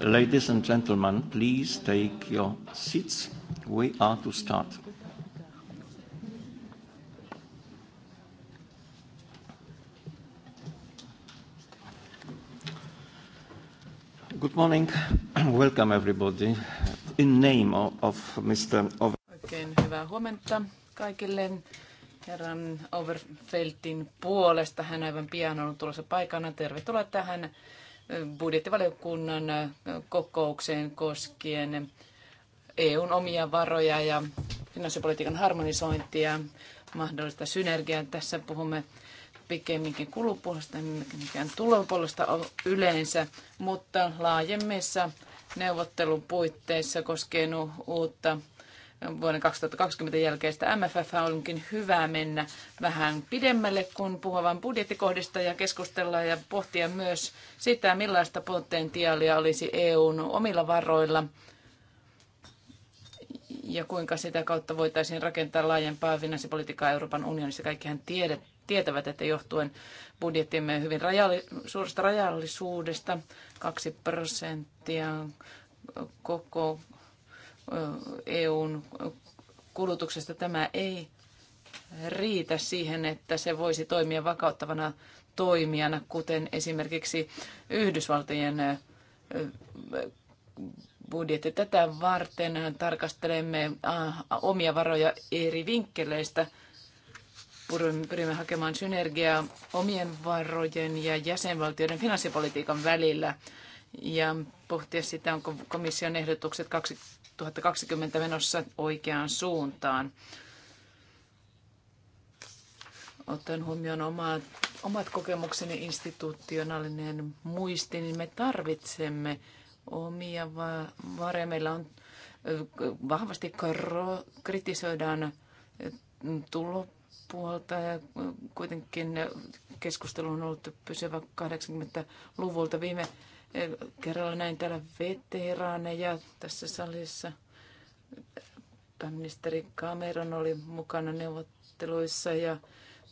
Ladies and gentlemen, please take your seats. We are to start. Good morning. Welcome everybody. In name of Mr. Over. Oikein hyvää huomenta kaikille. Herran Overfeltin puolesta. Hän aivan pian on tulossa paikana. Tervetuloa tähän budjettivaliokunnan kokoukseen koskien EUn omia varoja ja finanssipolitiikan harmonisointia, mahdollista synergiaa. Tässä puhumme pikemminkin kulupuolesta, mikään tulopuolesta yleensä, mutta laajemmissa neuvottelupuitteissa koskien uutta vuoden 2020 jälkeistä MFF onkin hyvä mennä vähän pidemmälle kuin puhuvan budjettikohdista ja keskustella ja pohtia myös sitä, millaista potentiaalia olisi EUn omilla varoilla ja kuinka sitä kautta voitaisiin rakentaa laajempaa finanssipolitiikkaa Euroopan unionissa. Kaikkihan tiedet, tietävät, että johtuen budjettimme hyvin rajalli, suuresta rajallisuudesta, 2 prosenttia koko EUn kulutuksesta. Tämä ei riitä siihen, että se voisi toimia vakauttavana toimijana, kuten esimerkiksi Yhdysvaltojen budjetti. Tätä varten tarkastelemme omia varoja eri vinkkeleistä. Pyrimme hakemaan synergiaa omien varojen ja jäsenvaltioiden finanssipolitiikan välillä ja pohtia sitä, onko komission ehdotukset 2020 menossa oikeaan suuntaan. Ottaen huomioon omat, omat kokemukseni institutionaalinen muisti, niin me tarvitsemme omia varoja. Meillä on vahvasti kritisoidaan tulopuolta ja kuitenkin keskustelu on ollut pysyvä 80-luvulta. Viime Kerralla näin täällä veteraaneja tässä salissa. Pääministeri Cameron oli mukana neuvotteluissa ja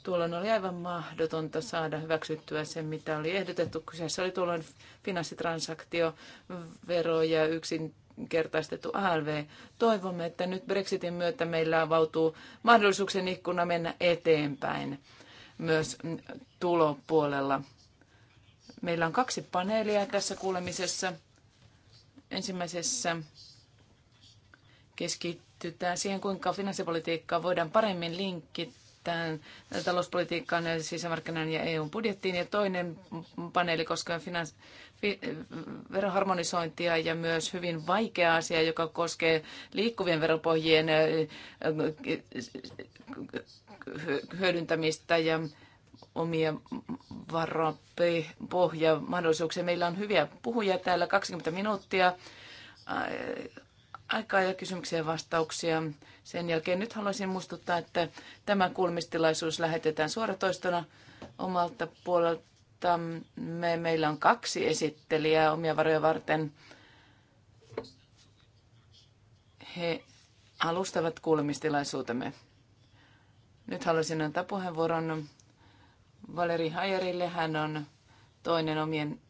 tuolloin oli aivan mahdotonta saada hyväksyttyä se, mitä oli ehdotettu. Kyseessä oli tuolloin finanssitransaktiovero ja yksin kertaistettu ALV. Toivomme, että nyt Brexitin myötä meillä avautuu mahdollisuuksien ikkuna mennä eteenpäin myös tulopuolella. Meillä on kaksi paneelia tässä kuulemisessa. Ensimmäisessä keskitytään siihen, kuinka finanssipolitiikkaa voidaan paremmin linkittää talouspolitiikkaan, sisämarkkinan ja EUn budjettiin. Ja toinen paneeli koskee finans- fi- veroharmonisointia ja myös hyvin vaikea asia, joka koskee liikkuvien veropohjien hyödyntämistä ja omia varapohja mahdollisuuksia. Meillä on hyviä puhuja täällä, 20 minuuttia aikaa ja kysymyksiä ja vastauksia. Sen jälkeen nyt haluaisin muistuttaa, että tämä kulmistilaisuus lähetetään suoratoistona omalta puolelta. Me, meillä on kaksi esittelijää omia varoja varten. He alustavat kuulemistilaisuutemme. Nyt haluaisin antaa puheenvuoron Valeri Hajerille. Hän on toinen omien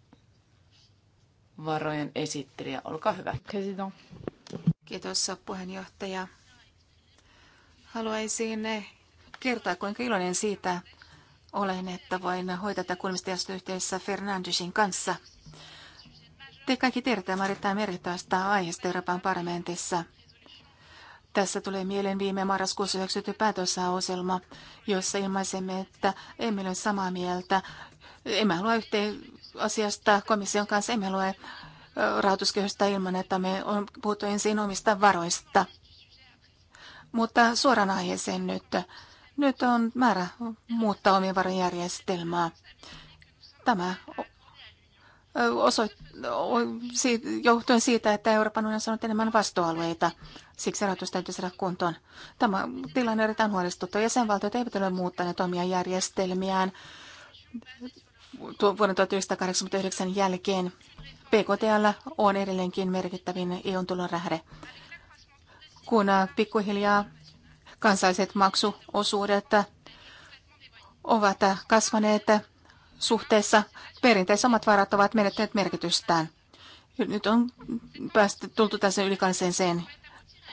varojen esittelijä. Olkaa hyvä. President. Kiitos puheenjohtaja. Haluaisin kertoa, kuinka iloinen siitä olen, että voin hoitaa tätä yhteydessä Fernandesin kanssa. Te kaikki tiedätte erittäin merkittävästä aiheesta Euroopan parlamentissa – tässä tulee mieleen viime marraskuussa 90 päätösauselma, jossa ilmaisemme, että emme ole samaa mieltä. Emme halua yhteen asiasta komission kanssa, emme halua rahoituskehystä ilman, että me on puhuttu ensin omista varoista. Mutta suoraan aiheeseen nyt. Nyt on määrä muuttaa omien varojen järjestelmää. Tämä osoit- johtuen siitä, että Euroopan unioni on saanut enemmän vastuualueita. Siksi rahoitus täytyy saada kuntoon. Tämä tilanne on erittäin huolestuttava. Jäsenvaltiot eivät ole muuttaneet omia järjestelmiään vuoden 1989 jälkeen. PKTL on edelleenkin merkittävin EUn tulorähde. Kun äh, pikkuhiljaa kansalliset maksuosuudet äh, ovat äh, kasvaneet, suhteessa perinteiset omat varat ovat menettäneet merkitystään. Nyt on päästy, tultu tässä ylikansalliseen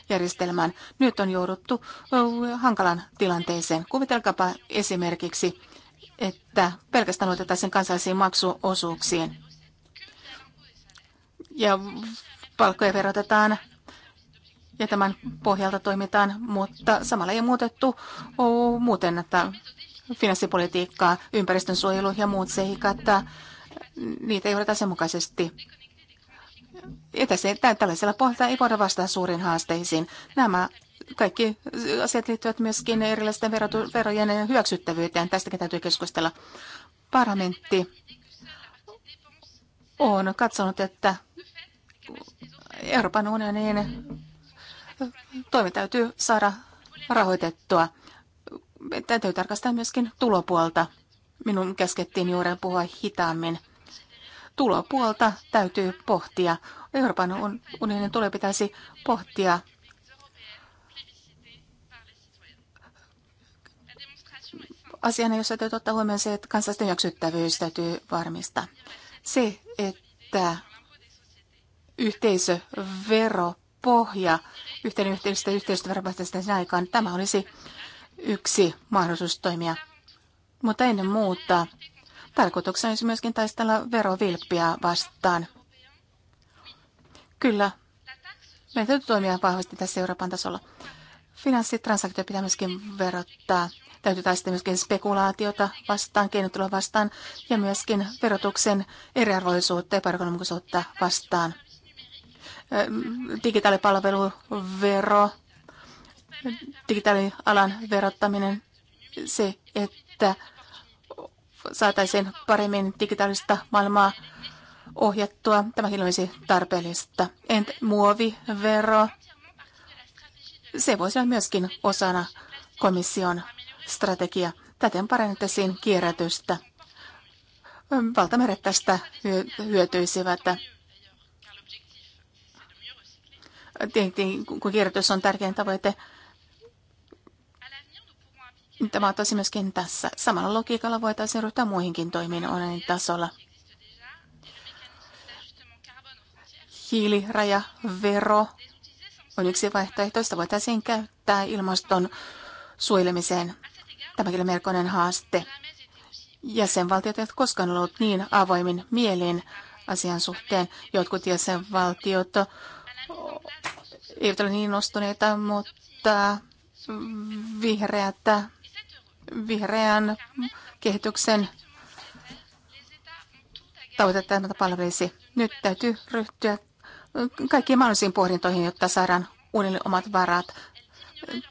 järjestelmään. Nyt on jouduttu hankalan tilanteeseen. Kuvitelkaapa esimerkiksi, että pelkästään sen kansallisiin maksuosuuksiin. Ja palkkoja verotetaan ja tämän pohjalta toimitaan, mutta samalla ei muutettu muuten että finanssipolitiikkaa, ympäristönsuojelu ja muut seikat, niitä ei ole asianmukaisesti. Ja tällaisella pohjalta ei voida vastata suuriin haasteisiin. Nämä kaikki asiat liittyvät myöskin erilaisten verojen hyväksyttävyyteen. Tästäkin täytyy keskustella. Parlamentti on katsonut, että Euroopan unionin toimi täytyy saada rahoitettua täytyy tarkastaa myöskin tulopuolta. Minun käskettiin juuri puhua hitaammin. Tulopuolta täytyy pohtia. Euroopan unionin tulee pitäisi pohtia asiana, jossa täytyy ottaa huomioon se, että kansallisten hyväksyttävyys täytyy varmistaa. Se, että yhteisövero pohja yhteen yhteisestä yhteistyöstä veropohjaisesta aikaan. Tämä olisi yksi mahdollisuus toimia. Mutta ennen muuta tarkoituksena olisi myöskin taistella verovilppiä vastaan. Kyllä, meidän täytyy toimia vahvasti tässä Euroopan tasolla. Finanssitransaktio pitää myöskin verottaa. Täytyy taistella myöskin spekulaatiota vastaan, keinottelua vastaan ja myöskin verotuksen eriarvoisuutta ja epäekonomisuutta vastaan. Digitaalipalveluvero digitaalialan verottaminen, se, että saataisiin paremmin digitaalista maailmaa ohjattua. tämä olisi tarpeellista. Entä muovivero? Se voisi olla myöskin osana komission strategia. Täten parannettaisiin kierrätystä. Valtameret tästä hyötyisivät. Tietenkin, kun kierrätys on tärkein tavoite, Tämä ottaisi myöskin tässä. Samalla logiikalla voitaisiin ryhtyä muihinkin toimiin onnen tasolla. Hiilirajavero on yksi vaihtoehtoista. Voitaisiin käyttää ilmaston suojelemiseen. Tämäkin on melkoinen haaste. Jäsenvaltiot eivät koskaan ollut niin avoimin mielin asian suhteen. Jotkut jäsenvaltiot eivät ole niin nostuneita, mutta vihreät vihreän kehityksen tavoitetta tämä palvelisi. Nyt täytyy ryhtyä kaikkiin mahdollisiin pohdintoihin, jotta saadaan uudelle omat varat.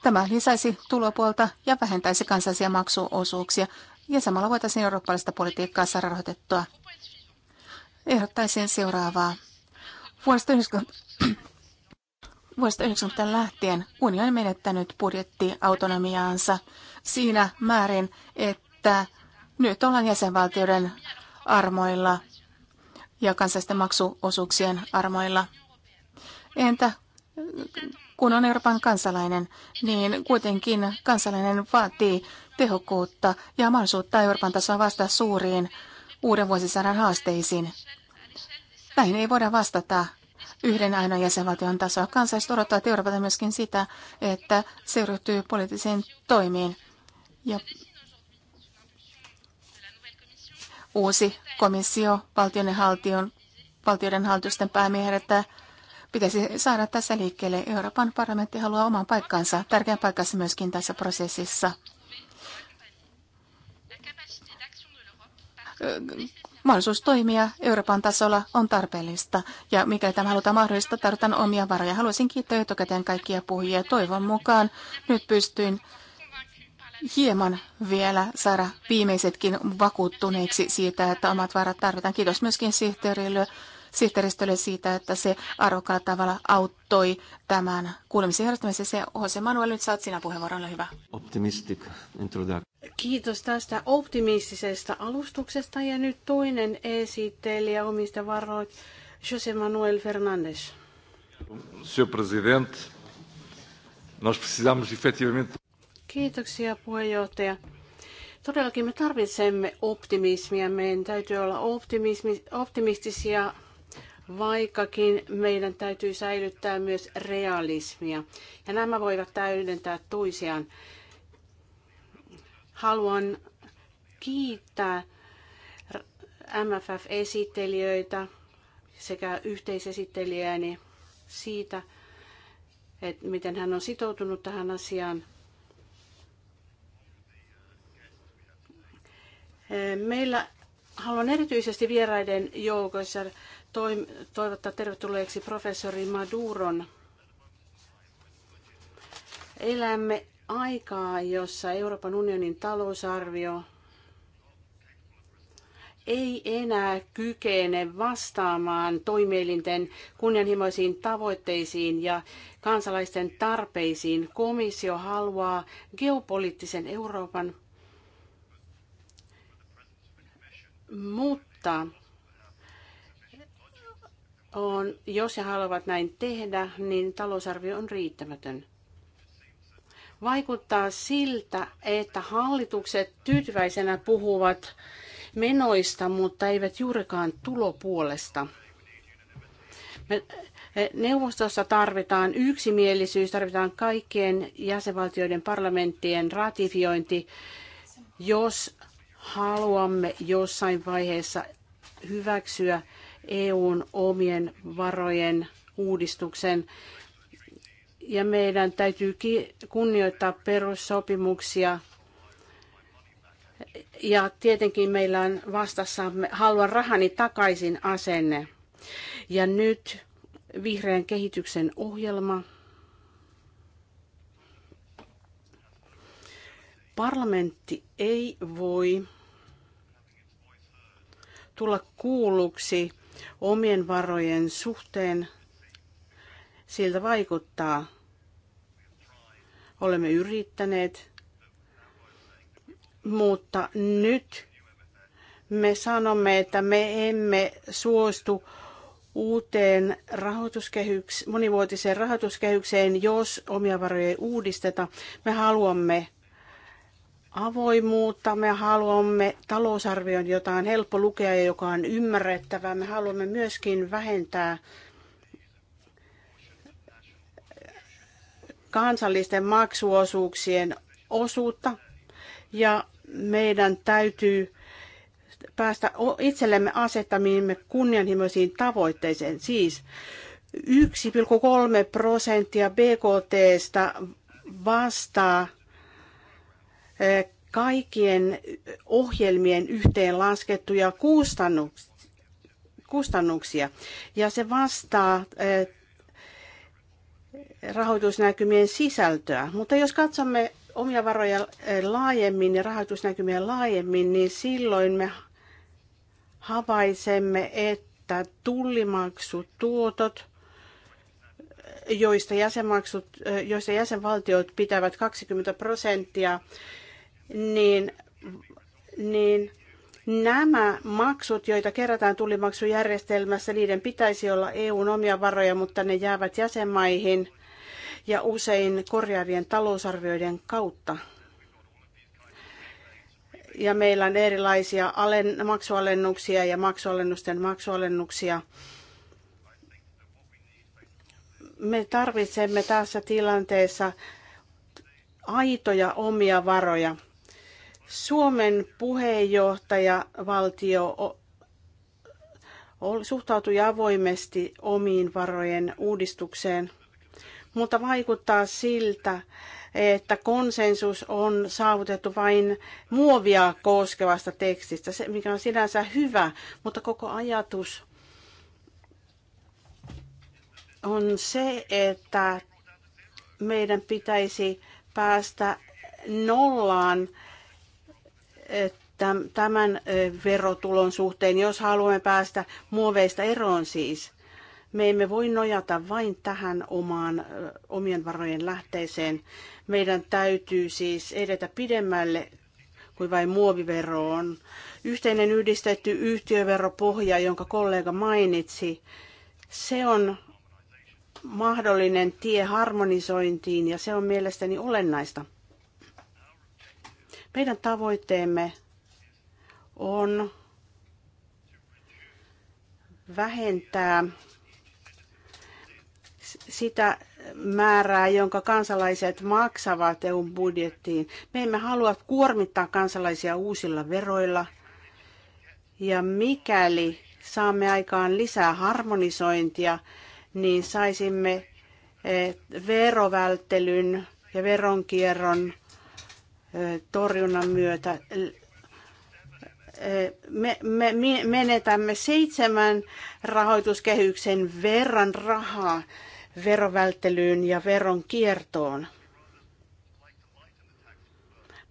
Tämä lisäisi tulopuolta ja vähentäisi kansallisia maksuosuuksia ja samalla voitaisiin eurooppalaista politiikkaa saada rahoitettua. Ehdottaisin seuraavaa. Vuodesta 1990, lähtien unioni on menettänyt budjettiautonomiaansa siinä määrin, että nyt ollaan jäsenvaltioiden armoilla ja kansallisten maksuosuuksien armoilla. Entä kun on Euroopan kansalainen, niin kuitenkin kansalainen vaatii tehokkuutta ja mahdollisuutta Euroopan tasoa vastata suuriin uuden vuosisadan haasteisiin. Näihin ei voida vastata yhden ainoan jäsenvaltion tasoa. Kansalaiset odottavat Euroopalta myöskin sitä, että se ryhtyy poliittisiin toimiin. Ja uusi komissio valtioiden, haltion, valtioiden hallitusten että pitäisi saada tässä liikkeelle. Euroopan parlamentti haluaa oman paikkansa, tärkeän paikkansa myöskin tässä prosessissa. Mahdollisuus toimia Euroopan tasolla on tarpeellista, ja mikäli tämä halutaan mahdollista, tarvitaan omia varoja. Haluaisin kiittää etukäteen kaikkia puhujia. Toivon mukaan nyt pystyin hieman vielä saada viimeisetkin vakuuttuneeksi siitä, että omat varat tarvitaan. Kiitos myöskin sihteerille, sihteeristölle siitä, että se arvokkaalla tavalla auttoi tämän kuulemisen järjestämisessä. Jose Manuel, nyt saat sinä puheenvuoron, ole hyvä. Optimistic introduction. Kiitos tästä optimistisesta alustuksesta ja nyt toinen esittelijä omista varoit, Jose Manuel Fernandes. Senhor Presidente, nós precisamos efetivamente Kiitoksia puheenjohtaja. Todellakin me tarvitsemme optimismia. Meidän täytyy olla optimismi, optimistisia, vaikkakin meidän täytyy säilyttää myös realismia. Ja nämä voivat täydentää toisiaan. Haluan kiittää MFF-esittelijöitä sekä yhteisesittelijääni siitä, että miten hän on sitoutunut tähän asiaan – Meillä haluan erityisesti vieraiden joukossa toivottaa tervetulleeksi professori Maduron. Elämme aikaa, jossa Euroopan unionin talousarvio ei enää kykene vastaamaan toimielinten kunnianhimoisiin tavoitteisiin ja kansalaisten tarpeisiin. Komissio haluaa geopoliittisen Euroopan Mutta on, jos he haluavat näin tehdä, niin talousarvio on riittämätön. Vaikuttaa siltä, että hallitukset tyytyväisenä puhuvat menoista, mutta eivät juurikaan tulopuolesta. Me, eh, neuvostossa tarvitaan yksimielisyys, tarvitaan kaikkien jäsenvaltioiden parlamenttien ratifiointi, jos haluamme jossain vaiheessa hyväksyä EUn omien varojen uudistuksen. Ja meidän täytyy kunnioittaa perussopimuksia. Ja tietenkin meillä on vastassamme haluan rahani takaisin asenne. Ja nyt vihreän kehityksen ohjelma Parlamentti ei voi tulla kuulluksi omien varojen suhteen. Siltä vaikuttaa. Olemme yrittäneet, mutta nyt me sanomme, että me emme suostu uuteen rahoituskehyks, monivuotiseen rahoituskehykseen, jos omia varoja ei uudisteta. Me haluamme avoimuutta, me haluamme talousarvion, jota on helppo lukea ja joka on ymmärrettävää. Me haluamme myöskin vähentää kansallisten maksuosuuksien osuutta ja meidän täytyy päästä itsellemme asettamiimme kunnianhimoisiin tavoitteisiin. Siis 1,3 prosenttia BKTstä vastaa kaikkien ohjelmien yhteenlaskettuja kustannuksia. Ja se vastaa rahoitusnäkymien sisältöä. Mutta jos katsomme omia varoja laajemmin ja rahoitusnäkymiä laajemmin, niin silloin me havaisemme, että tullimaksutuotot, joista, jäsenmaksut, joista jäsenvaltiot pitävät 20 prosenttia niin, niin nämä maksut, joita kerätään tullimaksujärjestelmässä, niiden pitäisi olla EUn omia varoja, mutta ne jäävät jäsenmaihin ja usein korjaavien talousarvioiden kautta. Ja meillä on erilaisia alen, maksualennuksia ja maksualennusten maksualennuksia. Me tarvitsemme tässä tilanteessa aitoja omia varoja Suomen puheenjohtaja valtio suhtautui avoimesti omiin varojen uudistukseen, mutta vaikuttaa siltä, että konsensus on saavutettu vain muovia koskevasta tekstistä, se, mikä on sinänsä hyvä, mutta koko ajatus on se, että meidän pitäisi päästä nollaan tämän verotulon suhteen, jos haluamme päästä muoveista eroon siis. Me emme voi nojata vain tähän omaan, omien varojen lähteeseen. Meidän täytyy siis edetä pidemmälle kuin vain muoviveroon. Yhteinen yhdistetty yhtiöveropohja, jonka kollega mainitsi, se on mahdollinen tie harmonisointiin ja se on mielestäni olennaista. Meidän tavoitteemme on vähentää sitä määrää, jonka kansalaiset maksavat EUn budjettiin. Me emme halua kuormittaa kansalaisia uusilla veroilla. Ja mikäli saamme aikaan lisää harmonisointia, niin saisimme eh, verovälttelyn ja veronkierron torjunnan myötä me, me, me menetämme seitsemän rahoituskehyksen verran rahaa verovälttelyyn ja veron kiertoon.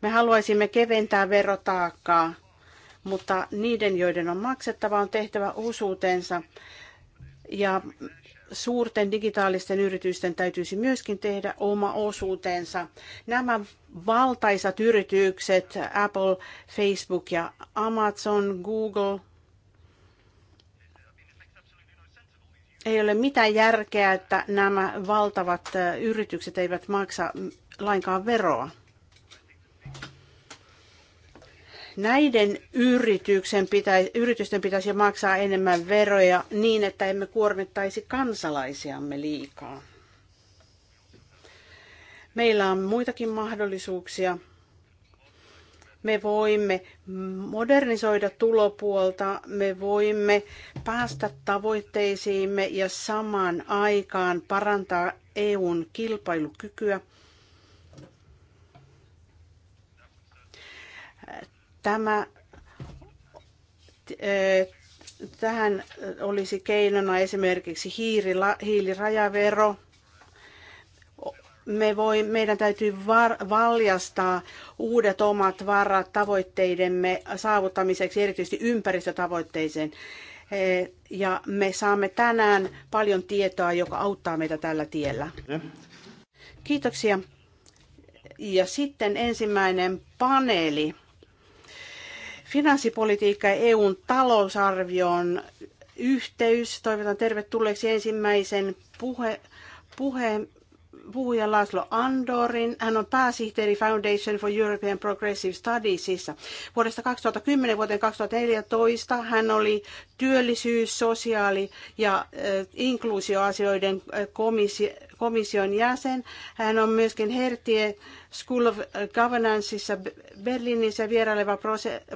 Me haluaisimme keventää verotaakkaa, mutta niiden, joiden on maksettava, on tehtävä osuutensa. Ja suurten digitaalisten yritysten täytyisi myöskin tehdä oma osuutensa. Nämä valtaisat yritykset, Apple, Facebook ja Amazon, Google, ei ole mitään järkeä, että nämä valtavat yritykset eivät maksa lainkaan veroa. näiden yrityksen pitäisi, yritysten pitäisi maksaa enemmän veroja niin, että emme kuormittaisi kansalaisiamme liikaa. Meillä on muitakin mahdollisuuksia. Me voimme modernisoida tulopuolta, me voimme päästä tavoitteisiimme ja samaan aikaan parantaa EUn kilpailukykyä – Tämä, eh, tähän olisi keinona esimerkiksi hiirila, hiilirajavero. Me voi, meidän täytyy var, valjastaa uudet omat varat tavoitteidemme saavuttamiseksi, erityisesti ympäristötavoitteeseen eh, ja me saamme tänään paljon tietoa, joka auttaa meitä tällä tiellä. Kiitoksia. Ja sitten ensimmäinen paneeli. Finanssipolitiikka ja EUn talousarvion yhteys. Toivotan tervetulleeksi ensimmäisen puhe, puhuja Laszlo Andorin. Hän on pääsihteeri Foundation for European Progressive Studiesissa. Vuodesta 2010 vuoteen 2014 hän oli työllisyys-, sosiaali- ja eh, inkluusioasioiden eh, komission jäsen. Hän on myöskin Hertie School of Governanceissa Berliinissä vieraileva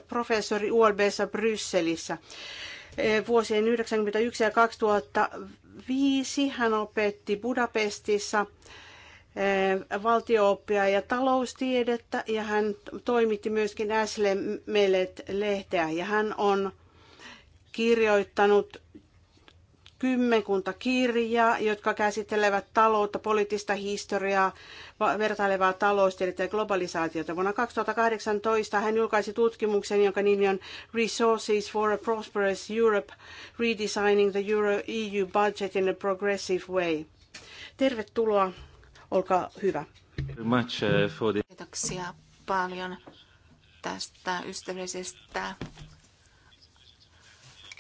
professori ULBssä Brysselissä. Eh, vuosien 1991 ja 2005. Hän opetti Budapestissa eh, valtiooppia ja taloustiedettä ja hän toimitti myöskin Asle Melet-lehteä ja hän on kirjoittanut kymmenkunta kirjaa, jotka käsittelevät taloutta, poliittista historiaa, vertailevaa taloustiedettä ja globalisaatiota. Vuonna 2018 hän julkaisi tutkimuksen, jonka nimi on Resources for a Prosperous Europe, Redesigning the Euro EU Budget in a Progressive Way. Tervetuloa, olkaa hyvä. Uh, Kiitoksia paljon tästä ystävällisestä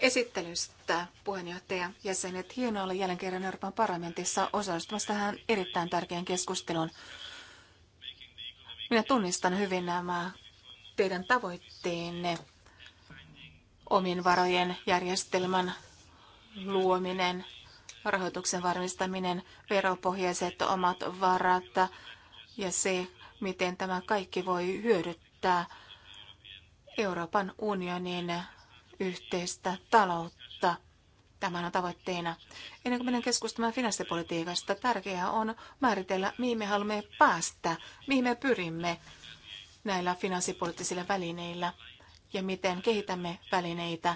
esittelystä, puheenjohtaja jäsenet. Hienoa olla jälleen kerran Euroopan parlamentissa osallistumassa tähän erittäin tärkeän keskusteluun. Minä tunnistan hyvin nämä teidän tavoitteenne, omien varojen järjestelmän luominen, rahoituksen varmistaminen, veropohjaiset omat varat ja se, miten tämä kaikki voi hyödyttää Euroopan unionin yhteistä taloutta. Tämä on tavoitteena. Ennen kuin menen keskustelemaan finanssipolitiikasta, tärkeää on määritellä, mihin me haluamme päästä, mihin me pyrimme näillä finanssipoliittisilla välineillä ja miten kehitämme välineitä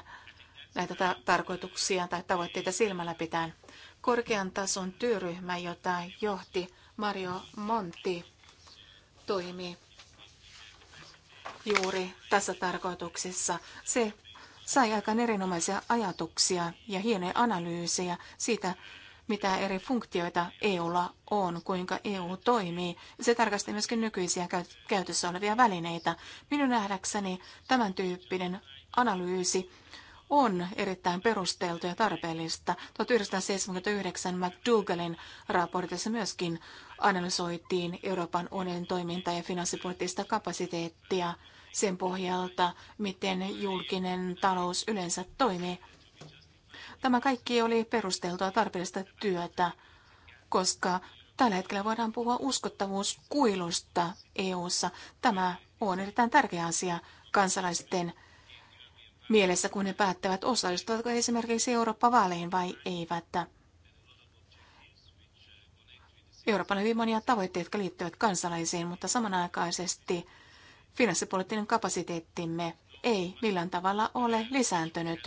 näitä ta- tarkoituksia tai tavoitteita silmällä pitäen. Korkean tason työryhmä, jota johti Mario Monti, toimii juuri tässä tarkoituksessa. Se sai aikaan erinomaisia ajatuksia ja hienoja analyysejä siitä, mitä eri funktioita EUlla on, kuinka EU toimii. Se tarkasti myöskin nykyisiä käytössä olevia välineitä. Minun nähdäkseni tämän tyyppinen analyysi on erittäin perusteltu ja tarpeellista. 1979 McDougallin raportissa myöskin analysoitiin Euroopan unionin toimintaa ja finanssipoliittista kapasiteettia – sen pohjalta, miten julkinen talous yleensä toimii. Tämä kaikki oli perusteltua tarpeellista työtä, koska tällä hetkellä voidaan puhua uskottavuuskuilusta EU:ssa. Tämä on erittäin tärkeä asia kansalaisten mielessä, kun he päättävät osallistuvatko esimerkiksi Eurooppa-vaaleihin vai eivät. Euroopan on hyvin monia tavoitteita, jotka liittyvät kansalaisiin, mutta samanaikaisesti Finanssipoliittinen kapasiteettimme ei millään tavalla ole lisääntynyt.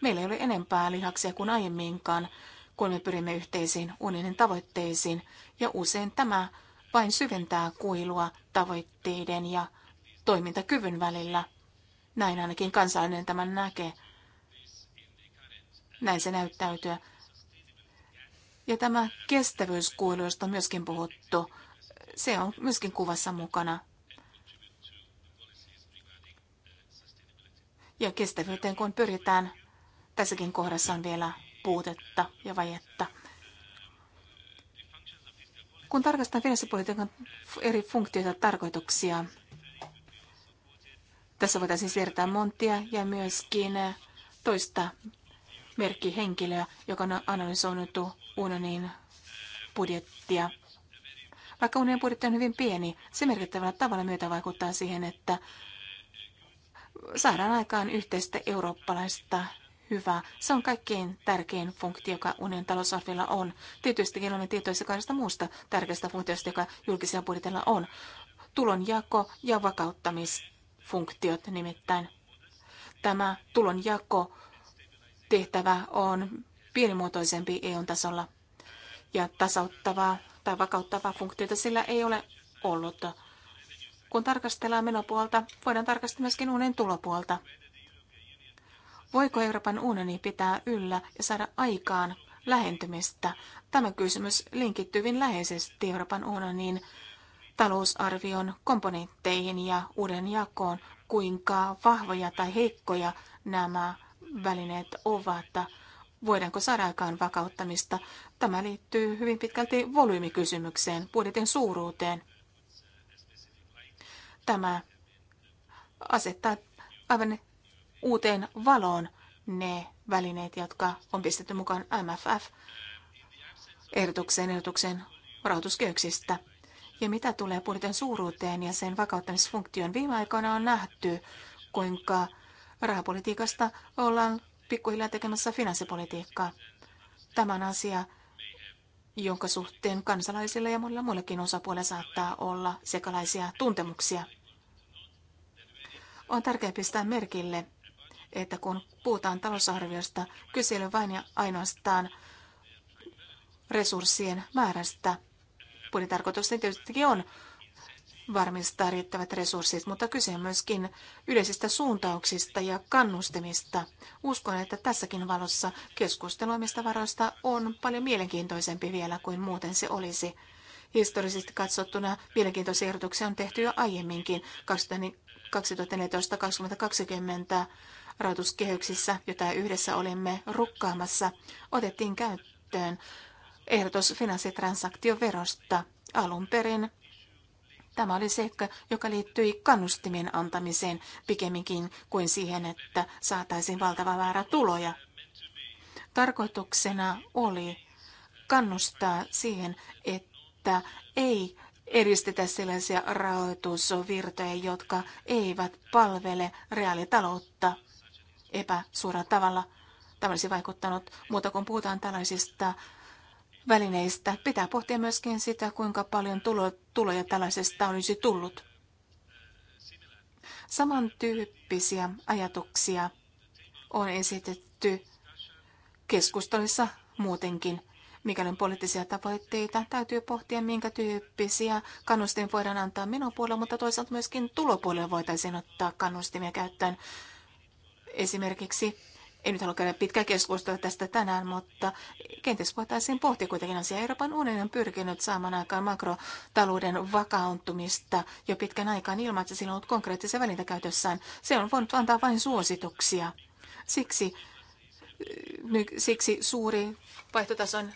Meillä ei ole enempää lihaksia kuin aiemminkaan, kun me pyrimme yhteisiin unionin tavoitteisiin, ja usein tämä vain syventää kuilua tavoitteiden ja toimintakyvyn välillä. Näin ainakin kansallinen tämän näkee. Näin se näyttäytyy. Ja tämä kestävyyskuilu, josta on myöskin puhuttu, se on myöskin kuvassa mukana. ja kestävyyteen, kun pyritään. Tässäkin kohdassa on vielä puutetta ja vajetta. Kun tarkastetaan finanssipolitiikan eri funktioita ja tarkoituksia, tässä voitaisiin siirtää montia ja myöskin toista merkkihenkilöä, joka on analysoinut unionin budjettia. Vaikka unionin budjetti on hyvin pieni, se merkittävällä tavalla myötä vaikuttaa siihen, että saadaan aikaan yhteistä eurooppalaista hyvää. Se on kaikkein tärkein funktio, joka unionin talousarviolla on. Tietysti olemme tietoisia kahdesta muusta tärkeästä funktiosta, joka julkisella budjetilla on. Tulonjako ja vakauttamisfunktiot nimittäin. Tämä tulonjako tehtävä on pienimuotoisempi eu tasolla ja tasauttavaa tai vakauttavaa funktiota sillä ei ole ollut. Kun tarkastellaan menopuolta, voidaan tarkastella myöskin unen tulopuolta. Voiko Euroopan unioni pitää yllä ja saada aikaan lähentymistä? Tämä kysymys linkittyy hyvin läheisesti Euroopan unionin talousarvion komponentteihin ja uuden jakoon, kuinka vahvoja tai heikkoja nämä välineet ovat. Voidaanko saada aikaan vakauttamista? Tämä liittyy hyvin pitkälti volyymikysymykseen, budjetin suuruuteen. Tämä asettaa aivan uuteen valoon ne välineet, jotka on pistetty mukaan MFF-ehdotukseen ehdotuksen rahoituskehyksistä. Ja mitä tulee budjetin suuruuteen ja sen vakauttamisfunktioon, viime aikoina on nähty, kuinka rahapolitiikasta ollaan pikkuhiljaa tekemässä finanssipolitiikkaa. Tämä on asia, jonka suhteen kansalaisilla ja monilla muillakin osapuolilla saattaa olla sekalaisia tuntemuksia. On tärkeää pistää merkille, että kun puhutaan talousarviosta, kyse ei ole vain ja ainoastaan resurssien määrästä. Budjetarkoitus tietysti on varmistaa riittävät resurssit, mutta kyse on myöskin yleisistä suuntauksista ja kannustimista. Uskon, että tässäkin valossa keskustelu omista varoista on paljon mielenkiintoisempi vielä kuin muuten se olisi. Historisesti katsottuna mielenkiintoisia ehdotuksia on tehty jo aiemminkin. 2014-2020 rahoituskehyksissä, jota yhdessä olimme rukkaamassa, otettiin käyttöön ehdotus finanssitransaktioverosta. Alun perin tämä oli seikka, joka liittyi kannustimien antamiseen pikemminkin kuin siihen, että saataisiin valtava määrä tuloja. Tarkoituksena oli kannustaa siihen, että ei edistetä sellaisia rahoitusvirtoja, jotka eivät palvele reaalitaloutta epäsuoraan tavalla. Tämä olisi vaikuttanut, mutta kun puhutaan tällaisista välineistä, pitää pohtia myöskin sitä, kuinka paljon tulo, tuloja tällaisesta olisi tullut. Samantyyppisiä ajatuksia on esitetty keskustelussa muutenkin Mikäli on poliittisia tavoitteita, täytyy pohtia, minkä tyyppisiä kannustimia voidaan antaa menopuolella, mutta toisaalta myöskin tulopuolella voitaisiin ottaa kannustimia käyttöön. Esimerkiksi, en nyt halua käydä pitkää keskustelua tästä tänään, mutta kenties voitaisiin pohtia kuitenkin asiaa. Euroopan unioni on pyrkinyt saamaan aikaan makrotalouden vakauntumista jo pitkän aikaan ilman, että sillä on ollut konkreettisia välintä käytössään. Se on voinut antaa vain suosituksia. Siksi siksi suuri vaihtotason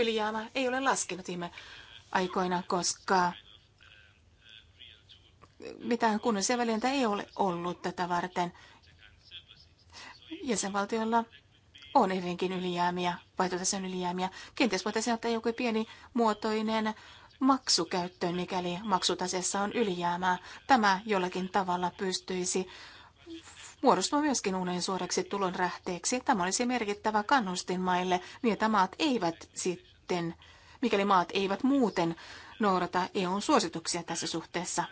ylijäämä ei ole laskenut viime aikoina, koska mitään kunnollisia välineitä ei ole ollut tätä varten. Jäsenvaltioilla on edelleenkin ylijäämiä, vaihtotasen ylijäämiä. Kenties voitaisiin ottaa joku pieni muotoinen maksukäyttö mikäli maksutasessa on ylijäämää. Tämä jollakin tavalla pystyisi muodostumaan myöskin uuden suoreksi tulonrähteeksi. rähteeksi. Tämä olisi merkittävä kannustin maille, niin että maat eivät sit sitten, mikäli maat eivät muuten noudata EUn suosituksia tässä suhteessa.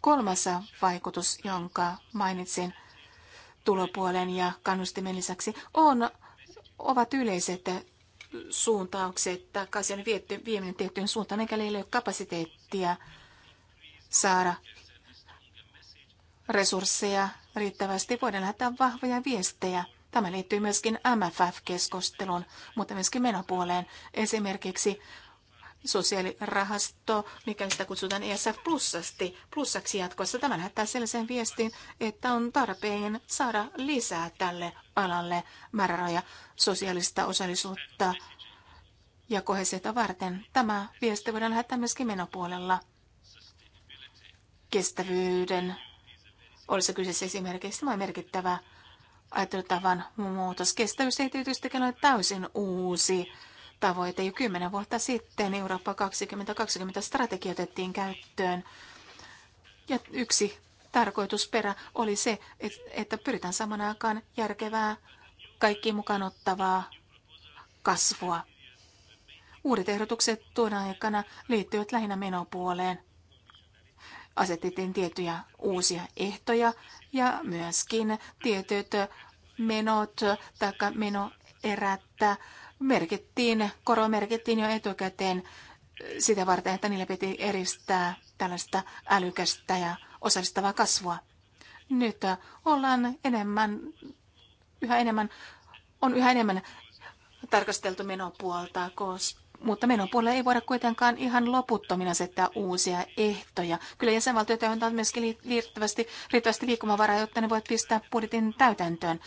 Kolmas vaikutus, jonka mainitsin tulopuolen ja kannustimen lisäksi, on, ovat yleiset suuntaukset että asian vieminen tiettyyn suuntaan, eikä ei ole kapasiteettia saada resursseja riittävästi, voidaan lähettää vahvoja viestejä Tämä liittyy myöskin MFF-keskusteluun, mutta myöskin menopuoleen. Esimerkiksi sosiaalirahasto, mikä sitä kutsutaan ESF plussasti, plussaksi jatkossa. Tämä lähettää sellaisen viestin, että on tarpeen saada lisää tälle alalle määräraja sosiaalista osallisuutta ja kohesiota varten. Tämä viesti voidaan lähettää myöskin menopuolella. Kestävyyden olisi kyseessä esimerkiksi tämä merkittävä ajattelutavan muutos. Kestävyys ei tietystikään ole täysin uusi tavoite. Jo kymmenen vuotta sitten Eurooppa 2020 strategia otettiin käyttöön. Ja yksi tarkoitusperä oli se, että pyritään saman aikaan järkevää, kaikki mukaan ottavaa kasvua. Uudet ehdotukset tuon aikana liittyvät lähinnä menopuoleen asetettiin tiettyjä uusia ehtoja ja myöskin tietyt menot tai menoerättä merkittiin, koro merkittiin jo etukäteen sitä varten, että niillä piti eristää tällaista älykästä ja osallistavaa kasvua. Nyt ollaan enemmän, yhä enemmän, on yhä enemmän tarkasteltu menopuolta, koska mutta puolella ei voida kuitenkaan ihan loputtomina asettaa uusia ehtoja. Kyllä jäsenvaltioita on myöskin riittävästi, riittävästi liikkumavaraa, jotta ne voivat pistää budjetin täytäntöön.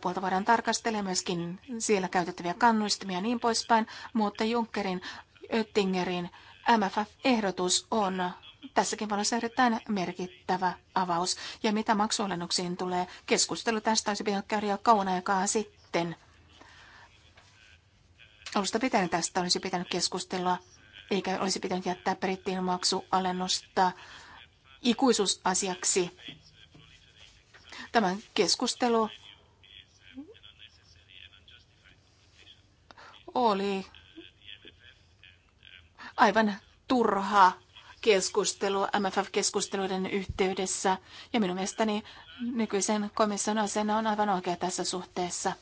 puolta voidaan tarkastella myöskin siellä käytettäviä kannustimia ja niin poispäin, mutta Junckerin, Oettingerin MFF-ehdotus on tässäkin valossa erittäin merkittävä avaus. Ja mitä maksualennuksiin tulee, keskustelu tästä olisi pitänyt käydä jo kauan aikaa sitten. Alusta pitäen tästä olisi pitänyt keskustella, eikä olisi pitänyt jättää brittien maksualennusta ikuisuusasiaksi. Tämän keskustelu oli aivan turha keskustelu MFF-keskusteluiden yhteydessä, ja minun mielestäni nykyisen komission asenne on aivan oikea tässä suhteessa.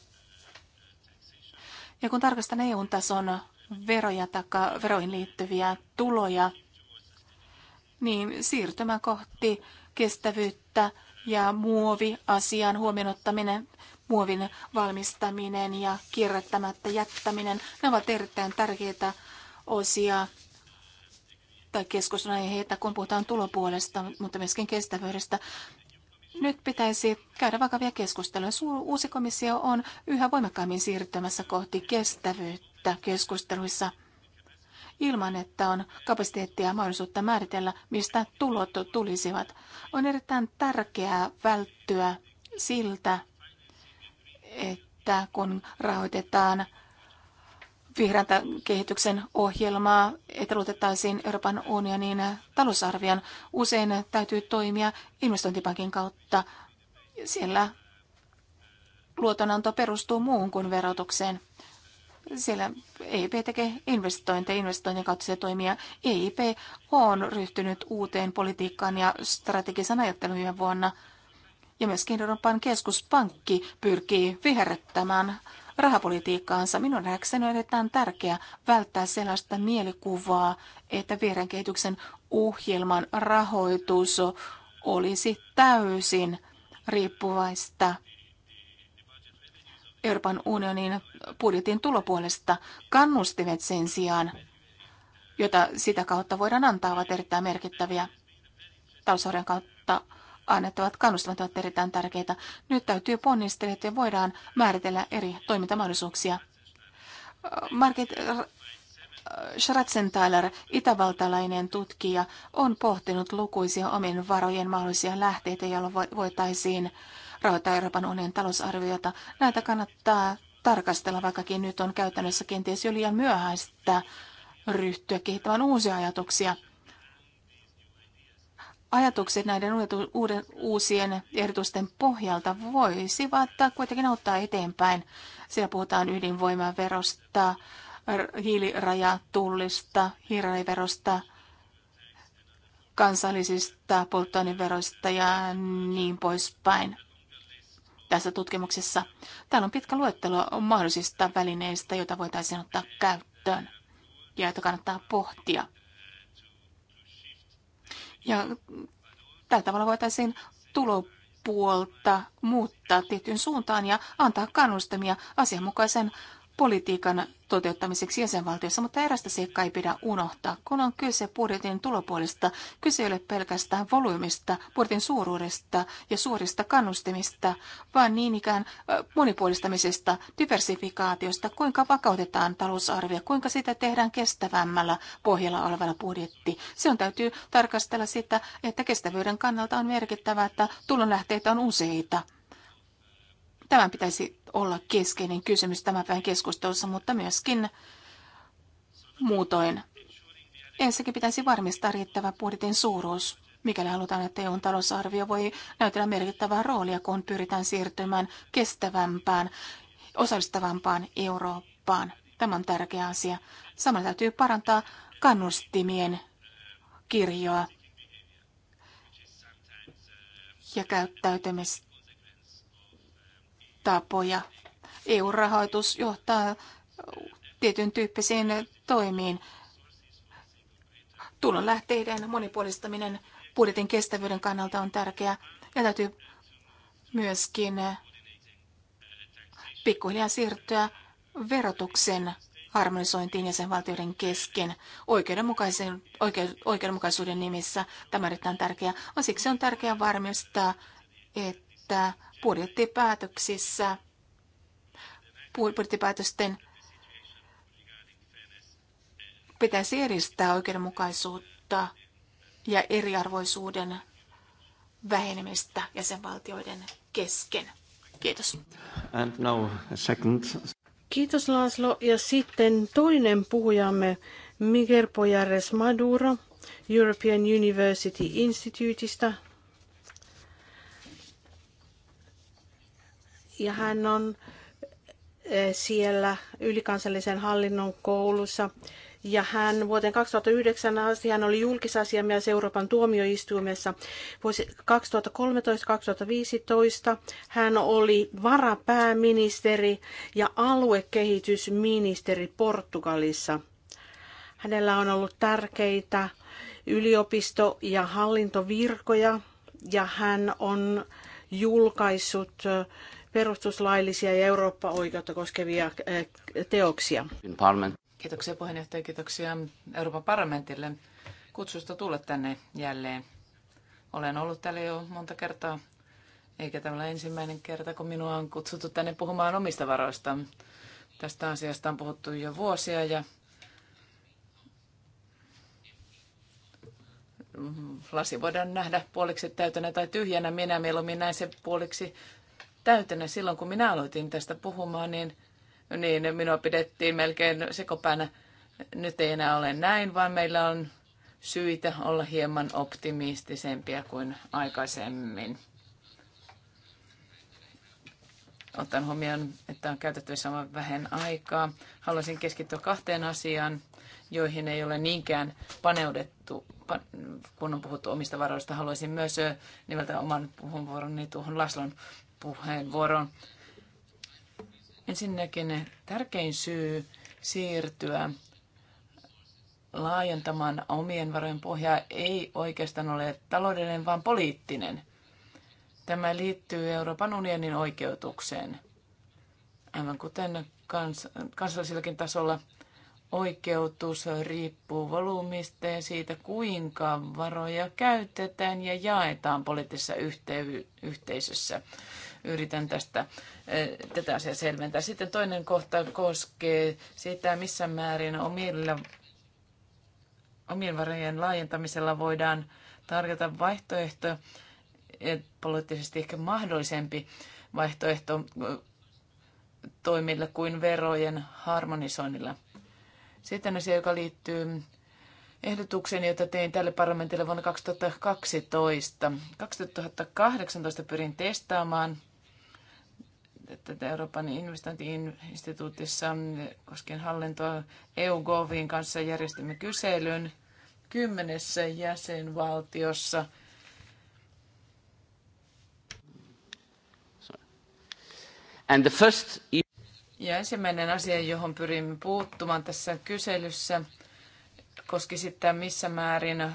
Ja kun tarkastan eu tason veroja tai veroihin liittyviä tuloja, niin siirtymä kohti kestävyyttä ja muoviasian huomioon ottaminen, muovin valmistaminen ja kierrättämättä jättäminen, ne ovat erittäin tärkeitä osia tai keskustelun aiheita, kun puhutaan tulopuolesta, mutta myöskin kestävyydestä. Nyt pitäisi käydä vakavia keskusteluja. Uusi komissio on yhä voimakkaammin siirtymässä kohti kestävyyttä keskusteluissa ilman, että on kapasiteettia ja mahdollisuutta määritellä, mistä tulot tulisivat. On erittäin tärkeää välttyä siltä, että kun rahoitetaan vihreän kehityksen ohjelmaa etelutettaisiin Euroopan unionin talousarvion. Usein täytyy toimia investointipankin kautta. Siellä luotonanto perustuu muuhun kuin verotukseen. Siellä EIP tekee investointeja, investointien kautta se toimia. EIP on ryhtynyt uuteen politiikkaan ja strategisen ajattelun viime vuonna. Ja myöskin Euroopan keskuspankki pyrkii viherryttämään rahapolitiikkaansa. Minun nähdäkseni on erittäin tärkeää välttää sellaista mielikuvaa, että vihreän kehityksen ohjelman rahoitus olisi täysin riippuvaista Euroopan unionin budjetin tulopuolesta. Kannustimet sen sijaan, jota sitä kautta voidaan antaa, ovat erittäin merkittäviä talousohjelman kautta annettavat kannustavat ovat erittäin tärkeitä. Nyt täytyy ponnistella, että voidaan määritellä eri toimintamahdollisuuksia. Market Schratzenthaler, itävaltalainen tutkija, on pohtinut lukuisia omien varojen mahdollisia lähteitä, joilla voitaisiin rahoittaa Euroopan unionin talousarviota. Näitä kannattaa tarkastella, vaikkakin nyt on käytännössä kenties jo liian myöhäistä ryhtyä kehittämään uusia ajatuksia – ajatukset näiden uuden, uusien ehdotusten pohjalta voisivat kuitenkin auttaa eteenpäin. Siellä puhutaan ydinvoimaverosta, hiilirajatullista, hiiraliverosta, kansallisista polttoaineveroista ja niin poispäin tässä tutkimuksessa. Täällä on pitkä luettelo mahdollisista välineistä, joita voitaisiin ottaa käyttöön ja joita kannattaa pohtia. Ja tällä tavalla voitaisiin tulopuolta muuttaa tiettyyn suuntaan ja antaa kannustamia asianmukaisen politiikan toteuttamiseksi jäsenvaltiossa, mutta erästä seikkaa ei pidä unohtaa. Kun on kyse budjetin tulopuolesta, kyse ei ole pelkästään volyymista, budjetin suuruudesta ja suorista kannustimista, vaan niin ikään monipuolistamisesta, diversifikaatiosta, kuinka vakautetaan talousarvio, kuinka sitä tehdään kestävämmällä pohjalla olevalla budjetti. Se on täytyy tarkastella sitä, että kestävyyden kannalta on merkittävää, että tulonlähteitä on useita Tämän pitäisi olla keskeinen kysymys tämän päivän keskustelussa, mutta myöskin muutoin. Ensinnäkin pitäisi varmistaa riittävä budjetin suuruus, mikäli halutaan, että EUn talousarvio voi näytellä merkittävää roolia, kun pyritään siirtymään kestävämpään, osallistavampaan Eurooppaan. Tämä on tärkeä asia. Samalla täytyy parantaa kannustimien kirjoa ja käyttäytymistä tapoja. EU-rahoitus johtaa tietyn tyyppisiin toimiin. Tulonlähteiden monipuolistaminen budjetin kestävyyden kannalta on tärkeää ja täytyy myöskin pikkuhiljaa siirtyä verotuksen harmonisointiin jäsenvaltioiden kesken oikeudenmukaisen, oike, oikeudenmukaisuuden nimissä. Tämä on erittäin tärkeää. Siksi on tärkeää varmistaa, että budjettipäätöksissä, budjettipäätösten pitäisi edistää oikeudenmukaisuutta ja eriarvoisuuden vähenemistä jäsenvaltioiden kesken. Kiitos. And now second. Kiitos Laslo. Ja sitten toinen puhujamme Miguel Pojares Maduro European University Instituteista. ja hän on eh, siellä ylikansallisen hallinnon koulussa. Ja hän vuoteen 2009 asti hän oli julkisasiamies Euroopan tuomioistuimessa. Vuosi 2013-2015 hän oli varapääministeri ja aluekehitysministeri Portugalissa. Hänellä on ollut tärkeitä yliopisto- ja hallintovirkoja ja hän on julkaissut eh, perustuslaillisia ja Eurooppa-oikeutta koskevia eh, teoksia. Kiitoksia puheenjohtaja, kiitoksia Euroopan parlamentille kutsusta tulla tänne jälleen. Olen ollut täällä jo monta kertaa, eikä tämä ole ensimmäinen kerta, kun minua on kutsuttu tänne puhumaan omista varoista. Tästä asiasta on puhuttu jo vuosia ja lasi voidaan nähdä puoliksi täytänä tai tyhjänä. Minä mieluummin näin se puoliksi täytenä silloin, kun minä aloitin tästä puhumaan, niin, niin minua pidettiin melkein sekopäänä. Nyt ei enää ole näin, vaan meillä on syitä olla hieman optimistisempia kuin aikaisemmin. Otan huomioon, että on käytettävissä sama vähän aikaa. Haluaisin keskittyä kahteen asiaan, joihin ei ole niinkään paneudettu, kun on puhuttu omista varoista. Haluaisin myös nimeltä oman puheenvuoroni tuohon Laslon puheenvuoron. Ensinnäkin tärkein syy siirtyä laajentamaan omien varojen pohjaa ei oikeastaan ole taloudellinen, vaan poliittinen. Tämä liittyy Euroopan unionin oikeutukseen. Aivan kuten kans, kansallisellakin tasolla oikeutus riippuu volyymista ja siitä, kuinka varoja käytetään ja jaetaan poliittisessa yhte- yhteisössä yritän tästä eh, tätä asiaa selventää. Sitten toinen kohta koskee sitä, missä määrin omilla, omien varojen laajentamisella voidaan tarjota vaihtoehto, eh, poliittisesti ehkä mahdollisempi vaihtoehto eh, toimilla kuin verojen harmonisoinnilla. Sitten asia, joka liittyy ehdotukseen, jota tein tälle parlamentille vuonna 2012. 2018 pyrin testaamaan että Euroopan investointiinstituutissa mm, koskien hallintoa EU-Govin kanssa järjestimme kyselyn kymmenessä jäsenvaltiossa. And the first... Ja ensimmäinen asia, johon pyrimme puuttumaan tässä kyselyssä, koski sitä, missä määrin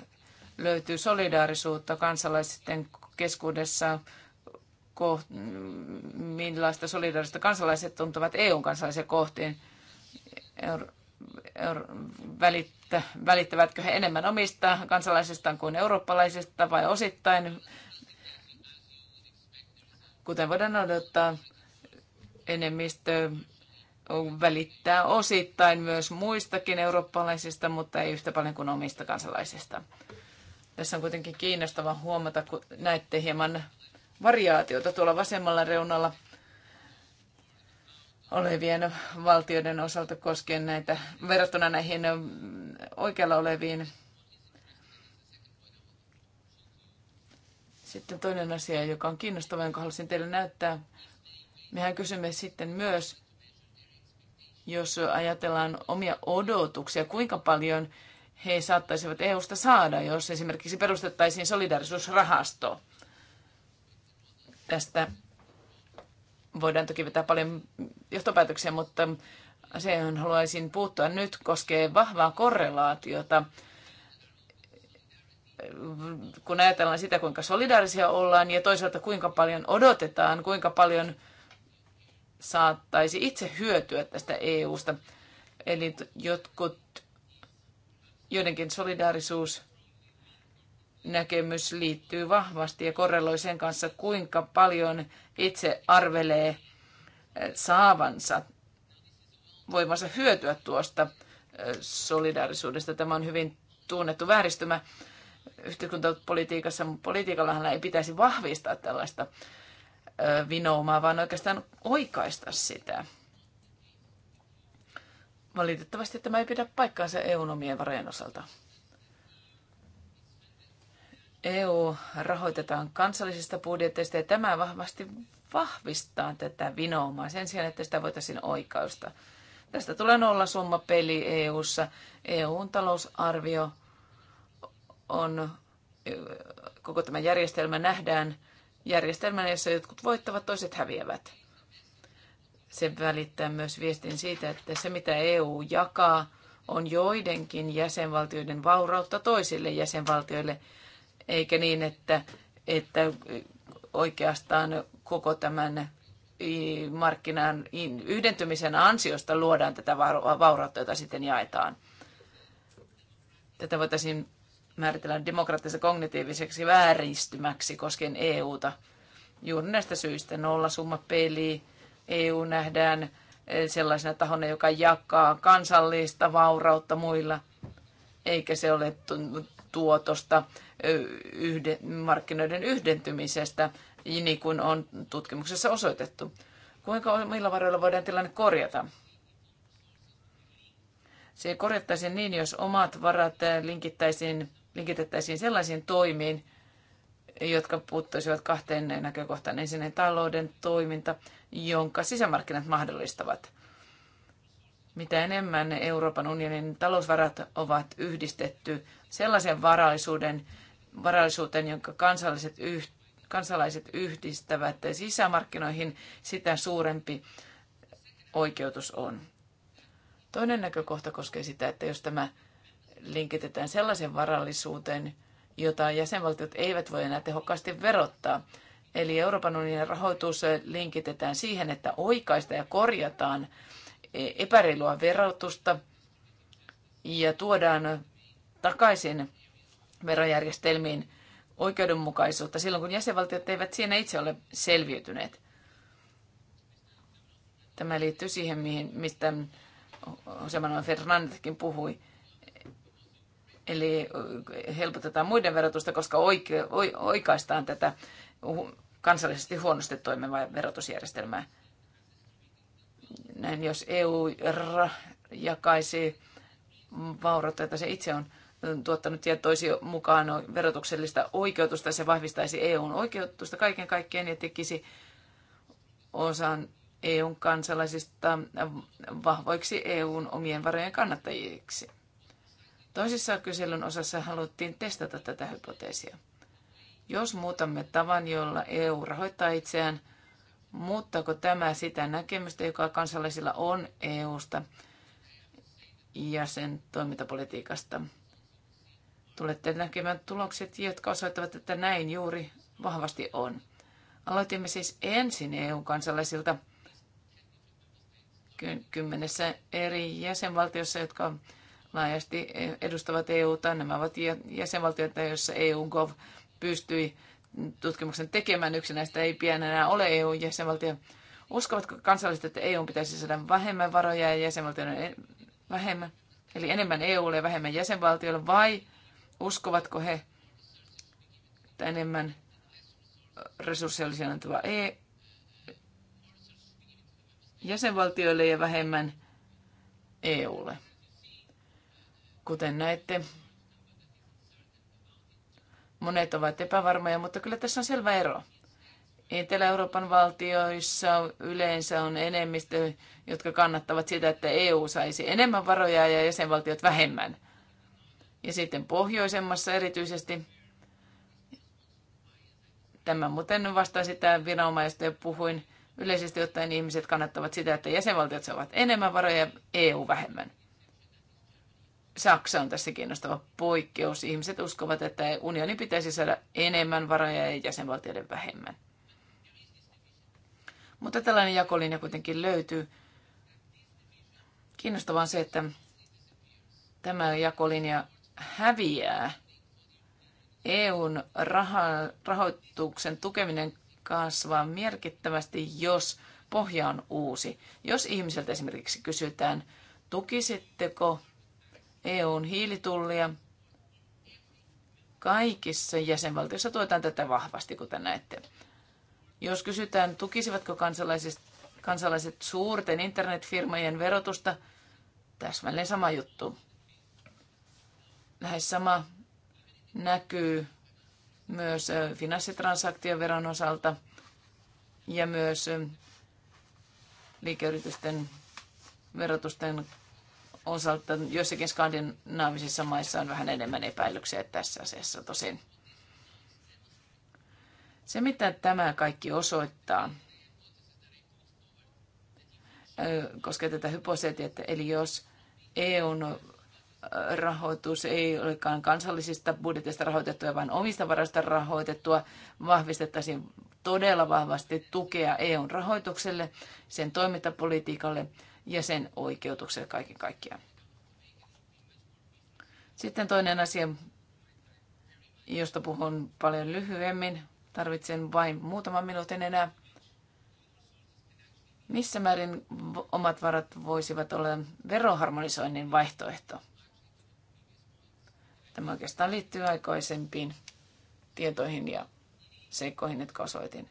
löytyy solidaarisuutta kansalaisten keskuudessa millaista solidaarista kansalaiset tuntuvat EU-kansalaisia kohtiin. Euro, euro, välittä, välittävätkö he enemmän omista kansalaisistaan kuin eurooppalaisista vai osittain? Kuten voidaan odottaa, enemmistö välittää osittain myös muistakin eurooppalaisista, mutta ei yhtä paljon kuin omista kansalaisista. Tässä on kuitenkin kiinnostava huomata, kun näette hieman variaatiota tuolla vasemmalla reunalla olevien valtioiden osalta koskien näitä, verrattuna näihin oikealla oleviin. Sitten toinen asia, joka on kiinnostava, jonka haluaisin teille näyttää. Mehän kysymme sitten myös, jos ajatellaan omia odotuksia, kuinka paljon he saattaisivat EUsta saada, jos esimerkiksi perustettaisiin solidarisuusrahasto. Tästä voidaan toki vetää paljon johtopäätöksiä, mutta se, johon haluaisin puuttua nyt, koskee vahvaa korrelaatiota kun ajatellaan sitä, kuinka solidaarisia ollaan ja toisaalta kuinka paljon odotetaan, kuinka paljon saattaisi itse hyötyä tästä EUsta. Eli jotkut, joidenkin solidaarisuus näkemys liittyy vahvasti ja korreloi sen kanssa, kuinka paljon itse arvelee eh, saavansa, voimansa hyötyä tuosta eh, solidaarisuudesta. Tämä on hyvin tunnettu vääristymä yhteiskuntapolitiikassa. Politiikallahan ei pitäisi vahvistaa tällaista eh, vinoumaa, vaan oikeastaan oikaista sitä. Valitettavasti tämä ei pidä paikkaansa eu omien varojen osalta. EU rahoitetaan kansallisista budjeteista ja tämä vahvasti vahvistaa tätä vinoumaa sen sijaan, että sitä voitaisiin oikausta. Tästä tulee summa peli EU:ssa. EUn talousarvio on koko tämä järjestelmä nähdään järjestelmänä, jossa jotkut voittavat, toiset häviävät. Se välittää myös viestin siitä, että se mitä EU jakaa on joidenkin jäsenvaltioiden vaurautta toisille jäsenvaltioille – eikä niin, että, että oikeastaan koko tämän markkinan yhdentymisen ansiosta luodaan tätä vaurautta, jota sitten jaetaan. Tätä voitaisiin määritellä demokraattisessa kognitiiviseksi vääristymäksi koskien EUta. Juuri näistä syistä peli. EU nähdään e, sellaisena tahona, joka jakaa kansallista vaurautta muilla, eikä se ole tuotosta, yhde, markkinoiden yhdentymisestä, niin kuin on tutkimuksessa osoitettu. Kuinka millä varoilla voidaan tilanne korjata? Se korjattaisiin niin, jos omat varat linkittäisiin, linkitettäisiin sellaisiin toimiin, jotka puuttuisivat kahteen näkökohtaan. Ensinnäkin talouden toiminta, jonka sisämarkkinat mahdollistavat mitä enemmän Euroopan unionin talousvarat ovat yhdistetty sellaisen varallisuuden, varallisuuteen, jonka kansalliset yh, kansalaiset yhdistävät sisämarkkinoihin, sitä suurempi oikeutus on. Toinen näkökohta koskee sitä, että jos tämä linkitetään sellaisen varallisuuteen, jota jäsenvaltiot eivät voi enää tehokkaasti verottaa, Eli Euroopan unionin rahoitus linkitetään siihen, että oikaista ja korjataan epäreilua verotusta ja tuodaan takaisin verojärjestelmiin oikeudenmukaisuutta silloin, kun jäsenvaltiot eivät siinä itse ole selviytyneet. Tämä liittyy siihen, mihin, mistä Jose Manuel Fernandezkin puhui. Eli helpotetaan muiden verotusta, koska oike, oikaistaan tätä kansallisesti huonosti toimivaa verotusjärjestelmää. Näin jos EU jakaisi vaurautta, että se itse on tuottanut ja toisi mukaan verotuksellista oikeutusta, se vahvistaisi EUn oikeutusta kaiken kaikkiaan ja tekisi osan EUn kansalaisista vahvoiksi EUn omien varojen kannattajiksi. Toisessa kyselyn osassa haluttiin testata tätä hypoteesia. Jos muutamme tavan, jolla EU rahoittaa itseään – Muuttaako tämä sitä näkemystä, joka kansalaisilla on EUsta ja sen toimintapolitiikasta? Tulette näkemään tulokset, jotka osoittavat, että näin juuri vahvasti on. Aloitimme siis ensin EU-kansalaisilta kymmenessä eri jäsenvaltiossa, jotka laajasti edustavat EUta. Nämä ovat jäsenvaltioita, joissa EU-gov pystyi tutkimuksen tekemään. Yksi näistä ei pienenä ole EU-jäsenvaltio. Uskovatko kansalaiset, että EU pitäisi saada vähemmän varoja ja jäsenvaltioiden vähemmän? Eli enemmän EUlle ja vähemmän jäsenvaltioille, vai uskovatko he, että enemmän resursseja olisi annettava e- jäsenvaltioille ja vähemmän EUlle? Kuten näette, Monet ovat epävarmoja, mutta kyllä tässä on selvä ero. Etelä-Euroopan valtioissa yleensä on enemmistö, jotka kannattavat sitä, että EU saisi enemmän varoja ja jäsenvaltiot vähemmän. Ja sitten pohjoisemmassa erityisesti, tämä muuten vastaa sitä viranomaista ja puhuin, yleisesti ottaen ihmiset kannattavat sitä, että jäsenvaltiot saavat enemmän varoja ja EU vähemmän. Saksa on tässä kiinnostava poikkeus. Ihmiset uskovat, että unioni pitäisi saada enemmän varoja ja jäsenvaltioiden vähemmän. Mutta tällainen jakolinja kuitenkin löytyy. Kiinnostavaa on se, että tämä jakolinja häviää. EUn raha- rahoituksen tukeminen kasvaa merkittävästi, jos pohja on uusi. Jos ihmiseltä esimerkiksi kysytään, tukisitteko EUn hiilitullia. Kaikissa jäsenvaltioissa tuetaan tätä vahvasti, kuten näette. Jos kysytään, tukisivatko kansalaiset, kansalaiset suurten internetfirmojen verotusta, täsmälleen sama juttu. Lähes sama näkyy myös finanssitransaktioveron osalta ja myös liikeyritysten verotusten osalta joissakin skandinaavisissa maissa on vähän enemmän epäilyksiä tässä asiassa tosin. Se, mitä tämä kaikki osoittaa, koskee tätä hyposeetia, että eli jos on rahoitus ei olekaan kansallisista budjetista rahoitettua, vaan omista varoista rahoitettua, vahvistettaisiin todella vahvasti tukea EUn rahoitukselle, sen toimintapolitiikalle ja sen oikeutukselle kaiken kaikkiaan. Sitten toinen asia, josta puhun paljon lyhyemmin, tarvitsen vain muutaman minuutin enää. Missä määrin omat varat voisivat olla veroharmonisoinnin vaihtoehto? Tämä oikeastaan liittyy aikaisempiin tietoihin ja seikkoihin, jotka osoitin.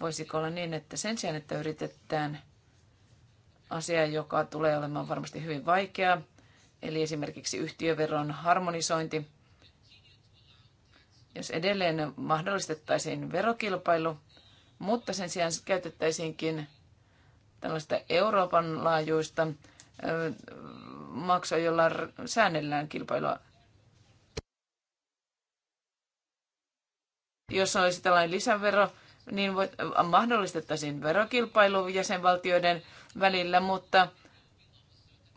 Voisiko olla niin, että sen sijaan, että yritetään asia, joka tulee olemaan varmasti hyvin vaikea, eli esimerkiksi yhtiöveron harmonisointi, jos edelleen mahdollistettaisiin verokilpailu, mutta sen sijaan käytettäisiinkin tällaista Euroopan laajuista maksua, jolla säännellään kilpailua. Jos olisi tällainen lisävero, niin mahdollistettaisiin verokilpailu jäsenvaltioiden välillä, mutta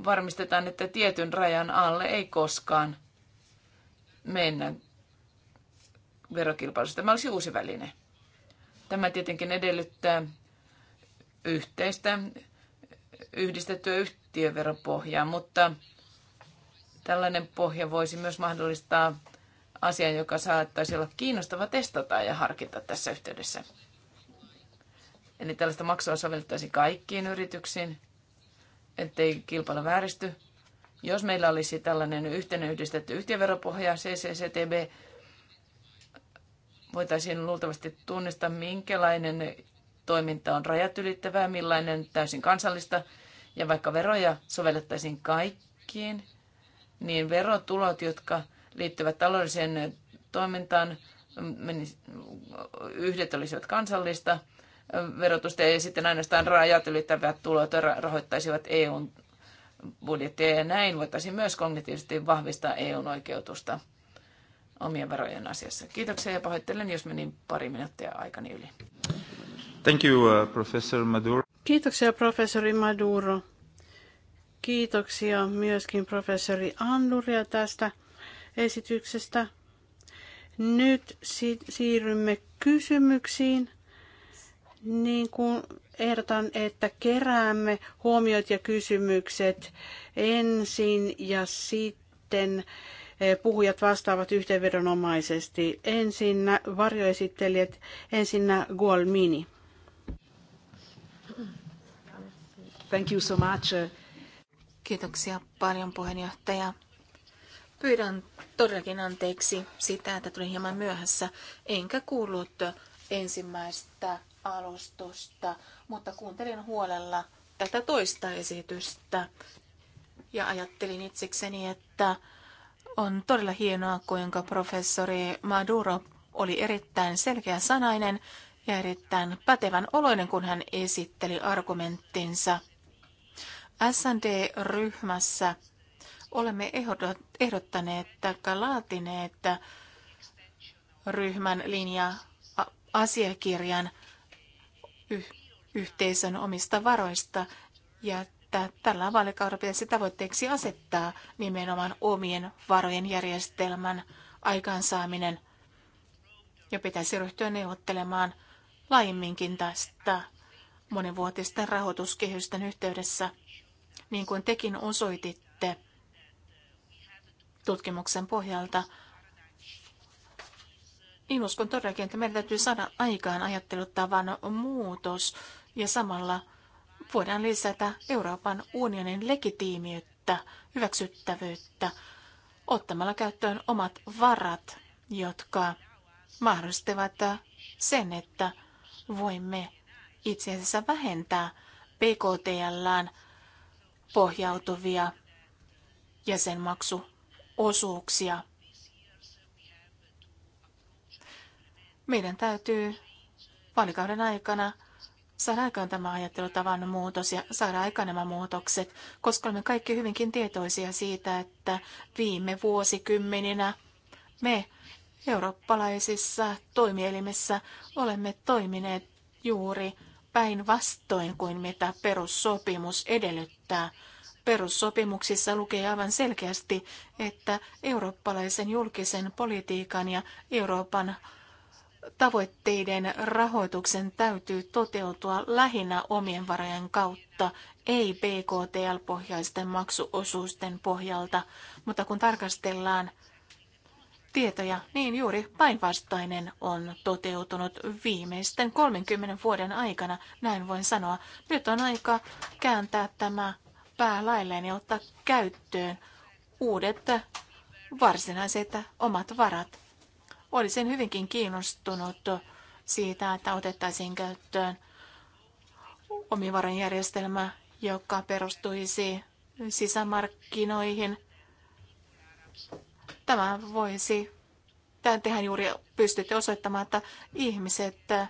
varmistetaan, että tietyn rajan alle ei koskaan mennä verokilpailussa. Tämä olisi uusi väline. Tämä tietenkin edellyttää yhteistä, yhdistettyä tieveropohjaa, mutta tällainen pohja voisi myös mahdollistaa asian, joka saattaisi olla kiinnostava testata ja harkita tässä yhteydessä. Eli tällaista maksua sovellettaisiin kaikkiin yrityksiin, ettei kilpailu vääristy. Jos meillä olisi tällainen yhteinen yhdistetty yhtiöveropohja, CCCTB, voitaisiin luultavasti tunnistaa, minkälainen toiminta on rajat ylittävää, millainen täysin kansallista ja vaikka veroja sovellettaisiin kaikkiin, niin verotulot, jotka liittyvät taloudelliseen toimintaan, yhdet olisivat kansallista verotusta ja sitten ainoastaan rajat ylittävät tulot rahoittaisivat EUn budjettia ja näin voitaisiin myös kognitiivisesti vahvistaa EUn oikeutusta omien varojen asiassa. Kiitoksia ja pahoittelen, jos menin pari minuuttia aikani yli. Thank you, uh, professor Maduro. Kiitoksia, professori Maduro. Kiitoksia myöskin professori Anduria tästä esityksestä. Nyt siirrymme kysymyksiin. Niin kuin ehdotan, että keräämme huomiot ja kysymykset ensin ja sitten e, puhujat vastaavat yhteenvedonomaisesti. Ensin varjoesittelijät, ensin Gualmini. Thank you so much. Uh, Kiitoksia paljon puheenjohtaja. Pyydän todellakin anteeksi sitä, että tulin hieman myöhässä, enkä kuullut ensimmäistä alustusta, mutta kuuntelin huolella tätä toista esitystä ja ajattelin itsekseni, että on todella hienoa, kuinka professori Maduro oli erittäin selkeä sanainen ja erittäin pätevän oloinen, kun hän esitteli argumenttinsa. SND-ryhmässä olemme ehdottaneet tai laatineet ryhmän linja asiakirjan yhteisön omista varoista ja että tällä vaalikaudella pitäisi tavoitteeksi asettaa nimenomaan omien varojen järjestelmän aikaansaaminen ja pitäisi ryhtyä neuvottelemaan laajemminkin tästä monivuotisten rahoituskehysten yhteydessä niin kuin tekin osoititte tutkimuksen pohjalta, niin uskon todellakin, että meidän täytyy saada aikaan ajattelutavan muutos ja samalla voidaan lisätä Euroopan unionin legitiimiyttä, hyväksyttävyyttä ottamalla käyttöön omat varat, jotka mahdollistavat sen, että voimme itse asiassa vähentää PKTLään pohjautuvia jäsenmaksuosuuksia. Meidän täytyy vaalikauden aikana saada aikaan tämä ajattelutavan muutos ja saada aikaan nämä muutokset, koska olemme kaikki hyvinkin tietoisia siitä, että viime vuosikymmeninä me eurooppalaisissa toimielimissä olemme toimineet juuri päinvastoin kuin mitä perussopimus edellyttää. Perussopimuksissa lukee aivan selkeästi, että eurooppalaisen julkisen politiikan ja Euroopan tavoitteiden rahoituksen täytyy toteutua lähinnä omien varojen kautta, ei BKTL-pohjaisten maksuosuusten pohjalta. Mutta kun tarkastellaan tietoja, niin juuri päinvastainen on toteutunut viimeisten 30 vuoden aikana, näin voin sanoa. Nyt on aika kääntää tämä päälailleen ja ottaa käyttöön uudet varsinaiset omat varat. Olisin hyvinkin kiinnostunut siitä, että otettaisiin käyttöön omivaran joka perustuisi sisämarkkinoihin – Tämä voisi, tähän tehän juuri pystytte osoittamaan, että ihmiset äh,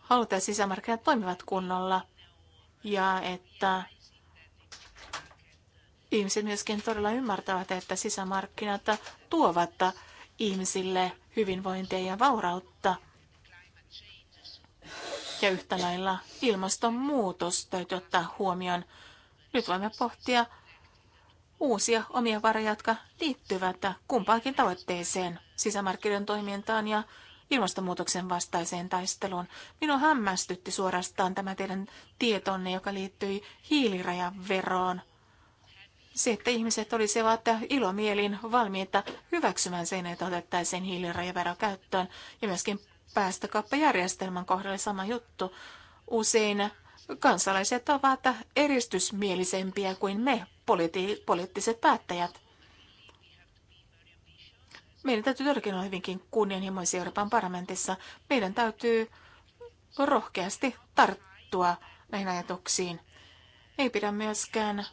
halutaan sisämarkkinat toimivat kunnolla ja että ihmiset myöskin todella ymmärtävät, että sisämarkkinat tuovat ihmisille hyvinvointia ja vaurautta. Ja yhtä lailla ilmastonmuutos täytyy ottaa huomioon. Nyt voimme pohtia, uusia omia varoja, jotka liittyvät kumpaankin tavoitteeseen, sisämarkkinoiden toimintaan ja ilmastonmuutoksen vastaiseen taisteluun. Minua hämmästytti suorastaan tämä teidän tietonne, joka liittyi hiilirajan veroon. Se, että ihmiset olisivat ilomielin valmiita hyväksymään sen, että otettaisiin hiilirajavero käyttöön ja myöskin päästökauppajärjestelmän kohdalla sama juttu. Usein kansalaiset ovat eristysmielisempiä kuin me, politi- poliittiset päättäjät. Meidän täytyy todellakin olla hyvinkin kunnianhimoisia Euroopan parlamentissa. Meidän täytyy rohkeasti tarttua näihin ajatuksiin. Ei pidä myöskään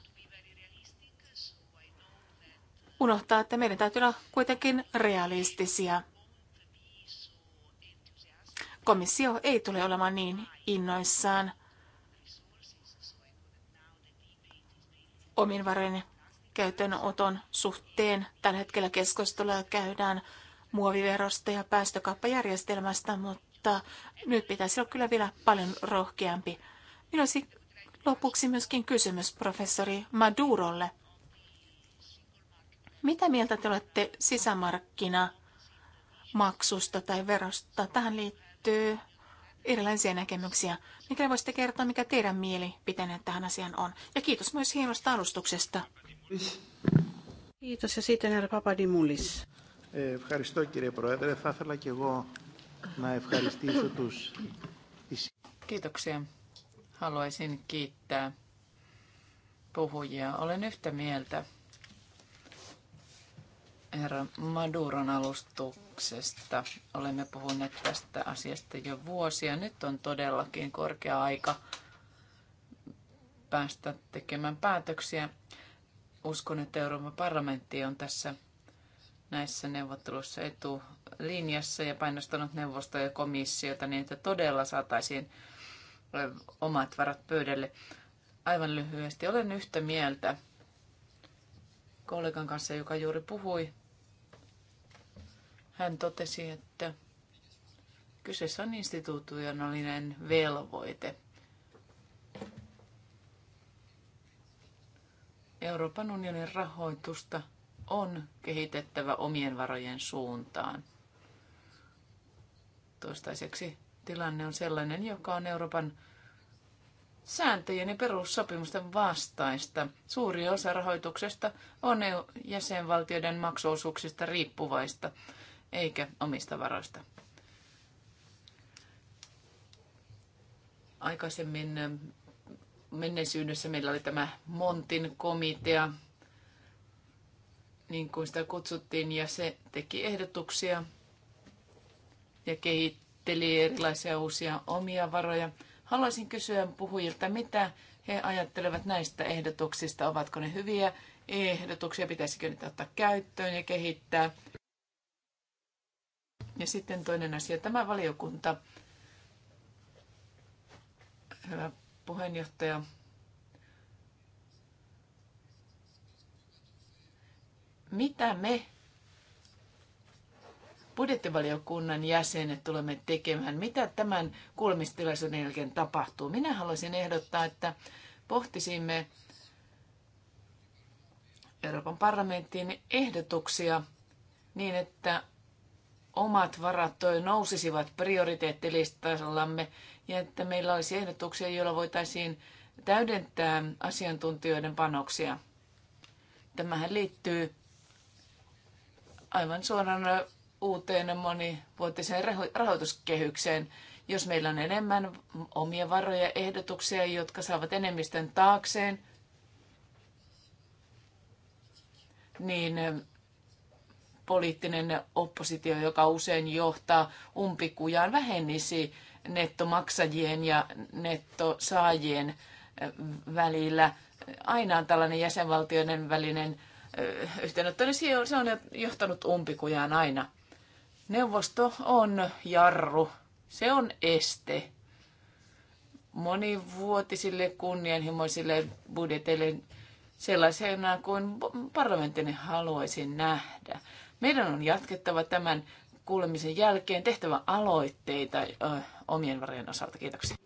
unohtaa, että meidän täytyy olla kuitenkin realistisia. Komissio ei tule olemaan niin innoissaan omin varojen käyttöönoton suhteen. Tällä hetkellä keskustelua käydään muoviverosta ja päästökauppajärjestelmästä, mutta nyt pitäisi olla kyllä vielä paljon rohkeampi. Minä olisi lopuksi myöskin kysymys professori Madurolle. Mitä mieltä te olette sisämarkkina maksusta tai verosta? Tähän liittyy erilaisia näkemyksiä. Mikä voisitte kertoa, mikä teidän mieli pitäneet tähän asiaan on? Ja kiitos myös hienosta alustuksesta. Kiitos ja sitten herra Papadimulis. Ευχαριστώ κύριε Πρόεδρε. Θα ήθελα και εγώ να ευχαριστήσω τους... Kiitoksia. Haluaisin kiittää puhujia. Olen yhtä mieltä herra Maduron alustuksesta muutoksesta. Olemme puhuneet tästä asiasta jo vuosia. Nyt on todellakin korkea aika päästä tekemään päätöksiä. Uskon, että Euroopan parlamentti on tässä näissä neuvotteluissa etulinjassa ja painostanut neuvostoa ja komissiota niin, että todella saataisiin omat varat pöydälle. Aivan lyhyesti olen yhtä mieltä kollegan kanssa, joka juuri puhui hän totesi, että kyseessä on instituutionaalinen velvoite. Euroopan unionin rahoitusta on kehitettävä omien varojen suuntaan. Toistaiseksi tilanne on sellainen, joka on Euroopan sääntöjen ja perussopimusten vastaista. Suuri osa rahoituksesta on jäsenvaltioiden maksuosuuksista riippuvaista eikä omista varoista. Aikaisemmin menneisyydessä meillä oli tämä Montin komitea, niin kuin sitä kutsuttiin, ja se teki ehdotuksia ja kehitteli erilaisia uusia omia varoja. Haluaisin kysyä puhujilta, mitä he ajattelevat näistä ehdotuksista, ovatko ne hyviä ehdotuksia, pitäisikö niitä ottaa käyttöön ja kehittää – ja sitten toinen asia, tämä valiokunta, hyvä puheenjohtaja, mitä me budjettivaliokunnan jäsenet tulemme tekemään? Mitä tämän kuulemistilaisuuden jälkeen tapahtuu? Minä haluaisin ehdottaa, että pohtisimme Euroopan parlamenttiin ehdotuksia niin, että omat varat nousisivat prioriteettilistallamme ja että meillä olisi ehdotuksia, joilla voitaisiin täydentää asiantuntijoiden panoksia. Tämähän liittyy aivan suoraan uuteen monivuotiseen rahoituskehykseen. Jos meillä on enemmän omia varoja ja ehdotuksia, jotka saavat enemmistön taakseen, niin poliittinen oppositio, joka usein johtaa umpikujaan, vähennisi nettomaksajien ja nettosaajien välillä. Aina on tällainen jäsenvaltioiden välinen yhteenotto, niin se on johtanut umpikujaan aina. Neuvosto on jarru, se on este monivuotisille kunnianhimoisille budjeteille sellaisena kuin parlamentti haluaisi nähdä. Meidän on jatkettava tämän kuulemisen jälkeen tehtävä aloitteita omien varojen osalta. Kiitoksia.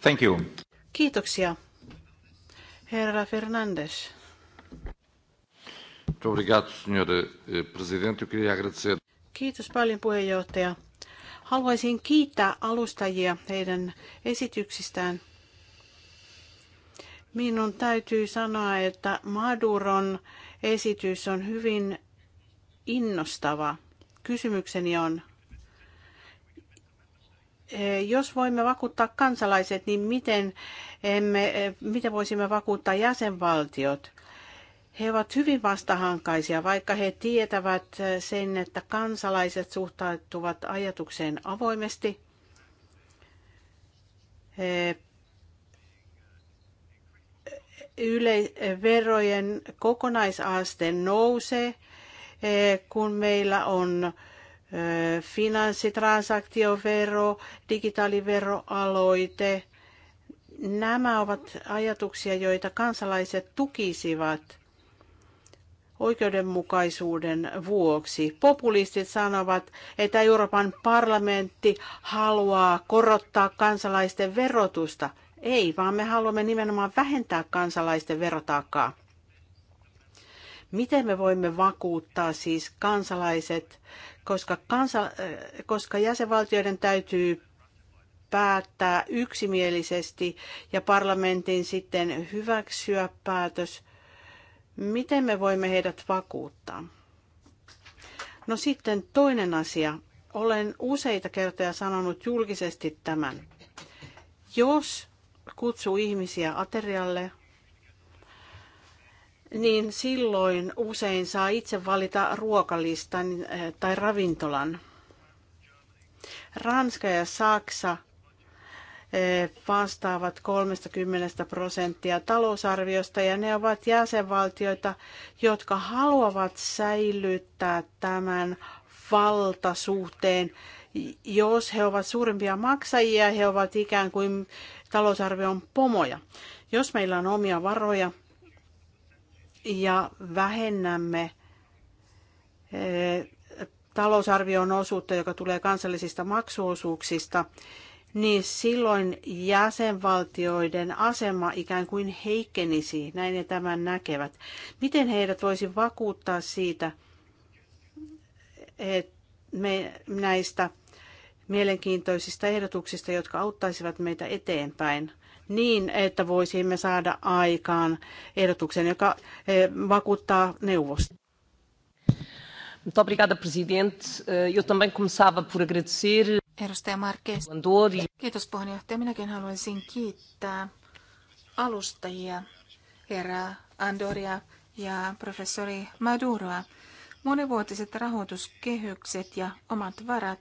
Thank you. Kiitoksia. Herra Fernandes. Eh, Kiitos paljon puheenjohtaja. Haluaisin kiittää alustajia heidän esityksistään. Minun täytyy sanoa, että Maduron esitys on hyvin innostava. Kysymykseni on, eh, jos voimme vakuuttaa kansalaiset, niin miten, emme, eh, miten voisimme vakuuttaa jäsenvaltiot? He ovat hyvin vastahankaisia, vaikka he tietävät eh, sen, että kansalaiset suhtautuvat ajatukseen avoimesti. He yle, verojen kokonaisaste nousee – Eh, kun meillä on eh, finanssitransaktiovero, digitaaliveroaloite. Nämä ovat ajatuksia, joita kansalaiset tukisivat oikeudenmukaisuuden vuoksi. Populistit sanovat, että Euroopan parlamentti haluaa korottaa kansalaisten verotusta. Ei, vaan me haluamme nimenomaan vähentää kansalaisten verotaakkaa. Miten me voimme vakuuttaa siis kansalaiset, koska, kansa, koska jäsenvaltioiden täytyy päättää yksimielisesti ja parlamentin sitten hyväksyä päätös, miten me voimme heidät vakuuttaa? No sitten toinen asia. Olen useita kertoja sanonut julkisesti tämän. Jos kutsuu ihmisiä aterialle niin silloin usein saa itse valita ruokalistan eh, tai ravintolan. Ranska ja Saksa eh, vastaavat 30 prosenttia talousarviosta ja ne ovat jäsenvaltioita, jotka haluavat säilyttää tämän valtasuhteen. Jos he ovat suurimpia maksajia, he ovat ikään kuin talousarvion pomoja. Jos meillä on omia varoja, ja vähennämme eh, talousarvion osuutta, joka tulee kansallisista maksuosuuksista, niin silloin jäsenvaltioiden asema ikään kuin heikkenisi, näin ne tämän näkevät. Miten heidät voisi vakuuttaa siitä, että me näistä mielenkiintoisista ehdotuksista, jotka auttaisivat meitä eteenpäin? niin, että voisimme saada aikaan ehdotuksen, joka eh, vakuuttaa neuvosta. Muito obrigada, Presidente. Eh, eu também começava por agradecer. Edustaja Marques. E Kiitos puheenjohtaja. Minäkin haluaisin kiittää alustajia, herra Andoria ja professori Maduroa. Monivuotiset rahoituskehykset ja omat varat.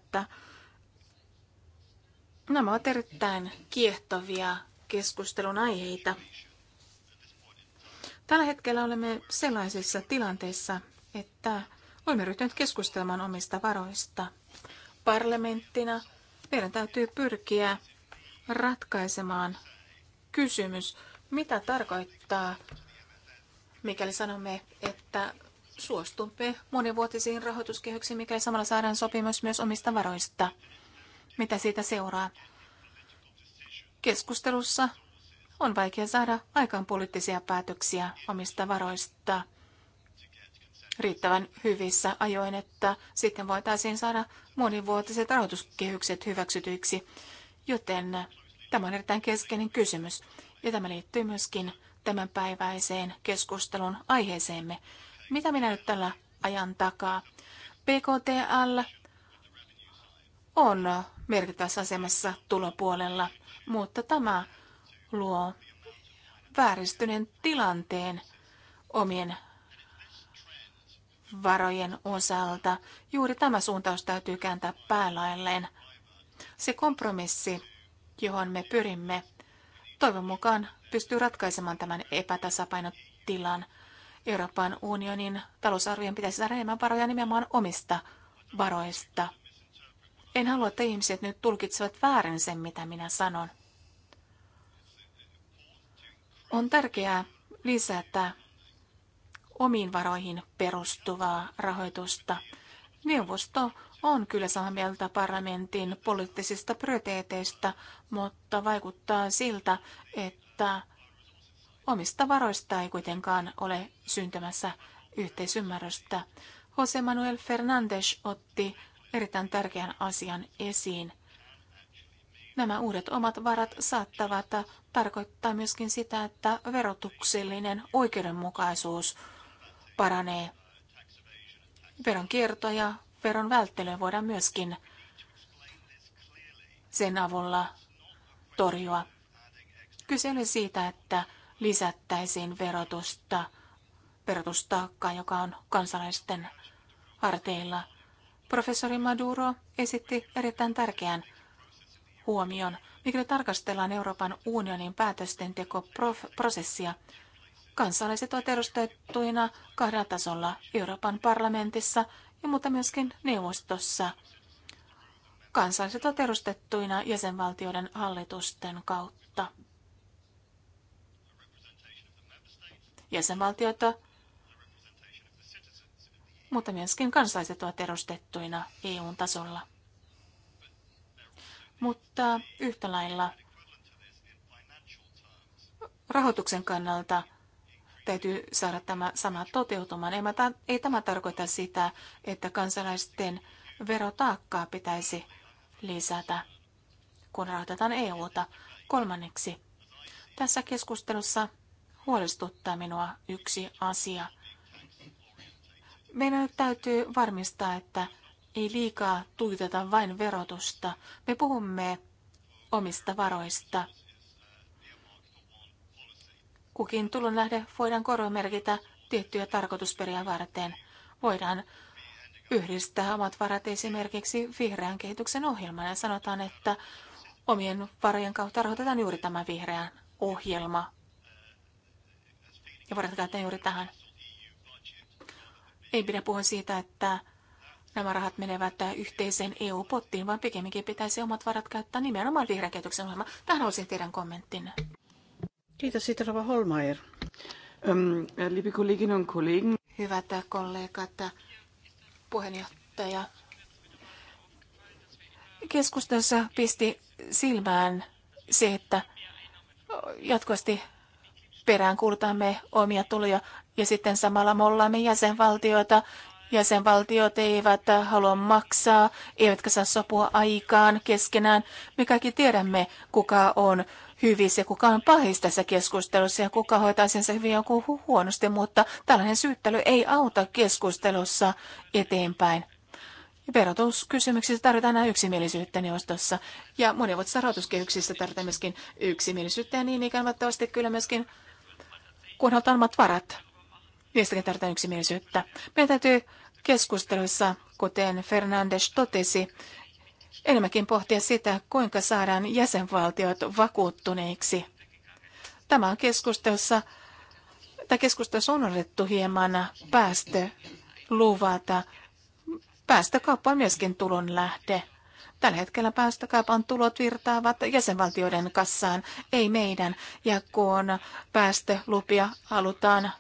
Nämä ovat erittäin kiehtovia keskustelun aiheita. Tällä hetkellä olemme sellaisessa tilanteessa, että olemme ryhtyneet keskustelemaan omista varoista. Parlamenttina meidän täytyy pyrkiä ratkaisemaan kysymys, mitä tarkoittaa, mikäli sanomme, että suostumme monivuotisiin rahoituskehyksiin, mikäli samalla saadaan sopimus myös omista varoista. Mitä siitä seuraa? Keskustelussa on vaikea saada aikaan poliittisia päätöksiä omista varoista riittävän hyvissä ajoin, että sitten voitaisiin saada monivuotiset rahoituskehykset hyväksytyiksi, joten tämä on erittäin keskeinen kysymys. Ja tämä liittyy myöskin tämänpäiväiseen keskustelun aiheeseemme. Mitä minä nyt tällä ajan takaa? PKTL on merkittävässä asemassa tulopuolella – mutta tämä luo vääristyneen tilanteen omien varojen osalta. Juuri tämä suuntaus täytyy kääntää päälailleen. Se kompromissi, johon me pyrimme, toivon mukaan pystyy ratkaisemaan tämän epätasapainotilan. Euroopan unionin talousarvion pitäisi saada enemmän varoja nimenomaan omista varoista – en halua, että ihmiset nyt tulkitsevat väärin sen, mitä minä sanon. On tärkeää lisätä omiin varoihin perustuvaa rahoitusta. Neuvosto on kyllä samaa mieltä parlamentin poliittisista prioriteeteista, mutta vaikuttaa siltä, että omista varoista ei kuitenkaan ole syntymässä yhteisymmärrystä. Jose Manuel Fernandes otti erittäin tärkeän asian esiin. Nämä uudet omat varat saattavat tarkoittaa myöskin sitä, että verotuksellinen oikeudenmukaisuus paranee. Veronkierto ja veron välttely voidaan myöskin sen avulla torjua. Kyse oli siitä, että lisättäisiin verotusta, verotustaakkaa, joka on kansalaisten harteilla – Professori Maduro esitti erittäin tärkeän huomion. Mikäli tarkastellaan Euroopan unionin päätösten tekoprosessia kansalaiset ovat edustettuina kahdella tasolla Euroopan parlamentissa ja mutta myöskin neuvostossa. Kansalaiset ovat edustettuina jäsenvaltioiden hallitusten kautta. Jäsenvaltioita mutta myöskin kansalaiset ovat edustettuina EUn tasolla. Mutta yhtä lailla rahoituksen kannalta täytyy saada tämä sama toteutumaan. Ei tämä tarkoita sitä, että kansalaisten verotaakkaa pitäisi lisätä, kun rahoitetaan EUta. Kolmanneksi, tässä keskustelussa huolestuttaa minua yksi asia – meidän täytyy varmistaa, että ei liikaa tuiteta vain verotusta. Me puhumme omista varoista. Kukin tulonlähde voidaan korvamerkitä tiettyjä tarkoitusperiä varten. Voidaan yhdistää omat varat esimerkiksi vihreän kehityksen ohjelmaan ja sanotaan, että omien varojen kautta rahoitetaan juuri tämä vihreän ohjelma. Ja varat käytetään juuri tähän. Ei pidä puhua siitä, että nämä rahat menevät yhteiseen EU-pottiin, vaan pikemminkin pitäisi omat varat käyttää nimenomaan vihreän kehityksen ohjelma. Tähän olisin teidän kommenttin. Kiitos, siitä Rova Holmeier. Ähm, Hyvät kollegat, puheenjohtaja. Keskustelussa pisti silmään se, että jatkuvasti perään kuulutamme omia tuloja ja sitten samalla mollaamme jäsenvaltioita. Jäsenvaltiot eivät halua maksaa, eivätkä saa sopua aikaan keskenään. Me kaikki tiedämme, kuka on hyvissä ja kuka on pahis tässä keskustelussa ja kuka hoitaa sen hyvin joku kuka huonosti, mutta tällainen syyttely ei auta keskustelussa eteenpäin. Verotuskysymyksissä tarvitaan aina yksimielisyyttä neuvostossa ja monivuotisissa rahoituskehyksissä tarvitaan myöskin yksimielisyyttä ja niin ikään kyllä myöskin kunhan otan omat varat. Niistäkin tarvitaan yksimielisyyttä. Meidän täytyy keskusteluissa, kuten Fernandes totesi, enemmänkin pohtia sitä, kuinka saadaan jäsenvaltiot vakuuttuneiksi. Tämä on keskustelussa, tai keskustelussa on otettu hieman päästöluvata. Päästökauppa on myöskin tulon lähde. Tällä hetkellä päästökaupan tulot virtaavat jäsenvaltioiden kassaan, ei meidän. Ja kun päästölupia halutaan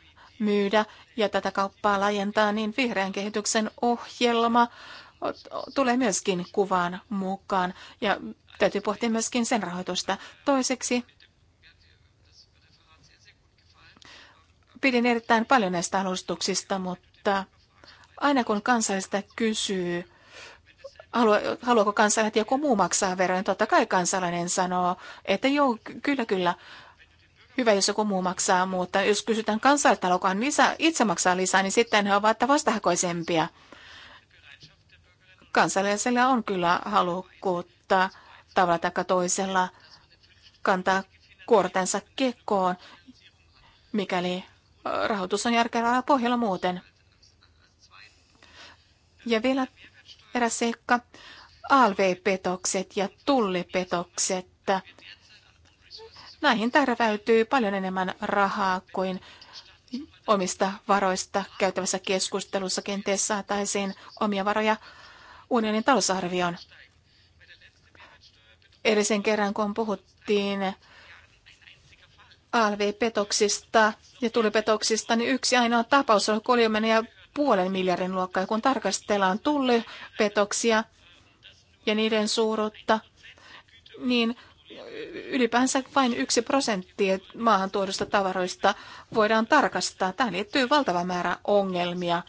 myydä ja tätä kauppaa laajentaa, niin vihreän kehityksen ohjelma tulee myöskin kuvaan mukaan. Ja täytyy pohtia myöskin sen rahoitusta. Toiseksi pidin erittäin paljon näistä alustuksista, mutta aina kun kansallista kysyy, haluaako kansalaiset joku muu maksaa veroja, niin totta kai kansalainen sanoo, että joo, kyllä, kyllä, hyvä, jos joku muu maksaa, mutta jos kysytään kansalta, joka lisä, itse maksaa lisää, niin sitten he ovat vastahakoisempia. Kansalaisella on kyllä halukkuutta tavalla tai toisella kantaa kuortensa kekoon, mikäli rahoitus on järkevällä pohjalla muuten. Ja vielä eräs seikka, alv-petokset ja tullipetokset Näihin tärväytyy paljon enemmän rahaa kuin omista varoista käytävässä keskustelussa kenties saataisiin omia varoja unionin talousarvioon. Edellisen kerran, kun puhuttiin ALV-petoksista ja tulipetoksista, niin yksi ainoa tapaus oli kolmen ja puolen miljardin luokkaa. Kun tarkastellaan tullipetoksia ja niiden suuruutta, niin ylipäänsä vain yksi prosentti maahan tuodusta tavaroista voidaan tarkastaa. Tähän liittyy valtava määrä ongelmia.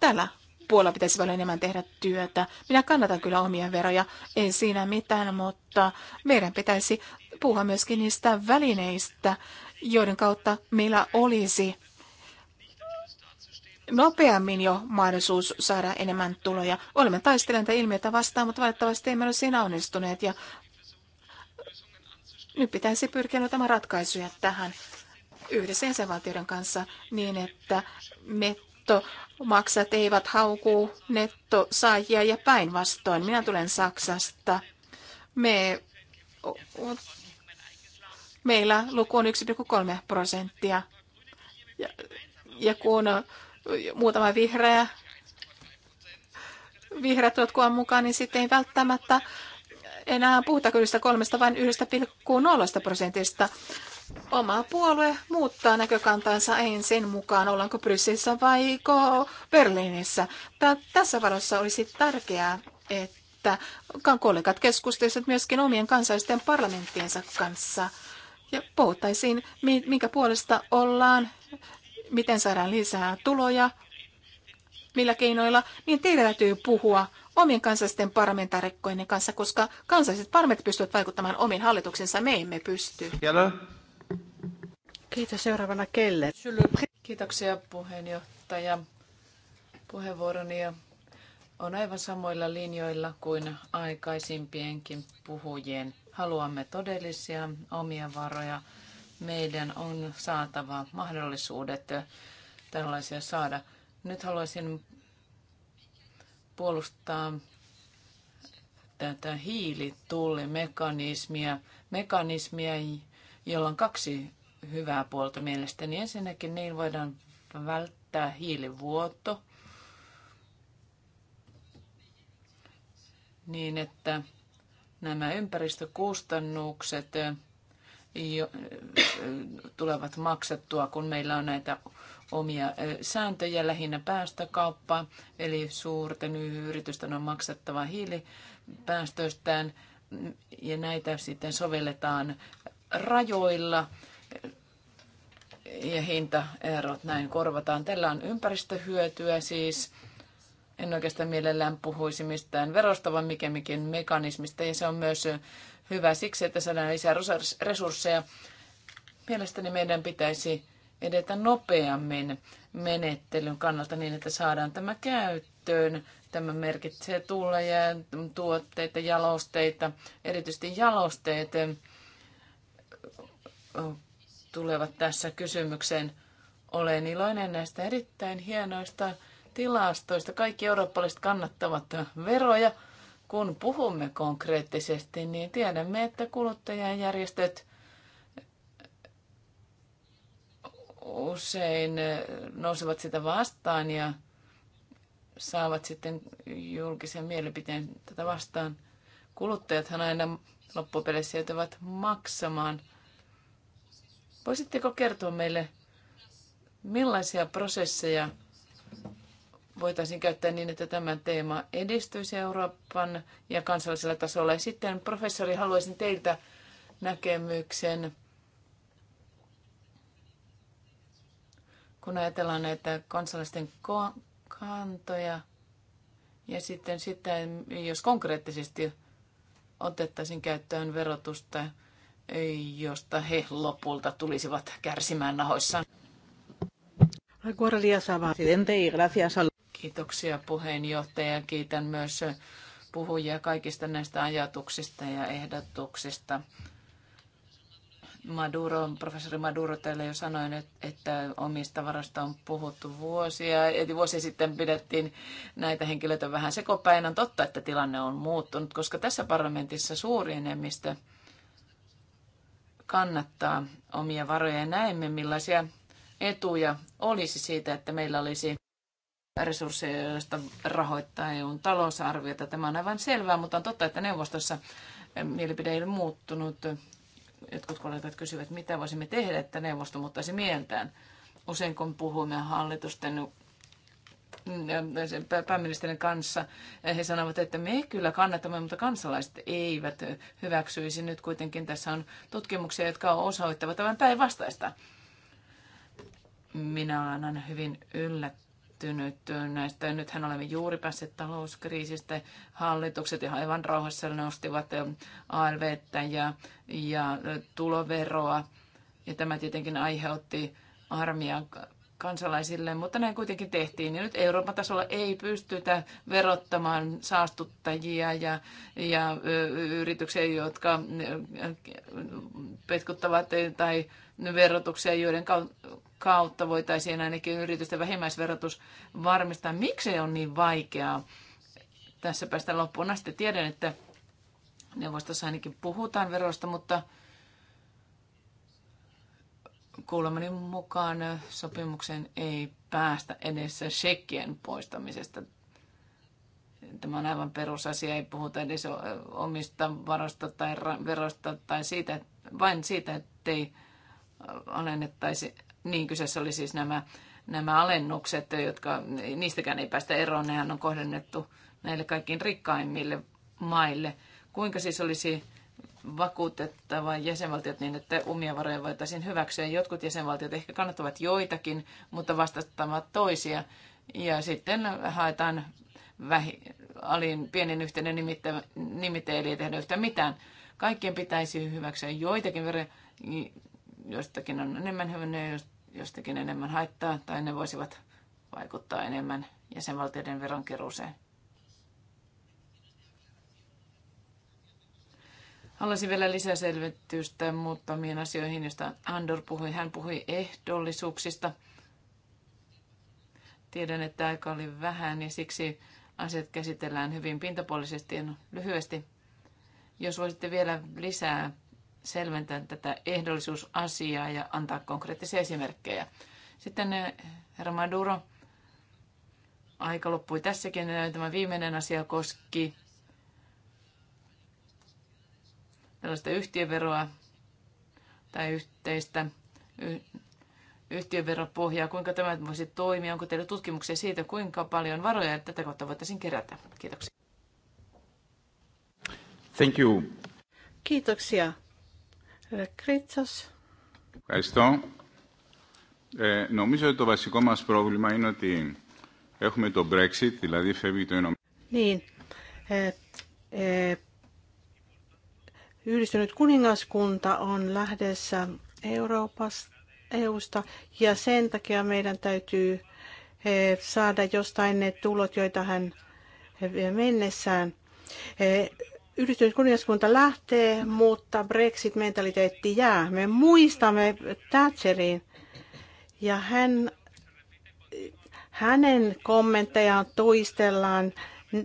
Tällä puolella pitäisi paljon enemmän tehdä työtä. Minä kannatan kyllä omia veroja, ei siinä mitään, mutta meidän pitäisi puhua myöskin niistä välineistä, joiden kautta meillä olisi nopeammin jo mahdollisuus saada enemmän tuloja. Olemme taistelleet ilmiötä vastaan, mutta valitettavasti emme ole siinä onnistuneet. Ja nyt pitäisi pyrkiä löytämään ratkaisuja tähän yhdessä jäsenvaltioiden kanssa niin, että nettomaksat eivät haukuu nettosaajia ja päinvastoin. Minä tulen Saksasta. Me, meillä luku on 1,3 prosenttia. Ja, ja kun muutama vihreä, vihreät ovat mukaan, niin sitten ei välttämättä enää puhuta kyllä kolmesta, pilkkuun 1,0 prosentista. Oma puolue muuttaa näkökantansa ensin mukaan, ollaanko Brysselissä vai Berliinissä. Tässä valossa olisi tärkeää, että kollegat keskustelisivat myöskin omien kansallisten parlamenttiensa kanssa ja puhuttaisiin, minkä puolesta ollaan miten saadaan lisää tuloja, millä keinoilla, niin teidän täytyy puhua omien kansallisten parlamentaarikkojen kanssa, koska kansalliset parlamentit pystyvät vaikuttamaan omiin hallituksensa, me emme pysty. Kiitos. Seuraavana Kelle. Kiitoksia puheenjohtaja puheenvuoroni ja on aivan samoilla linjoilla kuin aikaisimpienkin puhujien. Haluamme todellisia omia varoja meidän on saatava mahdollisuudet tällaisia saada. Nyt haluaisin puolustaa tätä hiilitullimekanismia, mekanismia, jolla on kaksi hyvää puolta mielestäni. Ensinnäkin niin voidaan välttää hiilivuoto niin, että nämä ympäristökustannukset Äh, tulevat maksettua kun meillä on näitä omia äh, sääntöjä, lähinnä päästökauppaa, eli suurten yritysten on maksattava hiilipäästöistään, mm, ja näitä sitten sovelletaan rajoilla, äh, ja hintaerot näin korvataan. Tällä on ympäristöhyötyä siis, en oikeastaan mielellään puhuisi mistään verosta, vaan mikä mekanismista, ja se on myös hyvä siksi, että saadaan lisää resursseja. Mielestäni meidän pitäisi edetä nopeammin menettelyn kannalta niin, että saadaan tämä käyttöön. Tämä merkitsee tulleja, tuotteita, jalosteita, erityisesti jalosteet tulevat tässä kysymykseen. Olen iloinen näistä erittäin hienoista tilastoista. Kaikki eurooppalaiset kannattavat veroja kun puhumme konkreettisesti, niin tiedämme, että kuluttajajärjestöt usein nousevat sitä vastaan ja saavat sitten julkisen mielipiteen tätä vastaan. Kuluttajathan aina loppupeleissä joutuvat maksamaan. Voisitteko kertoa meille, millaisia prosesseja voitaisiin käyttää niin, että tämä teema edistyisi Euroopan ja kansallisella tasolla. Ja sitten professori, haluaisin teiltä näkemyksen, kun ajatellaan näitä kansalaisten kantoja ja sitten sitä, jos konkreettisesti otettaisiin käyttöön verotusta, josta he lopulta tulisivat kärsimään nahoissaan. Guardia Saba, presidente, y gracias al Kiitoksia puheenjohtaja. Kiitän myös puhujia kaikista näistä ajatuksista ja ehdotuksista. Maduro, professori Maduro teille jo sanoi että omista varoista on puhuttu vuosia. Eli vuosi sitten pidettiin näitä henkilöitä vähän sekopäin. On totta, että tilanne on muuttunut, koska tässä parlamentissa suuri enemmistö kannattaa omia varoja. Ja näemme, millaisia etuja olisi siitä, että meillä olisi resursseista rahoittaa EUn talousarviota. Tämä on aivan selvää, mutta on totta, että neuvostossa eh, mielipide ei ole muuttunut. Jotkut kollegat kysyvät, mitä voisimme tehdä, että neuvosto muuttaisi mieltään. Usein kun puhumme hallitusten eh, pääministerin kanssa, eh, he sanovat, että me kyllä kannatamme, mutta kansalaiset eivät hyväksyisi. Nyt kuitenkin tässä on tutkimuksia, jotka osoittavat tämän päinvastaista. Minä olen aina hyvin yllättynyt pettynyt näistä. Nythän olemme juuri päässeet talouskriisistä. Hallitukset ihan aivan rauhassa nostivat ALVtä ja, ja tuloveroa. Ja tämä tietenkin aiheutti armia kansalaisille, mutta näin kuitenkin tehtiin. Ja nyt Euroopan tasolla ei pystytä verottamaan saastuttajia ja, ja yrityksiä, jotka petkuttavat tai verotuksia, joiden kautta voitaisiin ainakin yritysten vähimmäisverotus varmistaa. Miksi on niin vaikeaa tässä päästä loppuun asti? Tiedän, että neuvostossa ainakin puhutaan verosta, mutta kuulemani mukaan sopimuksen ei päästä edessä shekkien poistamisesta. Tämä on aivan perusasia, ei puhuta edes omista varoista tai verosta tai siitä, vain siitä, ettei alennettaisi niin kyseessä oli siis nämä, nämä alennukset, jotka niistäkään ei päästä eroon, nehän on kohdennettu näille kaikkiin rikkaimmille maille. Kuinka siis olisi vakuutettava jäsenvaltiot niin, että omia varoja voitaisiin hyväksyä. Jotkut jäsenvaltiot ehkä kannattavat joitakin, mutta vastattavat toisia. Ja sitten haetaan vähi, alin pienin yhteinen nimittä, nimite, eli ei tehdä yhtään mitään. Kaikkien pitäisi hyväksyä joitakin varoja, jostakin on enemmän hyvänä, jostakin enemmän haittaa tai ne voisivat vaikuttaa enemmän jäsenvaltioiden veronkeruuseen. Haluaisin vielä lisäselvitystä muutamiin asioihin, joista Andor puhui. Hän puhui ehdollisuuksista. Tiedän, että aika oli vähän ja siksi asiat käsitellään hyvin pintapuolisesti ja lyhyesti. Jos voisitte vielä lisää selventää tätä ehdollisuusasiaa ja antaa konkreettisia esimerkkejä. Sitten eh, herra Maduro, aika loppui tässäkin. Eh, tämä viimeinen asia koski tällaista yhtiöveroa tai yhteistä yhtiöveropohjaa. Kuinka tämä voisi toimia? Onko teillä tutkimuksia siitä, kuinka paljon varoja tätä kautta voitaisiin kerätä? Kiitoksia. Thank you. Kiitoksia Κρίτσος. Ευχαριστώ. Ε, νομίζω ότι το βασικό μας πρόβλημα είναι ότι έχουμε το Brexit, δηλαδή φεύγει το Ηνωμένο. Niin, ε, ε, yhdistynyt kuningaskunta on lähdössä Euroopasta, EUsta ja sen takia meidän täytyy e, saada jostain ne tulot, joita hän vie mennessään. E, Yhdistynyt kuningaskunta lähtee, mutta Brexit-mentaliteetti jää. Me muistamme Thatcherin ja hän, hänen kommenttejaan toistellaan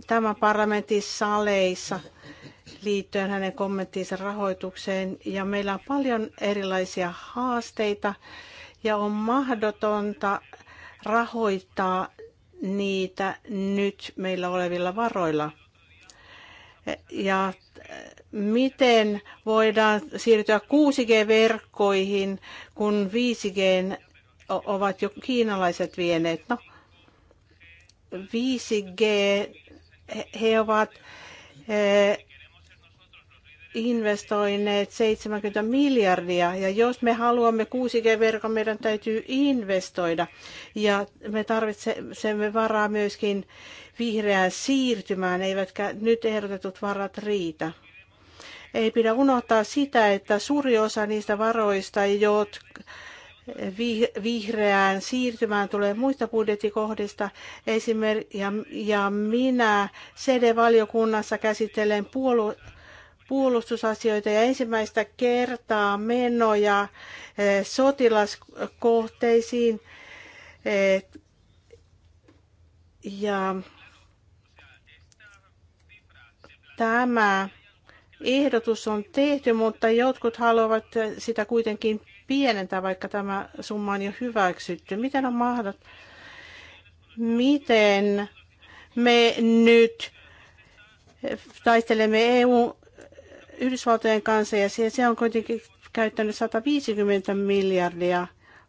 tämän parlamentin saleissa liittyen hänen kommenttiinsa rahoitukseen. Ja meillä on paljon erilaisia haasteita ja on mahdotonta rahoittaa niitä nyt meillä olevilla varoilla – ja äh, miten voidaan siirtyä 6G-verkkoihin, kun 5G ovat jo kiinalaiset vieneet. No, 5G, he ovat äh, investoineet 70 miljardia ja jos me haluamme 6G-verkon, meidän täytyy investoida ja me tarvitsemme varaa myöskin vihreään siirtymään, eivätkä nyt ehdotetut varat riitä. Ei pidä unohtaa sitä, että suuri osa niistä varoista, jotka vihreään siirtymään tulee muista budjettikohdista. Esimerkiksi ja, ja minä CD-valiokunnassa käsittelen puolue puolustusasioita ja ensimmäistä kertaa menoja eh, sotilaskohteisiin. Eh, ja tämä ehdotus on tehty, mutta jotkut haluavat sitä kuitenkin pienentää, vaikka tämä summa on jo hyväksytty. Miten on mahdollista? Miten me nyt taistelemme EU Yhdysvaltojen kanssa ja se on kuitenkin käyttänyt 150 miljardia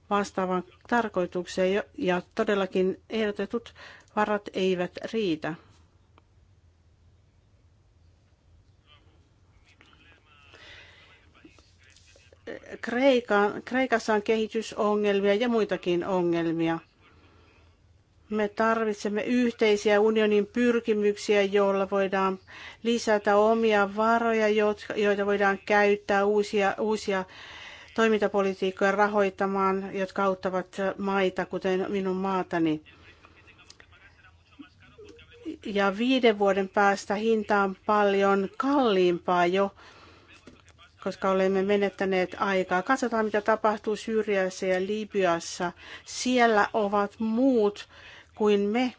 vastaavan tarkoitukseen ja todellakin ehdotetut varat eivät riitä. Kreikassa on kehitysongelmia ja muitakin ongelmia – me tarvitsemme yhteisiä unionin pyrkimyksiä, joilla voidaan lisätä omia varoja, joita voidaan käyttää uusia, uusia toimintapolitiikkoja rahoittamaan, jotka auttavat maita, kuten minun maatani. Ja viiden vuoden päästä hinta on paljon kalliimpaa jo, koska olemme menettäneet aikaa. Katsotaan, mitä tapahtuu Syyriassa ja Libyassa. Siellä ovat muut kuin me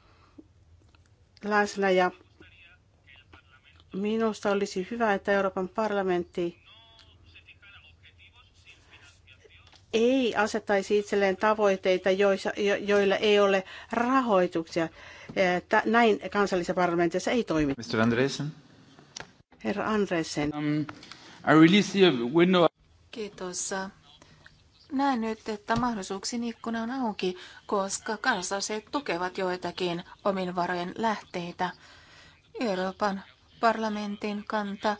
läsnä ja minusta olisi hyvä, että Euroopan parlamentti ei asettaisi itselleen tavoitteita, joilla ei ole rahoituksia. Näin kansallisessa parlamentissa ei toimi. Mr. Andresen. Herra Andresen. Um, I really see a window. Kiitos näen nyt, että mahdollisuuksien ikkuna on auki, koska kansalaiset tukevat joitakin omin varojen lähteitä. Euroopan parlamentin kanta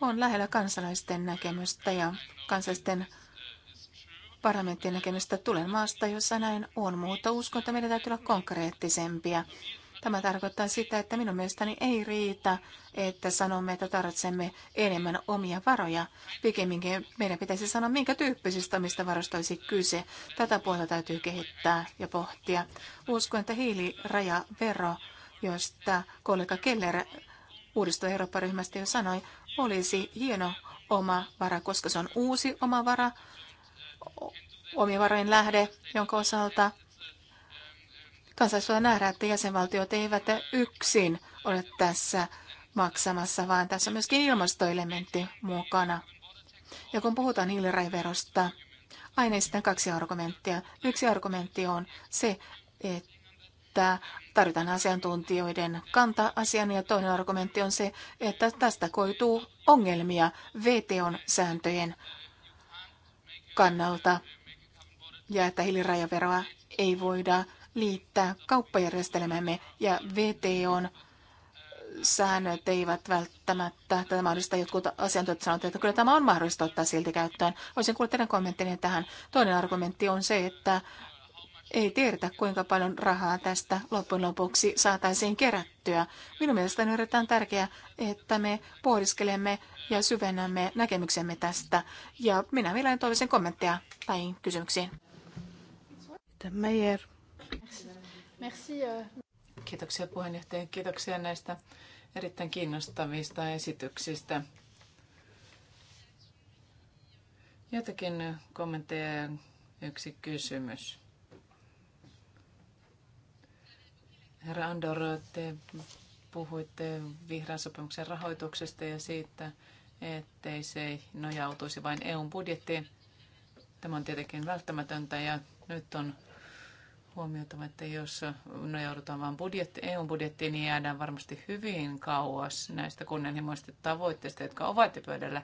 on lähellä kansalaisten näkemystä ja kansalaisten parlamentin näkemystä tulen maasta, jossa näin on, mutta uskon, että meidän täytyy olla konkreettisempia Tämä tarkoittaa sitä, että minun mielestäni ei riitä, että sanomme, että tarvitsemme enemmän omia varoja. Pikemminkin meidän pitäisi sanoa, minkä tyyppisistä omista varoista olisi kyse. Tätä puolta täytyy kehittää ja pohtia. Uskon, että hiilirajavero, josta kollega Keller uudistuva Eurooppa-ryhmästä jo sanoi, olisi hieno oma vara, koska se on uusi oma vara, omien varojen lähde, jonka osalta Kansalaistuella nähdään, että jäsenvaltiot eivät yksin ole tässä maksamassa, vaan tässä on myöskin ilmastoelementti mukana. Ja kun puhutaan hiilirajaverosta, aina esitän kaksi argumenttia. Yksi argumentti on se, että tarvitaan asiantuntijoiden kanta asian ja toinen argumentti on se, että tästä koituu ongelmia VTOn sääntöjen kannalta ja että hiilirajaveroa ei voida liittää kauppajärjestelmämme ja VTOn säännöt eivät välttämättä tätä mahdollista. Jotkut asiantuntijat sanovat, että kyllä tämä on mahdollista ottaa silti käyttöön. Olisin kuullut teidän kommenttinne tähän. Toinen argumentti on se, että ei tiedetä, kuinka paljon rahaa tästä loppujen lopuksi saataisiin kerättyä. Minun mielestäni on erittäin tärkeää, että me pohdiskelemme ja syvennämme näkemyksemme tästä. Ja minä vielä toivoisin kommentteja tai kysymyksiin. Meijer. Merci. Äh. Kiitoksia puheenjohtaja. Kiitoksia näistä erittäin kiinnostavista esityksistä. Jotakin kommentteja ja yksi kysymys. Herra Andor, te puhuitte vihreän sopimuksen rahoituksesta ja siitä, ettei se nojautuisi vain EUn budjettiin. Tämä on tietenkin välttämätöntä ja nyt on huomioitava, että jos nojaudutaan vain budjetti, EU-budjettiin, niin jäädään varmasti hyvin kauas näistä kunnianhimoista tavoitteista, jotka ovat jo pöydällä.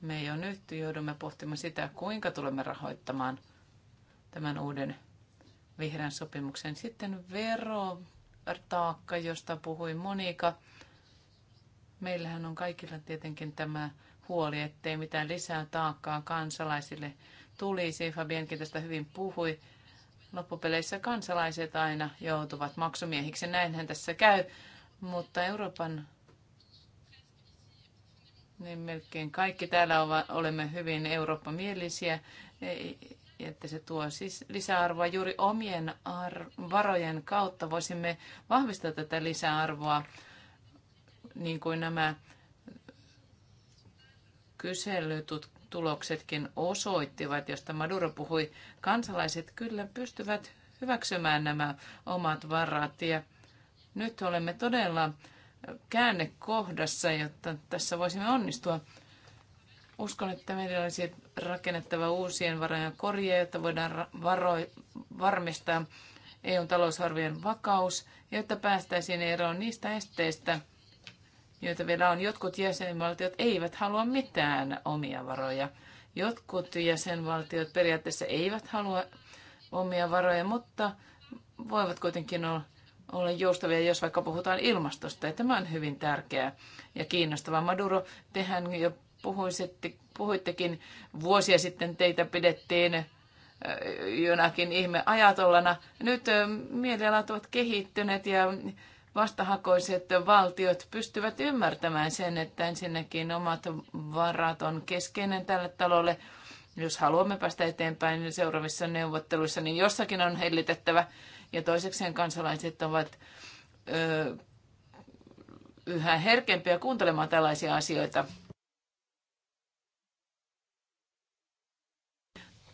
Me jo nyt joudumme pohtimaan sitä, kuinka tulemme rahoittamaan tämän uuden vihreän sopimuksen. Sitten verotaakka, josta puhui Monika. Meillähän on kaikilla tietenkin tämä huoli, ettei mitään lisää taakkaa kansalaisille tulisi. Fabienkin tästä hyvin puhui loppupeleissä kansalaiset aina joutuvat maksumiehiksi. Näinhän tässä käy, mutta Euroopan niin melkein kaikki täällä olemme hyvin eurooppamielisiä, että se tuo siis lisäarvoa juuri omien varojen kautta. Voisimme vahvistaa tätä lisäarvoa, niin kuin nämä kyselytut tuloksetkin osoittivat, josta Maduro puhui, kansalaiset kyllä pystyvät hyväksymään nämä omat varat. Ja nyt olemme todella käännekohdassa, jotta tässä voisimme onnistua. Uskon, että meidän olisi rakennettava uusien varojen korje, jotta voidaan varo- varmistaa EU-talousarvien vakaus, jotta päästäisiin eroon niistä esteistä, joita vielä on. Jotkut jäsenvaltiot eivät halua mitään omia varoja. Jotkut jäsenvaltiot periaatteessa eivät halua omia varoja, mutta voivat kuitenkin olla olla joustavia, jos vaikka puhutaan ilmastosta. Ja tämä on hyvin tärkeää ja kiinnostava Maduro, tehän jo puhuisitte, puhuittekin vuosia sitten teitä pidettiin jonakin ihme ajatollana. Nyt mielialat ovat kehittyneet ja vastahakoiset valtiot pystyvät ymmärtämään sen, että ensinnäkin omat varat on keskeinen tälle talolle. Jos haluamme päästä eteenpäin niin seuraavissa neuvotteluissa, niin jossakin on hellitettävä. Ja toisekseen kansalaiset ovat ö, yhä herkempiä kuuntelemaan tällaisia asioita.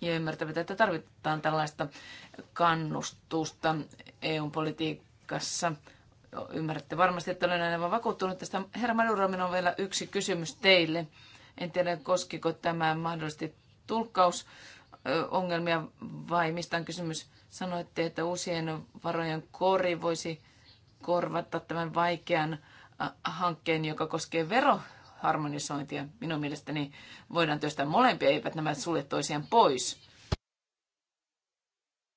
ja ymmärtävät, että tarvitaan tällaista kannustusta EU-politiikassa. Ymmärrätte varmasti, että olen aivan vakuuttunut tästä. Herra Maduro, minulla on vielä yksi kysymys teille. En tiedä, koskiko tämä mahdollisesti tulkkausongelmia vai mistä on kysymys. Sanoitte, että uusien varojen kori voisi korvata tämän vaikean äh, hankkeen, joka koskee veroharmonisointia. Minun mielestäni voidaan työstää molempia, eivät nämä sulje toisiaan pois.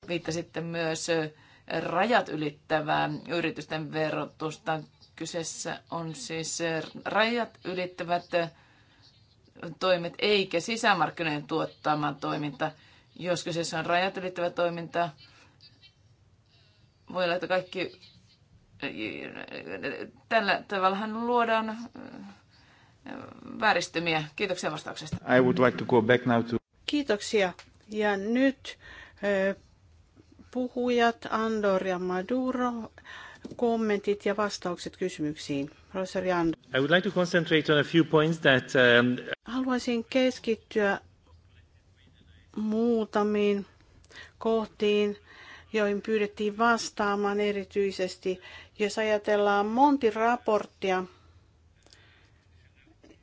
Viittasitte myös äh, rajat ylittävää yritysten verotusta. Kyseessä on siis rajat ylittävät toimet eikä sisämarkkinoiden tuottama toiminta. Jos kyseessä on rajat ylittävä toiminta, voi olla, että kaikki tällä tavallahan luodaan vääristymiä. Kiitoksia vastauksesta. I would like to go back now to... Kiitoksia. Ja nyt puhujat Andor ja Maduro, kommentit ja vastaukset kysymyksiin. Professori Andor. I would like to concentrate on a few points that, um... Haluaisin keskittyä muutamiin kohtiin, joihin pyydettiin vastaamaan erityisesti. Jos ajatellaan Montin raporttia,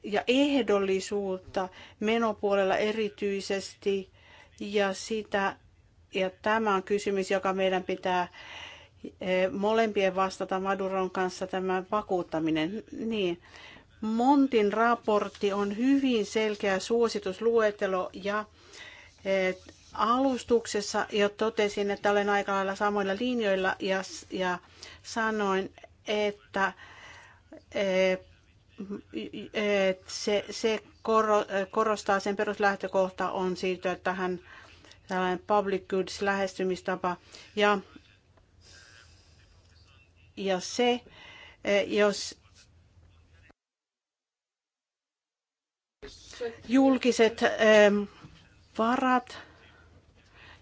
ja ehdollisuutta menopuolella erityisesti ja sitä, ja tämä on kysymys, joka meidän pitää eh, molempien vastata Maduron kanssa tämä vakuuttaminen. Niin. Montin raportti on hyvin selkeä suositusluetelo ja eh, alustuksessa jo totesin, että olen aika lailla samoilla linjoilla ja, ja sanoin, että eh, se, se korostaa sen peruslähtökohta on siirtyä tähän tällainen public goods lähestymistapa ja, ja se, eh, jos julkiset varat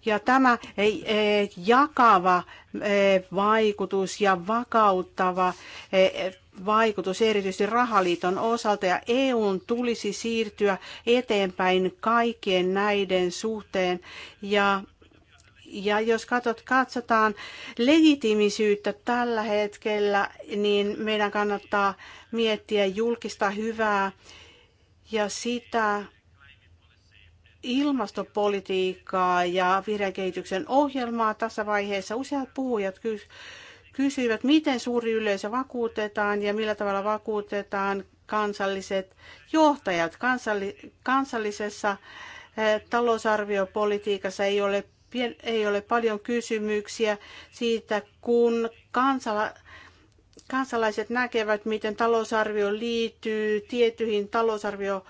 ja tämä eh, jakava eh, vaikutus ja vakauttava vaikutus erityisesti rahaliiton osalta ja EUn tulisi siirtyä eteenpäin kaikkien näiden suhteen ja ja jos katsot, katsotaan legitiimisyyttä tällä hetkellä, niin meidän kannattaa miettiä julkista hyvää ja sitä ilmastopolitiikkaa ja vihreän kehityksen ohjelmaa tässä vaiheessa. Useat puhujat kysyivät, miten suuri yleisö vakuutetaan ja millä tavalla vakuutetaan kansalliset johtajat. Kansalli- kansallisessa eh, talousarviopolitiikassa ei ole, ei ole paljon kysymyksiä siitä, kun kansala- kansalaiset näkevät, miten talousarvio liittyy tiettyihin talousarvio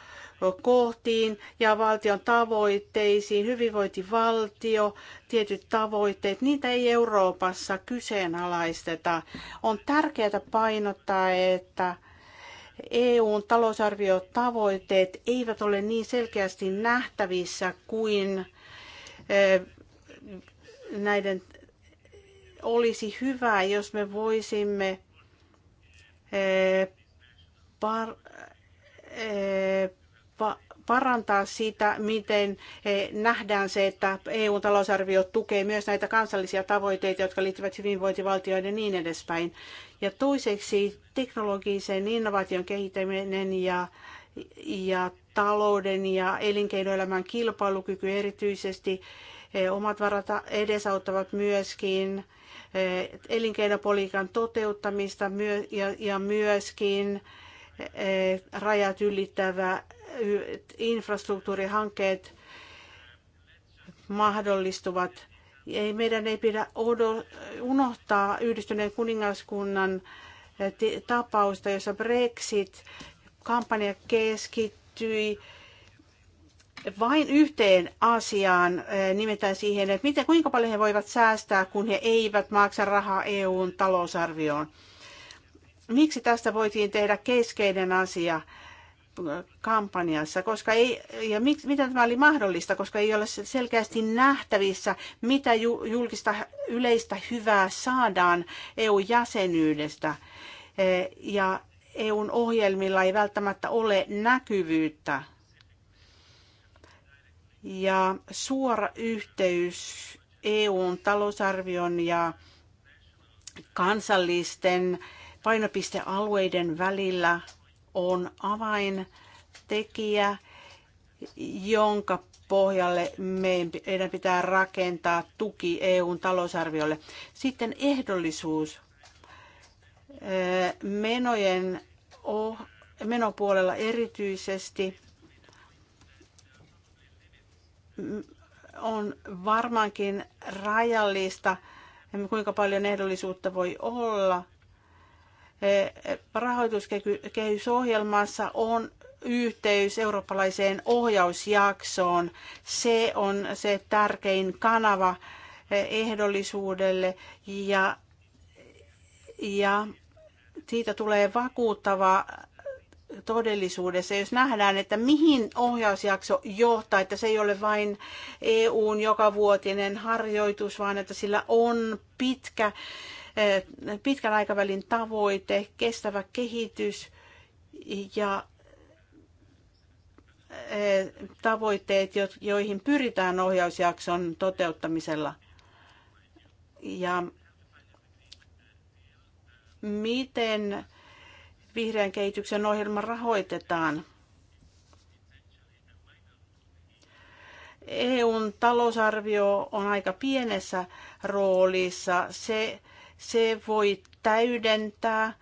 kohtiin ja valtion tavoitteisiin, hyvinvointivaltio, tietyt tavoitteet, niitä ei Euroopassa kyseenalaisteta. On tärkeää painottaa, että EUn talousarviotavoitteet eivät ole niin selkeästi nähtävissä kuin näiden olisi hyvä, jos me voisimme par, parantaa sitä, miten eh, nähdään se, että EU-talousarvio tukee myös näitä kansallisia tavoitteita, jotka liittyvät hyvinvointivaltioiden ja niin edespäin. Ja toiseksi teknologisen innovaation kehittäminen ja, ja talouden ja elinkeinoelämän kilpailukyky erityisesti eh, omat varat edesauttavat myöskin eh, elinkeinopolitiikan toteuttamista ja myöskin Eh, rajat ylittävä infrastruktuurihankkeet mahdollistuvat. Ei, meidän ei pidä unohtaa yhdistyneen kuningaskunnan eh, tapausta, jossa Brexit-kampanja keskittyi vain yhteen asiaan, eh, nimittäin siihen, että miten, kuinka paljon he voivat säästää, kun he eivät maksa rahaa EUn talousarvioon miksi tästä voitiin tehdä keskeinen asia kampanjassa, koska ei, ja mit, mitä tämä oli mahdollista, koska ei ole selkeästi nähtävissä, mitä ju, julkista yleistä hyvää saadaan EU-jäsenyydestä. E, ja EUn ohjelmilla ei välttämättä ole näkyvyyttä. Ja suora yhteys EUn talousarvion ja kansallisten painopistealueiden välillä on avaintekijä, jonka pohjalle meidän pitää rakentaa tuki EUn talousarviolle. Sitten ehdollisuus. Menojen oh, menopuolella erityisesti on varmaankin rajallista, kuinka paljon ehdollisuutta voi olla – rahoituskehysohjelmassa on yhteys eurooppalaiseen ohjausjaksoon. Se on se tärkein kanava eh, ehdollisuudelle ja, ja siitä tulee vakuuttava todellisuudessa, jos nähdään, että mihin ohjausjakso johtaa, että se ei ole vain EUn jokavuotinen harjoitus, vaan että sillä on pitkä Eh, pitkän aikavälin tavoite, kestävä kehitys ja eh, tavoitteet, joihin pyritään ohjausjakson toteuttamisella. Ja miten vihreän kehityksen ohjelma rahoitetaan. EUn talousarvio on aika pienessä roolissa. Se se voi täydentää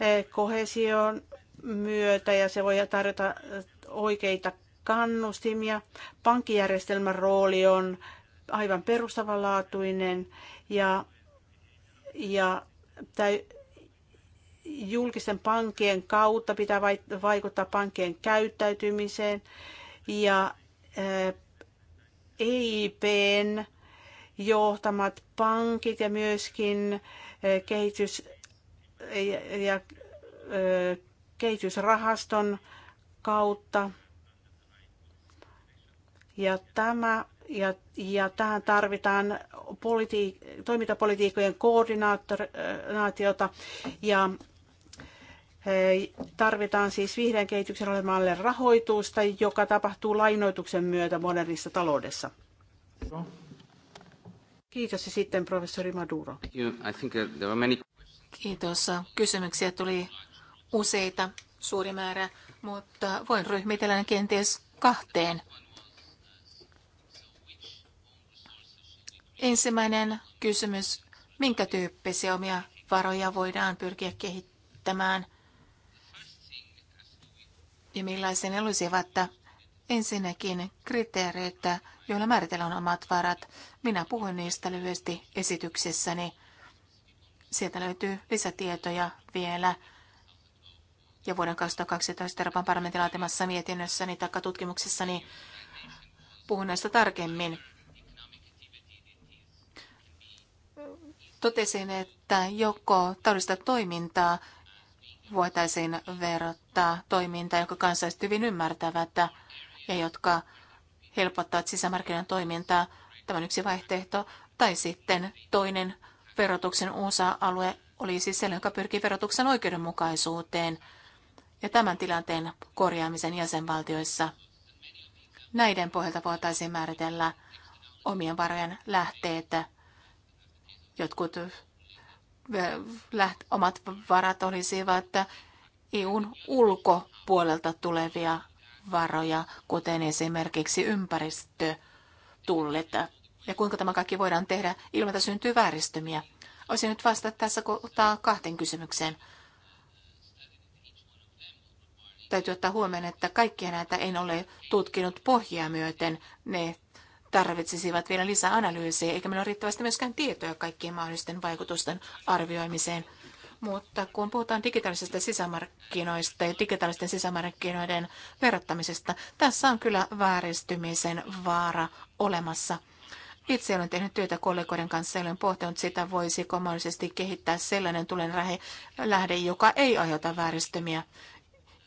eh, kohesion myötä ja se voi tarjota eh, oikeita kannustimia. Pankkijärjestelmän rooli on aivan perustavanlaatuinen ja, ja täy, julkisten pankkien kautta pitää vaikuttaa pankkien käyttäytymiseen ja EIPn eh, e johtamat pankit ja myöskin kehitys- ja, ja kehitysrahaston kautta. Ja, tämä, ja, ja tähän tarvitaan politi- toimintapolitiikkojen koordinaatiota ja tarvitaan siis vihreän kehityksen olemalle rahoitusta, joka tapahtuu lainoituksen myötä modernissa taloudessa. No. Kiitos ja sitten professori Maduro. Uh, Kiitos. Kysymyksiä tuli useita, suuri määrä, mutta voin ryhmitellä ne kenties kahteen. Ensimmäinen kysymys, minkä tyyppisiä omia varoja voidaan pyrkiä kehittämään ja millaisia ne olisivat? Ensinnäkin kriteereitä joilla määritellään omat varat. Minä puhun niistä lyhyesti esityksessäni. Sieltä löytyy lisätietoja vielä. Ja vuoden 2012 Euroopan parlamentin laatimassa mietinnössäni tai tutkimuksessani puhun näistä tarkemmin. Totesin, että joko taloudellista toimintaa voitaisiin verottaa toimintaa, joka kansalaiset hyvin ymmärtävät ja jotka helpottavat sisämarkkinan toimintaa. Tämä on yksi vaihtoehto. Tai sitten toinen verotuksen osa-alue olisi sellainen, joka pyrkii verotuksen oikeudenmukaisuuteen ja tämän tilanteen korjaamisen jäsenvaltioissa. Näiden pohjalta voitaisiin määritellä omien varojen lähteet. Jotkut omat varat olisivat EUn ulkopuolelta tulevia varoja, kuten esimerkiksi ympäristötullit, ja kuinka tämä kaikki voidaan tehdä ilman, että syntyy vääristymiä. Olisin nyt vastata tässä kohtaa kahteen kysymykseen. Täytyy ottaa huomioon, että kaikkia näitä en ole tutkinut pohjia myöten. Ne tarvitsisivat vielä lisää analyysiä, eikä meillä ole riittävästi myöskään tietoja kaikkien mahdollisten vaikutusten arvioimiseen – mutta kun puhutaan digitaalisista sisämarkkinoista ja digitaalisten sisämarkkinoiden verrattamisesta, tässä on kyllä vääristymisen vaara olemassa. Itse olen tehnyt työtä kollegoiden kanssa ja olen pohtinut sitä, voisiko mahdollisesti kehittää sellainen tulen lähde, joka ei aiheuta vääristymiä.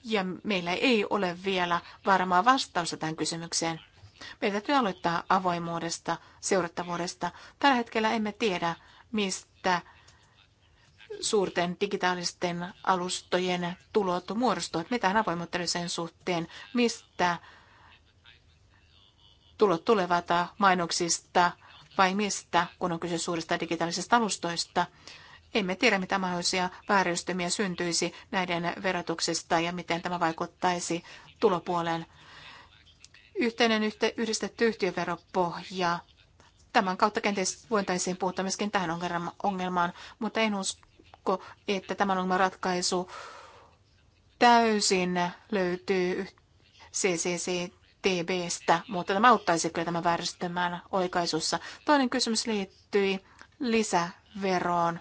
Ja meillä ei ole vielä varmaa vastausta tämän kysymykseen. Meidän täytyy aloittaa avoimuudesta, seurattavuudesta. Tällä hetkellä emme tiedä, mistä suurten digitaalisten alustojen tulot muodostuvat? Mitä on sen suhteen? Mistä tulot tulevat mainoksista vai mistä, kun on kyse suurista digitaalisista alustoista? Emme tiedä, mitä mahdollisia vääräystymiä syntyisi näiden verotuksesta ja miten tämä vaikuttaisi tulopuoleen. Yhteinen yhte, yhdistetty yhtiöveropohja. Tämän kautta kenties voitaisiin puuttua myöskin tähän ongelmaan, mutta en usko, usko, että tämän ongelman ratkaisu täysin löytyy TBstä, mutta tämä auttaisi kyllä tämän vääristymään oikaisussa. Toinen kysymys liittyi lisäveroon.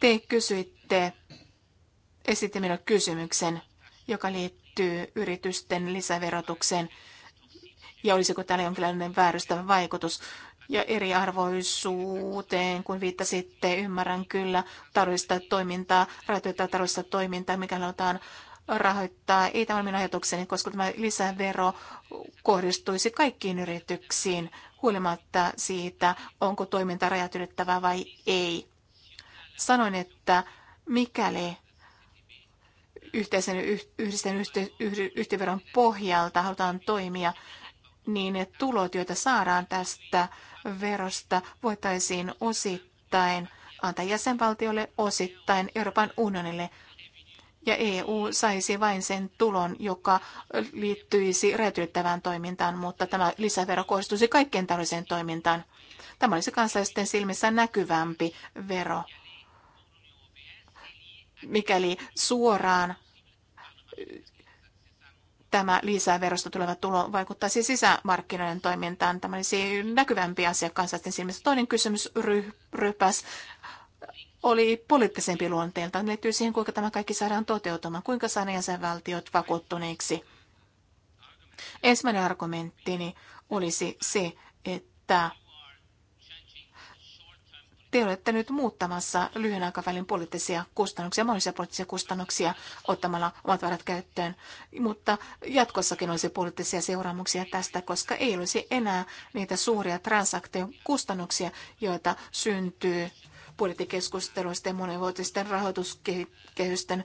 Te kysyitte, esitti minulle kysymyksen, joka liittyy yritysten lisäverotukseen ja olisiko täällä jonkinlainen vääristävä vaikutus ja eriarvoisuuteen, kun viittasitte, ymmärrän kyllä taloudellista toimintaa, rajoittaa taloudellista toimintaa, mikä halutaan rahoittaa. Ei tämä ole minun ajatukseni, koska tämä lisävero kohdistuisi kaikkiin yrityksiin huolimatta siitä, onko toiminta rajat vai ei. Sanoin, että mikäli yhteisen yhdisten yhteenveron pohjalta halutaan toimia, niin ne tulot, joita saadaan tästä verosta voitaisiin osittain antaa jäsenvaltiolle, osittain Euroopan unionille. Ja EU saisi vain sen tulon, joka liittyisi räätyyttävään toimintaan, mutta tämä lisävero kohdistuisi kaikkien taloudelliseen toimintaan. Tämä olisi kansalaisten silmissä näkyvämpi vero, mikäli suoraan tämä lisäverosta tuleva tulo vaikuttaisi sisämarkkinoiden toimintaan. Tämä olisi näkyvämpi asia kansalaisten silmissä. Toinen kysymys ryhpäs oli poliittisempi luonteelta. Ne liittyy siihen, kuinka tämä kaikki saadaan toteutumaan, kuinka saan jäsenvaltiot vakuuttuneiksi. Ensimmäinen argumenttini olisi se, että te olette nyt muuttamassa lyhyen aikavälin poliittisia kustannuksia, mahdollisia poliittisia kustannuksia ottamalla omat varat käyttöön. Mutta jatkossakin olisi poliittisia seuraamuksia tästä, koska ei olisi enää niitä suuria transaktiokustannuksia, joita syntyy budjettikeskusteluista ja monivuotisten rahoituskehysten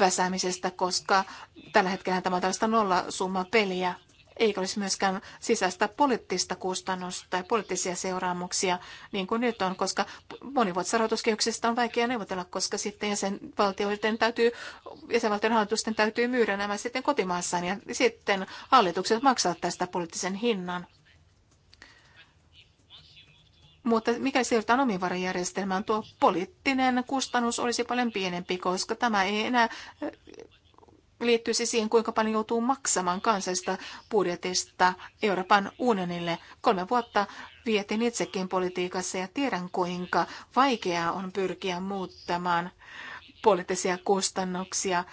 väsäämisestä, koska tällä hetkellä tämä on tällaista nollasumma peliä eikä olisi myöskään sisäistä poliittista kustannusta tai poliittisia seuraamuksia, niin kuin nyt on, koska monivuotisesta on vaikea neuvotella, koska sitten jäsenvaltioiden täytyy, jäsenvaltioiden hallitusten täytyy myydä nämä sitten kotimaassaan, ja sitten hallitukset maksavat tästä poliittisen hinnan. Mutta mikä siirrytään omivarajärjestelmään, tuo poliittinen kustannus olisi paljon pienempi, koska tämä ei enää liittyisi siis siihen, kuinka paljon joutuu maksamaan kansallisesta budjetista Euroopan unionille. Kolme vuotta vietin itsekin politiikassa ja tiedän, kuinka vaikeaa on pyrkiä muuttamaan poliittisia kustannuksia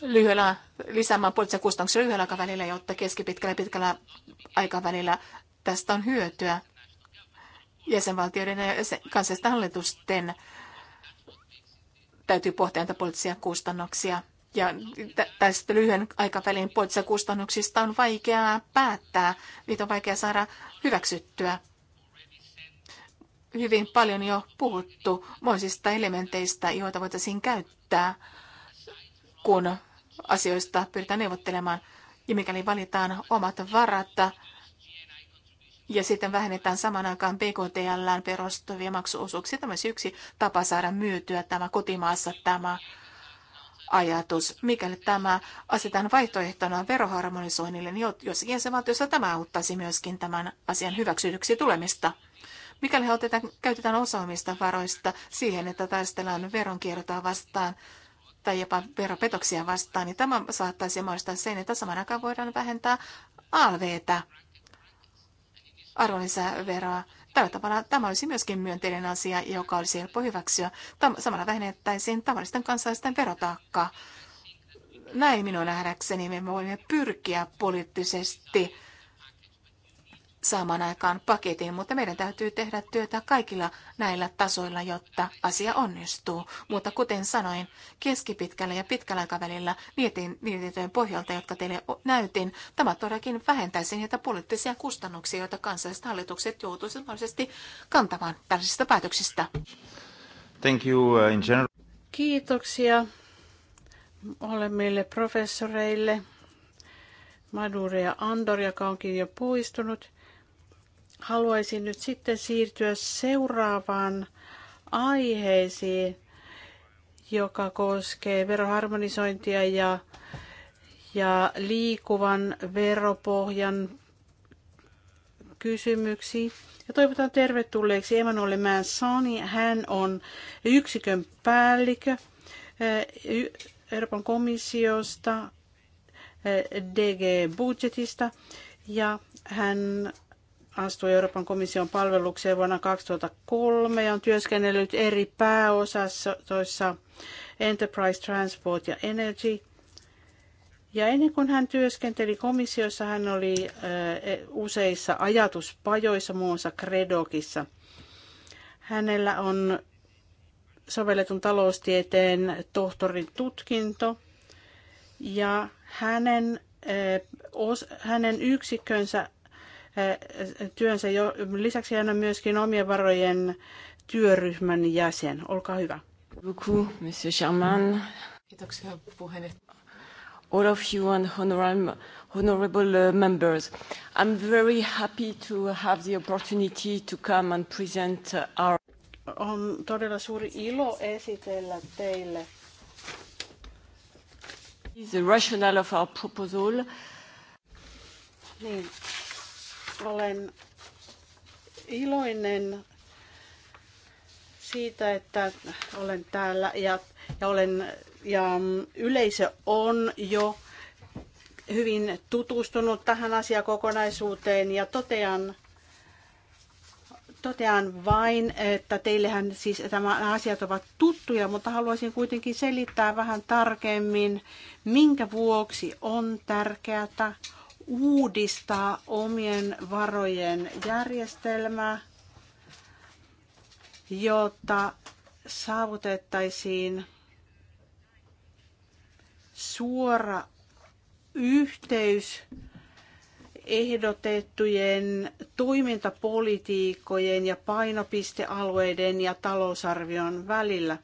lyhyellä, lisäämään poliittisia kustannuksia lyhyellä aikavälillä, jotta keskipitkällä ja pitkällä aikavälillä tästä on hyötyä jäsenvaltioiden ja kansallisten hallitusten täytyy pohtia näitä poliittisia kustannuksia ja tästä lyhyen aikavälin poliittisista kustannuksista on vaikeaa päättää, niitä on vaikea saada hyväksyttyä. Hyvin paljon jo puhuttu moisista elementeistä, joita voitaisiin käyttää, kun asioista pyritään neuvottelemaan. Ja mikäli valitaan omat varat ja sitten vähennetään saman aikaan BKTL perustuvia maksuosuuksia, tämä olisi yksi tapa saada myytyä tämä kotimaassa tämä ajatus. Mikäli tämä asetetaan vaihtoehtona veroharmonisoinnille, niin jossakin jäsenvaltiossa tämä auttaisi myöskin tämän asian hyväksytyksi tulemista. Mikäli otetaan, käytetään osaamista varoista siihen, että taistellaan veronkiertoa vastaan tai jopa veropetoksia vastaan, niin tämä saattaisi mahdollistaa sen, että saman aikaan voidaan vähentää alveita, arvonlisäveroa Tällä tavalla tämä olisi myöskin myönteinen asia, joka olisi helppo hyväksyä. Samalla vähennettäisiin tavallisten kansalaisten verotaakkaa. Näin minun nähdäkseni me voimme pyrkiä poliittisesti saamaan aikaan paketin, mutta meidän täytyy tehdä työtä kaikilla näillä tasoilla, jotta asia onnistuu. Mutta kuten sanoin, keskipitkällä ja pitkällä aikavälillä mietintöjen pohjalta, jotka teille näytin, tämä todellakin vähentäisi niitä poliittisia kustannuksia, joita kansalliset hallitukset joutuisivat mahdollisesti kantamaan tällaisista päätöksistä. Thank you uh, in general. Kiitoksia molemmille professoreille. Madure ja Andor, joka onkin jo poistunut haluaisin nyt sitten siirtyä seuraavaan aiheeseen, joka koskee veroharmonisointia ja, ja liikuvan veropohjan kysymyksiin. Ja toivotan tervetulleeksi Emanuele Mansoni. Hän on yksikön päällikö eh, Euroopan komissiosta, eh, DG Budgetista ja hän astui Euroopan komission palvelukseen vuonna 2003 ja on työskennellyt eri pääosastoissa Enterprise Transport ja Energy. Ja ennen kuin hän työskenteli komissiossa, hän oli e, useissa ajatuspajoissa, muun muassa Kredokissa. Hänellä on sovelletun taloustieteen tohtorin tutkinto ja hänen, hänen yksikkönsä työnsä jo, lisäksi hän on myöskin omien varojen työryhmän jäsen. Olkaa hyvä. Sherman. Kiitoksia puheenjohtaja. All of you and honorable, honorable uh, members, I'm very happy to have the opportunity to come and present uh, our... On todella suuri ilo esitellä teille the rationale of our proposal. Niin, olen iloinen siitä, että olen täällä ja, ja, olen, ja mm, yleisö on jo hyvin tutustunut tähän asiakokonaisuuteen ja totean, totean vain, että teillehän siis nämä asiat ovat tuttuja, mutta haluaisin kuitenkin selittää vähän tarkemmin, minkä vuoksi on tärkeää uudistaa omien varojen järjestelmää, jotta saavutettaisiin suora yhteys ehdotettujen toimintapolitiikkojen ja painopistealueiden ja talousarvion välillä.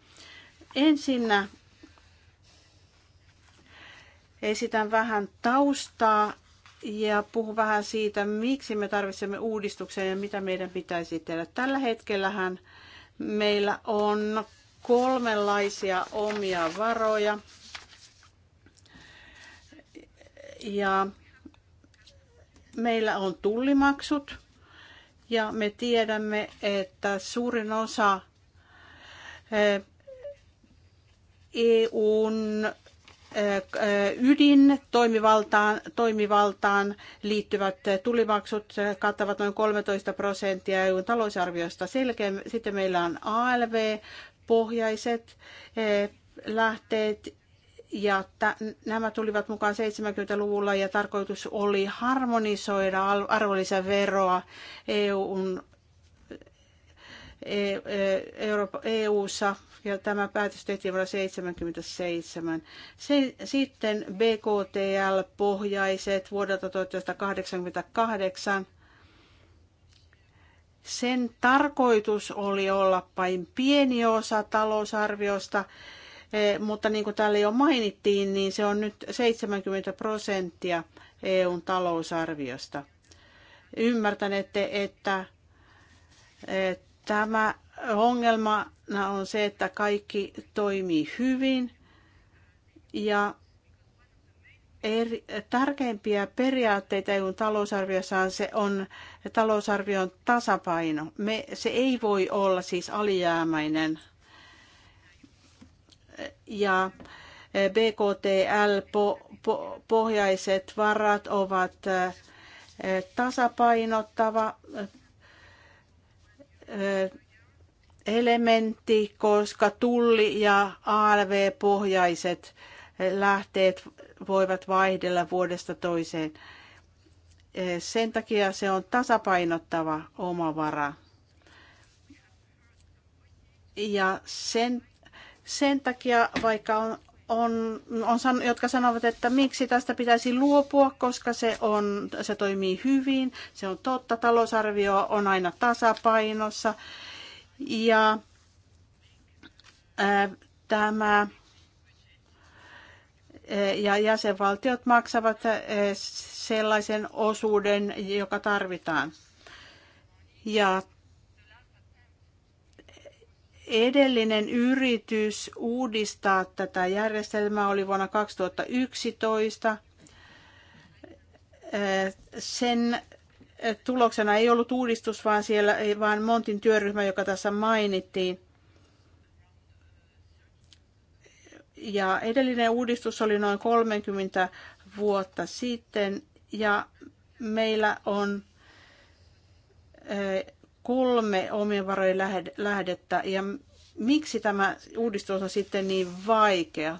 Ensinnä esitän vähän taustaa ja puhu vähän siitä, miksi me tarvitsemme uudistuksen ja mitä meidän pitäisi tehdä. Tällä hetkellähän meillä on kolmenlaisia omia varoja. Ja meillä on tullimaksut ja me tiedämme, että suurin osa eh, EUn ydin toimivaltaan, liittyvät tulimaksut kattavat noin 13 prosenttia EUn talousarviosta. Selkeä. Sitten meillä on ALV-pohjaiset lähteet ja nämä tulivat mukaan 70-luvulla ja tarkoitus oli harmonisoida arvonlisäveroa EUn EU-ssa e, e ja tämä päätös tehtiin vuonna 1977. sitten BKTL-pohjaiset vuodelta 1988. Sen tarkoitus oli olla vain pieni osa talousarviosta, e, mutta niin kuin täällä jo mainittiin, niin se on nyt 70 prosenttia EUn talousarviosta. Ymmärtänette, että, että Tämä ongelma on se, että kaikki toimii hyvin ja eri, tärkeimpiä periaatteita EUn talousarviossa on, se on talousarvion tasapaino. Me, se ei voi olla siis alijäämäinen. Ja eh, BKTL-pohjaiset varat ovat eh, tasapainottava elementti, koska tulli- ja ALV-pohjaiset lähteet voivat vaihdella vuodesta toiseen. Sen takia se on tasapainottava omavara. Ja sen, sen takia, vaikka on on, on san, jotka sanovat, että miksi tästä pitäisi luopua, koska se, on, se toimii hyvin, se on totta, talousarvio on aina tasapainossa. Ja ää, tämä ja jäsenvaltiot maksavat sellaisen osuuden, joka tarvitaan. Ja Edellinen yritys uudistaa tätä järjestelmää oli vuonna 2011. Sen tuloksena ei ollut uudistus, vaan, siellä, vaan Montin työryhmä, joka tässä mainittiin. Ja edellinen uudistus oli noin 30 vuotta sitten ja meillä on kolme omien varojen lähdettä ja miksi tämä uudistus on sitten niin vaikea?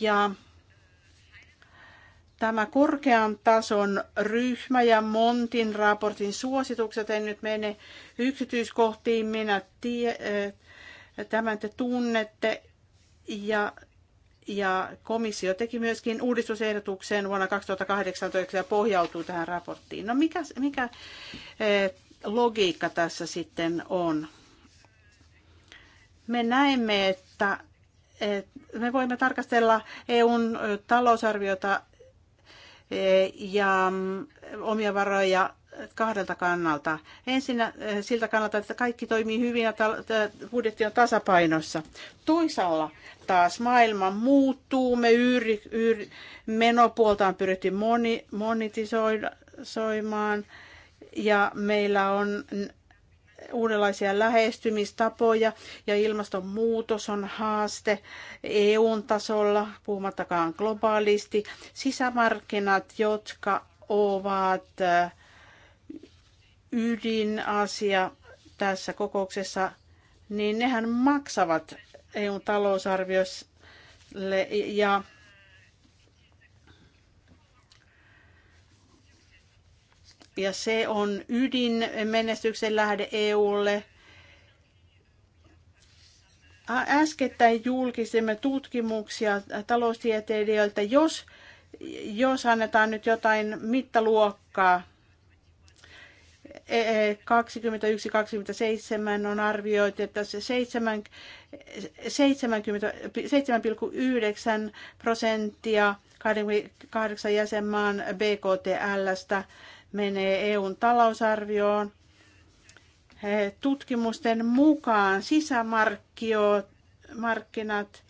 Ja tämä korkean tason ryhmä ja Montin raportin suositukset, en nyt mene yksityiskohtiin, minä tie, tämän te tunnette, ja ja komissio teki myöskin uudistusehdotuksen vuonna 2018, joka pohjautuu tähän raporttiin. No mikä, mikä eh, logiikka tässä sitten on? Me näemme, että, että eh, me voimme tarkastella EUn eh, talousarviota ja mm, omia varoja kahdelta kannalta. Ensin eh, siltä kannalta, että kaikki toimii hyvin ja budjetti on tasapainossa. Toisaalla taas maailma muuttuu, me yri, yri, menopuolta on pyritty moni, monitisoimaan ja meillä on uudenlaisia lähestymistapoja ja ilmastonmuutos on haaste EUn tasolla, puhumattakaan globaalisti. Sisämarkkinat, jotka ovat äh, ydinasia tässä kokouksessa, niin nehän maksavat EUn talousarviolle ja ja se on ydin menestyksen lähde EUlle. Äskettäin julkisimme tutkimuksia taloustieteilijöiltä, jos, jos annetaan nyt jotain mittaluokkaa 21-27 e e on arvioitu, että se 7,9 prosenttia 28 jäsenmaan bktl menee EUn talousarvioon. Tutkimusten mukaan sisämarkkinat,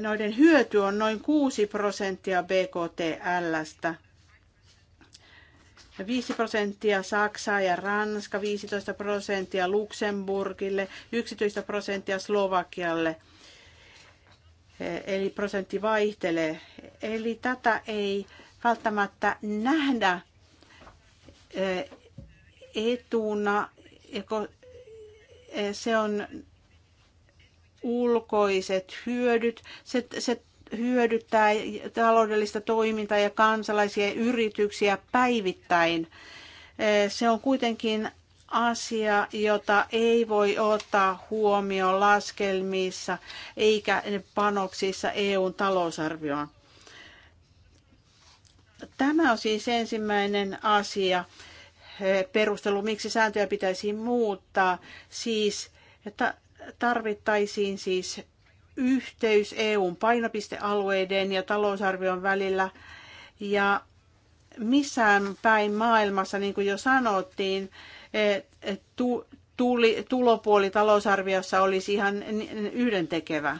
noiden hyöty on noin 6 prosenttia bktl 5 prosenttia Saksaa ja Ranska, 15 prosenttia Luxemburgille, 11 prosenttia Slovakialle. Eli prosentti vaihtelee. Eli tätä ei välttämättä nähdä eh, etuna, eh, se on ulkoiset hyödyt. Se, se hyödyttää taloudellista toimintaa ja kansalaisia ja yrityksiä päivittäin. Eh, se on kuitenkin asia, jota ei voi ottaa huomioon laskelmissa eikä panoksissa EUn talousarvioon. Tämä on siis ensimmäinen asia, eh, perustelu, miksi sääntöjä pitäisi muuttaa. Siis tarvittaisiin siis yhteys EUn painopistealueiden ja talousarvion välillä. Ja missään päin maailmassa, niin kuin jo sanottiin, eh, tuli, tulopuoli talousarviossa olisi ihan yhdentekevä.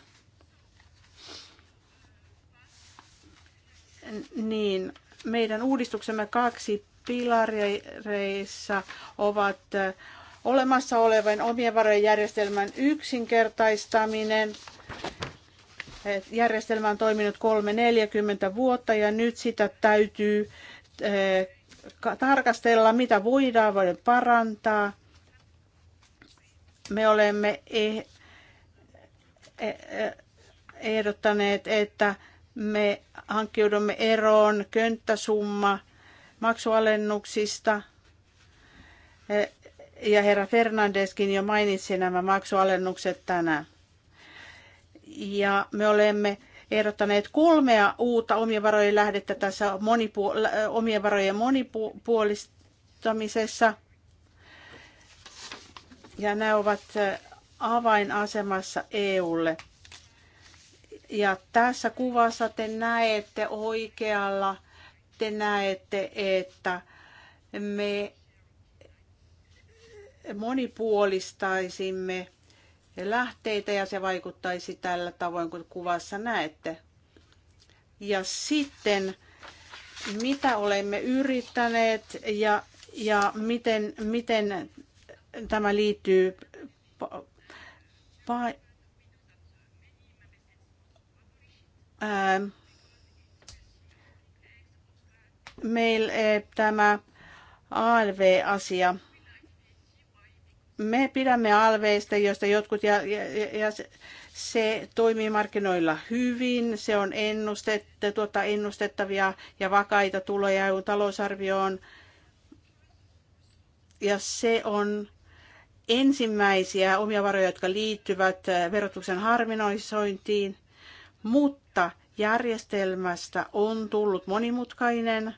Niin, meidän uudistuksemme kaksi pilareissa ovat eh, olemassa olevan omien varojen järjestelmän yksinkertaistaminen. Järjestelmä on toiminut neljäkymmentä vuotta ja nyt sitä täytyy eh, tarkastella, mitä voidaan voida parantaa. Me olemme e, e, e, ehdottaneet, että me hankkiudumme eroon könttäsumma maksualennuksista eh, ja herra Fernandeskin jo mainitsi nämä maksualennukset tänään. Ja me olemme ehdottaneet kolmea uutta omien varojen lähdettä tässä monipu- omien varojen monipuolistamisessa. Ja nämä ovat äh, avainasemassa EUlle. Ja tässä kuvassa te näette oikealla, te näette, että me monipuolistaisimme lähteitä ja se vaikuttaisi tällä tavoin kuin kuvassa näette. Ja sitten mitä olemme yrittäneet ja, ja miten, miten tämä liittyy pa, pa, ää, meillä tämä ALV-asia – me pidämme alveista, joista jotkut ja, ja, ja se toimii markkinoilla hyvin, se on ennustet, tuota, ennustettavia ja vakaita tuloja talousarvioon Ja se on ensimmäisiä omia varoja, jotka liittyvät äh, verotuksen harminoisointiin, mutta järjestelmästä on tullut monimutkainen.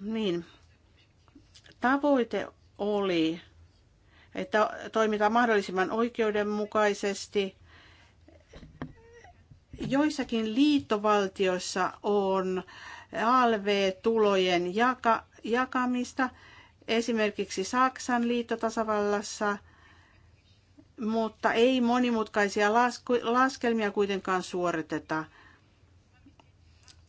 Niin, Tavoite oli, että toimitaan mahdollisimman oikeudenmukaisesti. Joissakin liittovaltioissa on ALV-tulojen jaka- jakamista, esimerkiksi Saksan liittotasavallassa, mutta ei monimutkaisia lasku- laskelmia kuitenkaan suoriteta –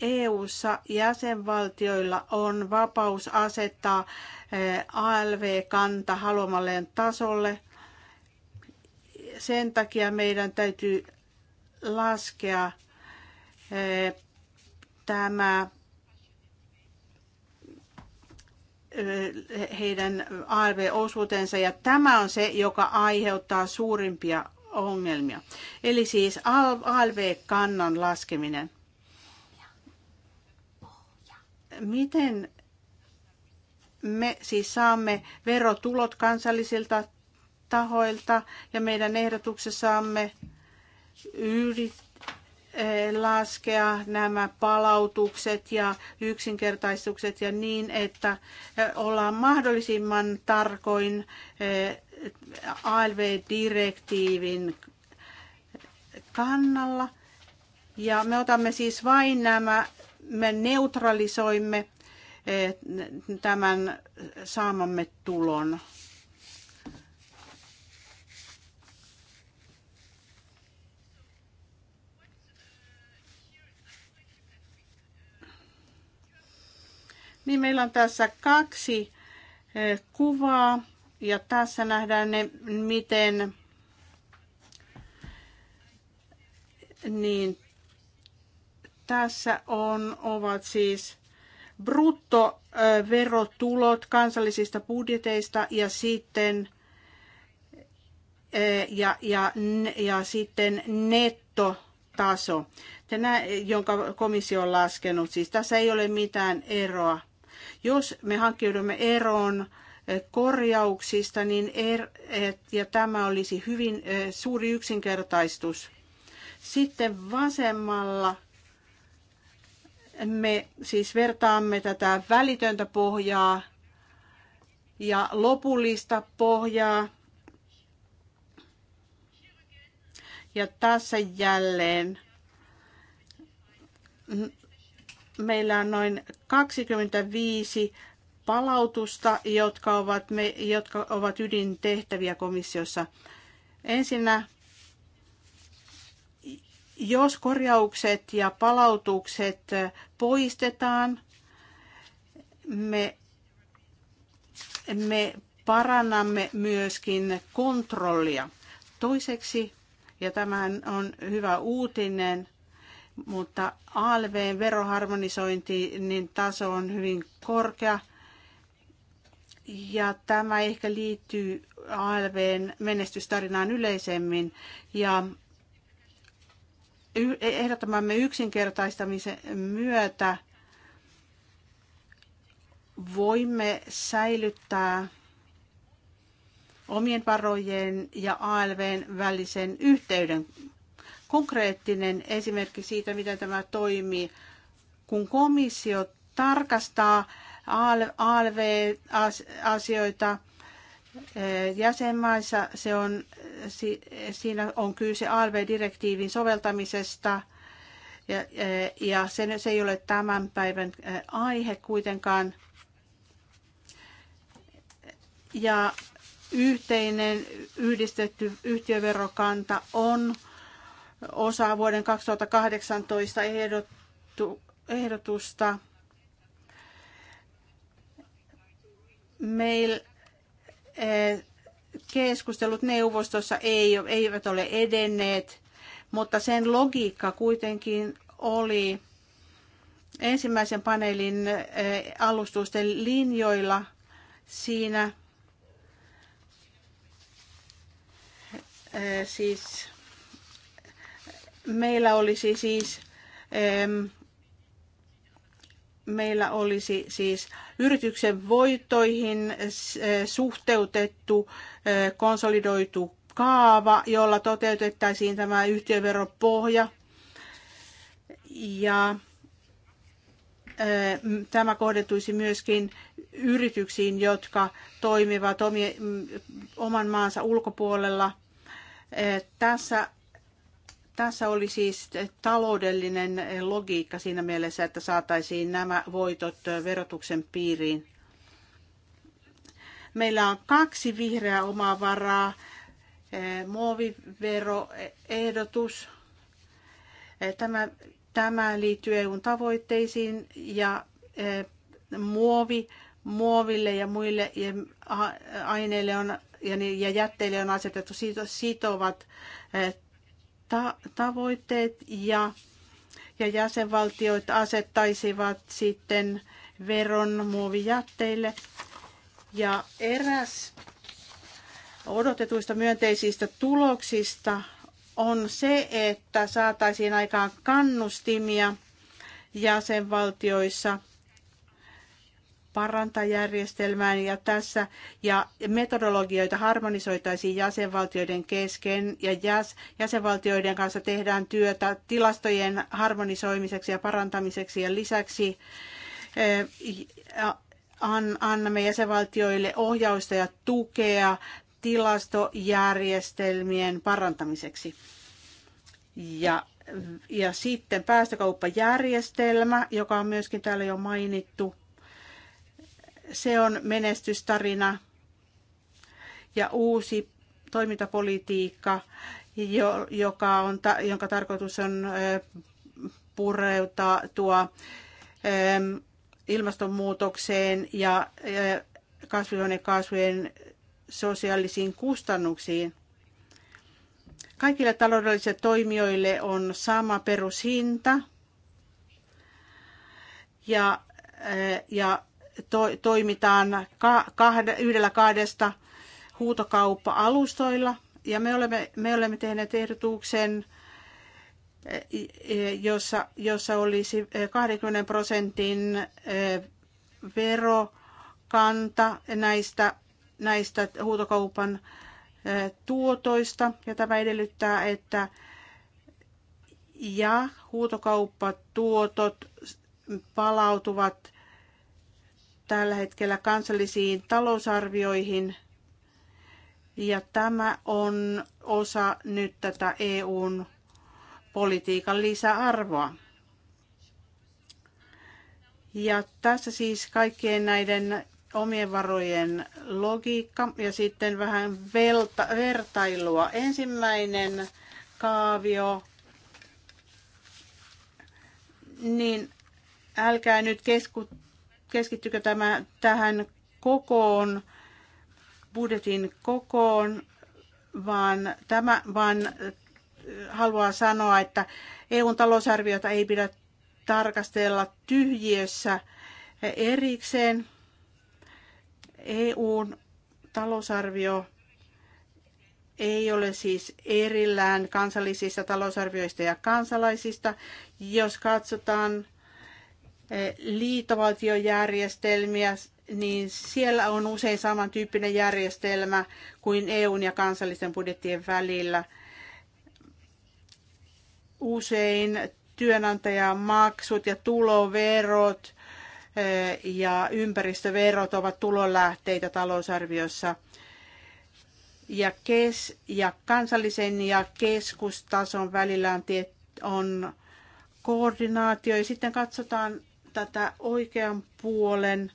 EU:ssa jäsenvaltioilla on vapaus asettaa eh, ALV-kanta haluamalleen tasolle. Sen takia meidän täytyy laskea eh, tämä eh, heidän ALV-osuutensa ja tämä on se, joka aiheuttaa suurimpia ongelmia. Eli siis ALV-kannan laskeminen. Miten me siis saamme verotulot kansallisilta tahoilta ja meidän ehdotuksessamme yrit, eh, laskea nämä palautukset ja yksinkertaistukset ja niin, että eh, ollaan mahdollisimman tarkoin eh, ALV-direktiivin kannalla. Ja me otamme siis vain nämä me neutralisoimme eh, tämän saamamme tulon. Niin meillä on tässä kaksi eh, kuvaa ja tässä nähdään ne, miten niin tässä on, ovat siis bruttoverotulot kansallisista budjeteista ja sitten, eh, ja, ja, ja sitten nettotaso, Tänä, jonka komissio on laskenut. Siis tässä ei ole mitään eroa. Jos me hankkiudumme eroon eh, korjauksista, niin er, et, ja tämä olisi hyvin eh, suuri yksinkertaistus. Sitten vasemmalla me siis vertaamme tätä välitöntä pohjaa ja lopullista pohjaa. Ja tässä jälleen meillä on noin 25 palautusta, jotka ovat, me, jotka ovat ydintehtäviä komissiossa. Ensinnä jos korjaukset ja palautukset poistetaan, me, me parannamme myöskin kontrollia. Toiseksi, ja tämä on hyvä uutinen, mutta ALVn veroharmonisointi niin taso on hyvin korkea. Ja tämä ehkä liittyy ALVn menestystarinaan yleisemmin. Ja ehdottamamme yksinkertaistamisen myötä voimme säilyttää omien varojen ja ALVn välisen yhteyden. Konkreettinen esimerkki siitä, miten tämä toimii. Kun komissio tarkastaa ALV-asioita, Eh, jäsenmaissa. Se on, siinä on kyse ALV-direktiivin soveltamisesta ja, eh, ja se, se ei ole tämän päivän eh, aihe kuitenkaan. Ja yhteinen yhdistetty yhtiöverokanta on osa vuoden 2018 ehdottu, ehdotusta. Meillä Eh, keskustelut neuvostossa eivät ole edenneet, mutta sen logiikka kuitenkin oli ensimmäisen paneelin eh, alustusten linjoilla siinä eh, siis meillä olisi siis, siis meillä olisi siis yrityksen voittoihin eh, suhteutettu eh, konsolidoitu kaava, jolla toteutettaisiin tämä yhtiöveropohja. Ja eh, tämä kohdentuisi myöskin yrityksiin, jotka toimivat oman maansa ulkopuolella. Tässä tässä oli siis taloudellinen logiikka siinä mielessä, että saataisiin nämä voitot verotuksen piiriin. Meillä on kaksi vihreää omavaraa, muoviveroehdotus. Tämä, tämä liittyy EUn tavoitteisiin ja eh, muovi, muoville ja muille aineille on, ja jätteille on asetettu sitovat eh, ta- tavoitteet ja, ja jäsenvaltioit asettaisivat sitten veron muovijätteille. Ja eräs odotetuista myönteisistä tuloksista on se, että saataisiin aikaan kannustimia jäsenvaltioissa – parantajärjestelmään ja tässä ja metodologioita harmonisoitaisiin jäsenvaltioiden kesken ja jäs, jäsenvaltioiden kanssa tehdään työtä tilastojen harmonisoimiseksi ja parantamiseksi ja lisäksi eh, annamme jäsenvaltioille ohjausta ja tukea tilastojärjestelmien parantamiseksi. Ja, ja sitten päästökauppajärjestelmä, joka on myöskin täällä jo mainittu, se on menestystarina ja uusi toimintapolitiikka, joka on, jonka tarkoitus on pureutua tuo ilmastonmuutokseen ja kasvihuonekaasujen sosiaalisiin kustannuksiin. Kaikille taloudellisille toimijoille on sama perushinta ja, ja to, toimitaan ka, kahde, yhdellä kahdesta huutokauppa-alustoilla. Ja me olemme, me olemme tehneet ehdotuksen, eh, eh, jossa, jossa olisi 20 eh, prosentin verokanta näistä, näistä huutokaupan tuotoista. Ja tämä edellyttää, että ja huutokauppatuotot palautuvat tällä hetkellä kansallisiin talousarvioihin. Ja tämä on osa nyt tätä EUn politiikan lisäarvoa. Ja tässä siis kaikkien näiden omien varojen logiikka ja sitten vähän velta, vertailua. Ensimmäinen kaavio, niin älkää nyt kesku, keskittykö tämä tähän kokoon, budjetin kokoon, vaan, tämä, vaan äh, haluaa sanoa, että EUn talousarviota ei pidä tarkastella tyhjiössä erikseen. EUn talousarvio ei ole siis erillään kansallisista talousarvioista ja kansalaisista. Jos katsotaan Eh, liitovaltiojärjestelmiä, niin siellä on usein samantyyppinen järjestelmä kuin EUn ja kansallisten budjettien välillä. Usein työnantajamaksut ja tuloverot eh, ja ympäristöverot ovat tulolähteitä talousarviossa. Ja, kes, ja kansallisen ja keskustason välillä on, tiet, on koordinaatio ja sitten katsotaan tätä oikean puolen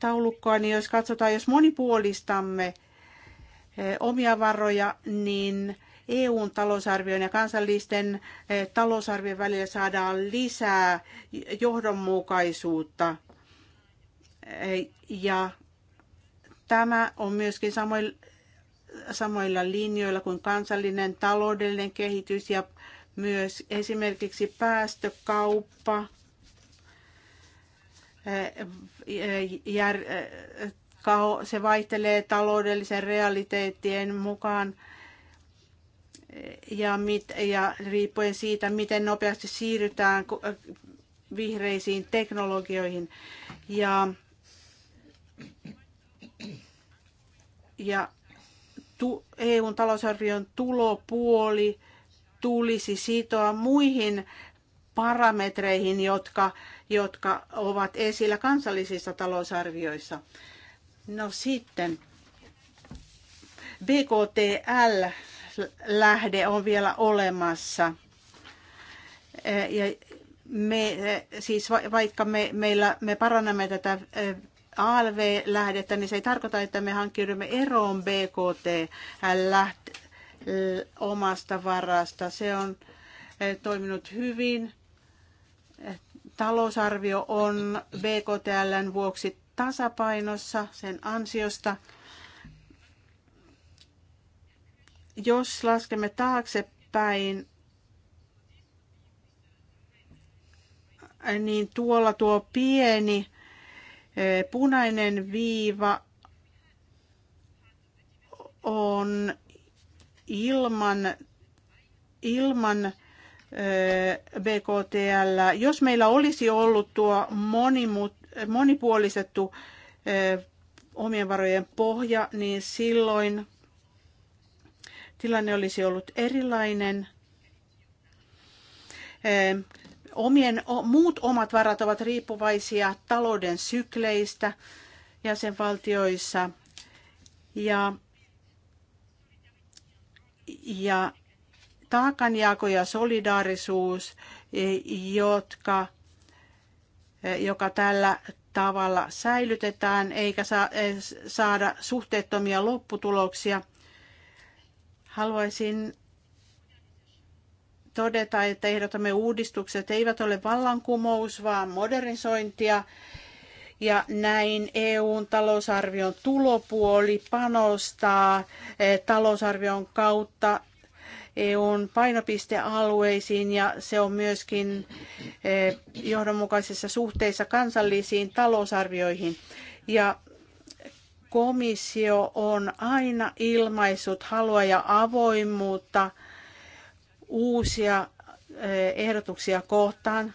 taulukkoa, niin jos katsotaan, jos monipuolistamme eh, omia varoja, niin EUn talousarvion ja kansallisten eh, talousarvion välillä saadaan lisää johdonmukaisuutta. Eh, ja tämä on myöskin samoilla, linjoilla kuin kansallinen taloudellinen kehitys ja myös esimerkiksi päästökauppa jär, se vaihtelee taloudellisen realiteettien mukaan ja, mit, ja riippuen siitä, miten nopeasti siirrytään äh, vihreisiin teknologioihin. Ja, ja tu, EUn talousarvion tulopuoli tulisi sitoa muihin parametreihin, jotka jotka ovat esillä kansallisissa talousarvioissa. No sitten BKTL-lähde on vielä olemassa. Ja me, siis vaikka me, meillä, me parannamme tätä eh, ALV-lähdettä, niin se ei tarkoita, että me hankkiudumme eroon BKT omasta varasta. Se on eh, toiminut hyvin Talousarvio on BKTLn vuoksi tasapainossa sen ansiosta. Jos laskemme taaksepäin, niin tuolla tuo pieni eh, punainen viiva on ilman, ilman BKTL. Jos meillä olisi ollut tuo monipuolisettu omien varojen pohja, niin silloin tilanne olisi ollut erilainen. Omien, muut omat varat ovat riippuvaisia talouden sykleistä jäsenvaltioissa ja, ja taakanjako ja solidaarisuus, e, jotka, e, joka tällä tavalla säilytetään eikä e, saada suhteettomia lopputuloksia. Haluaisin todeta, että ehdotamme uudistukset eivät ole vallankumous, vaan modernisointia. Ja näin EUn talousarvion tulopuoli panostaa talousarvion kautta EUn painopistealueisiin ja se on myöskin eh, johdonmukaisessa suhteessa kansallisiin talousarvioihin. Ja komissio on aina ilmaissut halua ja avoimuutta uusia eh, ehdotuksia kohtaan,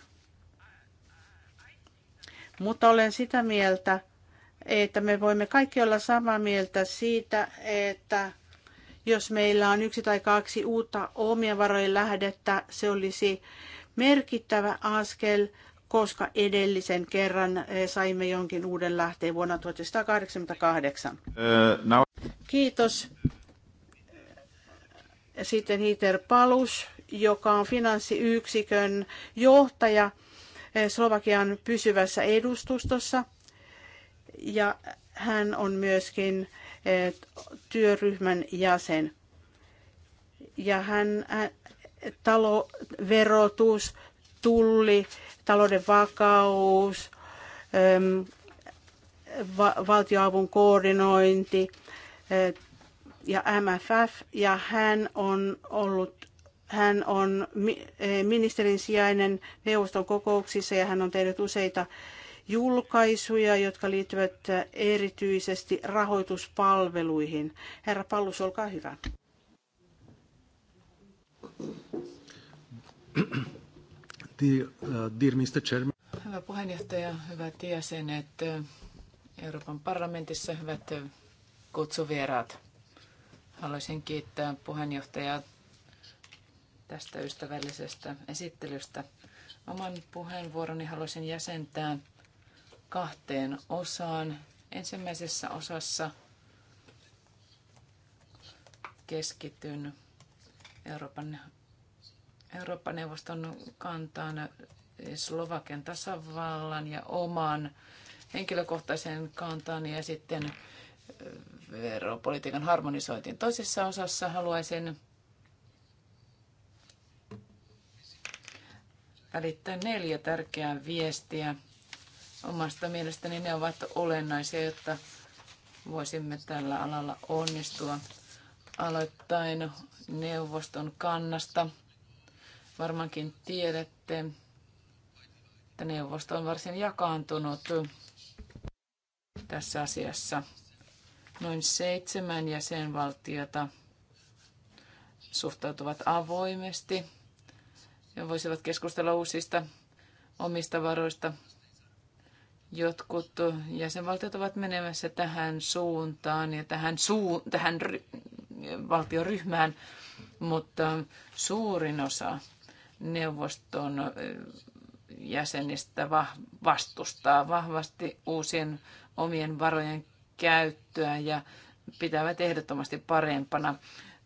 mutta olen sitä mieltä, että me voimme kaikki olla samaa mieltä siitä, että jos meillä on yksi tai kaksi uutta omien varojen lähdettä, se olisi merkittävä askel, koska edellisen kerran eh, saimme jonkin uuden lähteen vuonna 1988. Uh, now... Kiitos. Sitten Hiter Palus, joka on finanssiyksikön johtaja eh, Slovakian pysyvässä edustustossa. Ja hän on myöskin Eh, työryhmän jäsen. Ja hän, talo, verotus, tulli, talouden vakaus, va- valtioavun koordinointi eh, ja MFF. Ja hän on ollut hän on eh, ministerin sijainen neuvoston kokouksissa ja hän on tehnyt useita julkaisuja, jotka liittyvät erityisesti rahoituspalveluihin. Herra Pallus, olkaa hyvä. Uh, hyvä puheenjohtaja, hyvät jäsenet eh, Euroopan parlamentissa, hyvät eh, kutsuvieraat. Haluaisin kiittää puheenjohtajaa tästä ystävällisestä esittelystä. Oman puheenvuoroni haluaisin jäsentää kahteen osaan. Ensimmäisessä osassa keskityn Euroopan, Euroopan neuvoston kantaan Slovakian tasavallan ja oman henkilökohtaisen kantaan ja sitten veropolitiikan harmonisointiin. Toisessa osassa haluaisin välittää neljä tärkeää viestiä omasta mielestäni ne ovat olennaisia, jotta voisimme tällä alalla onnistua. Aloittain neuvoston kannasta. Varmaankin tiedätte, että neuvosto on varsin jakaantunut tässä asiassa. Noin seitsemän jäsenvaltiota suhtautuvat avoimesti ja voisivat keskustella uusista omista varoista Jotkut jäsenvaltiot ovat menemässä tähän suuntaan ja tähän, suu, tähän valtioryhmään, mutta suurin osa neuvoston jäsenistä vastustaa vahvasti uusien omien varojen käyttöä ja pitävät ehdottomasti parempana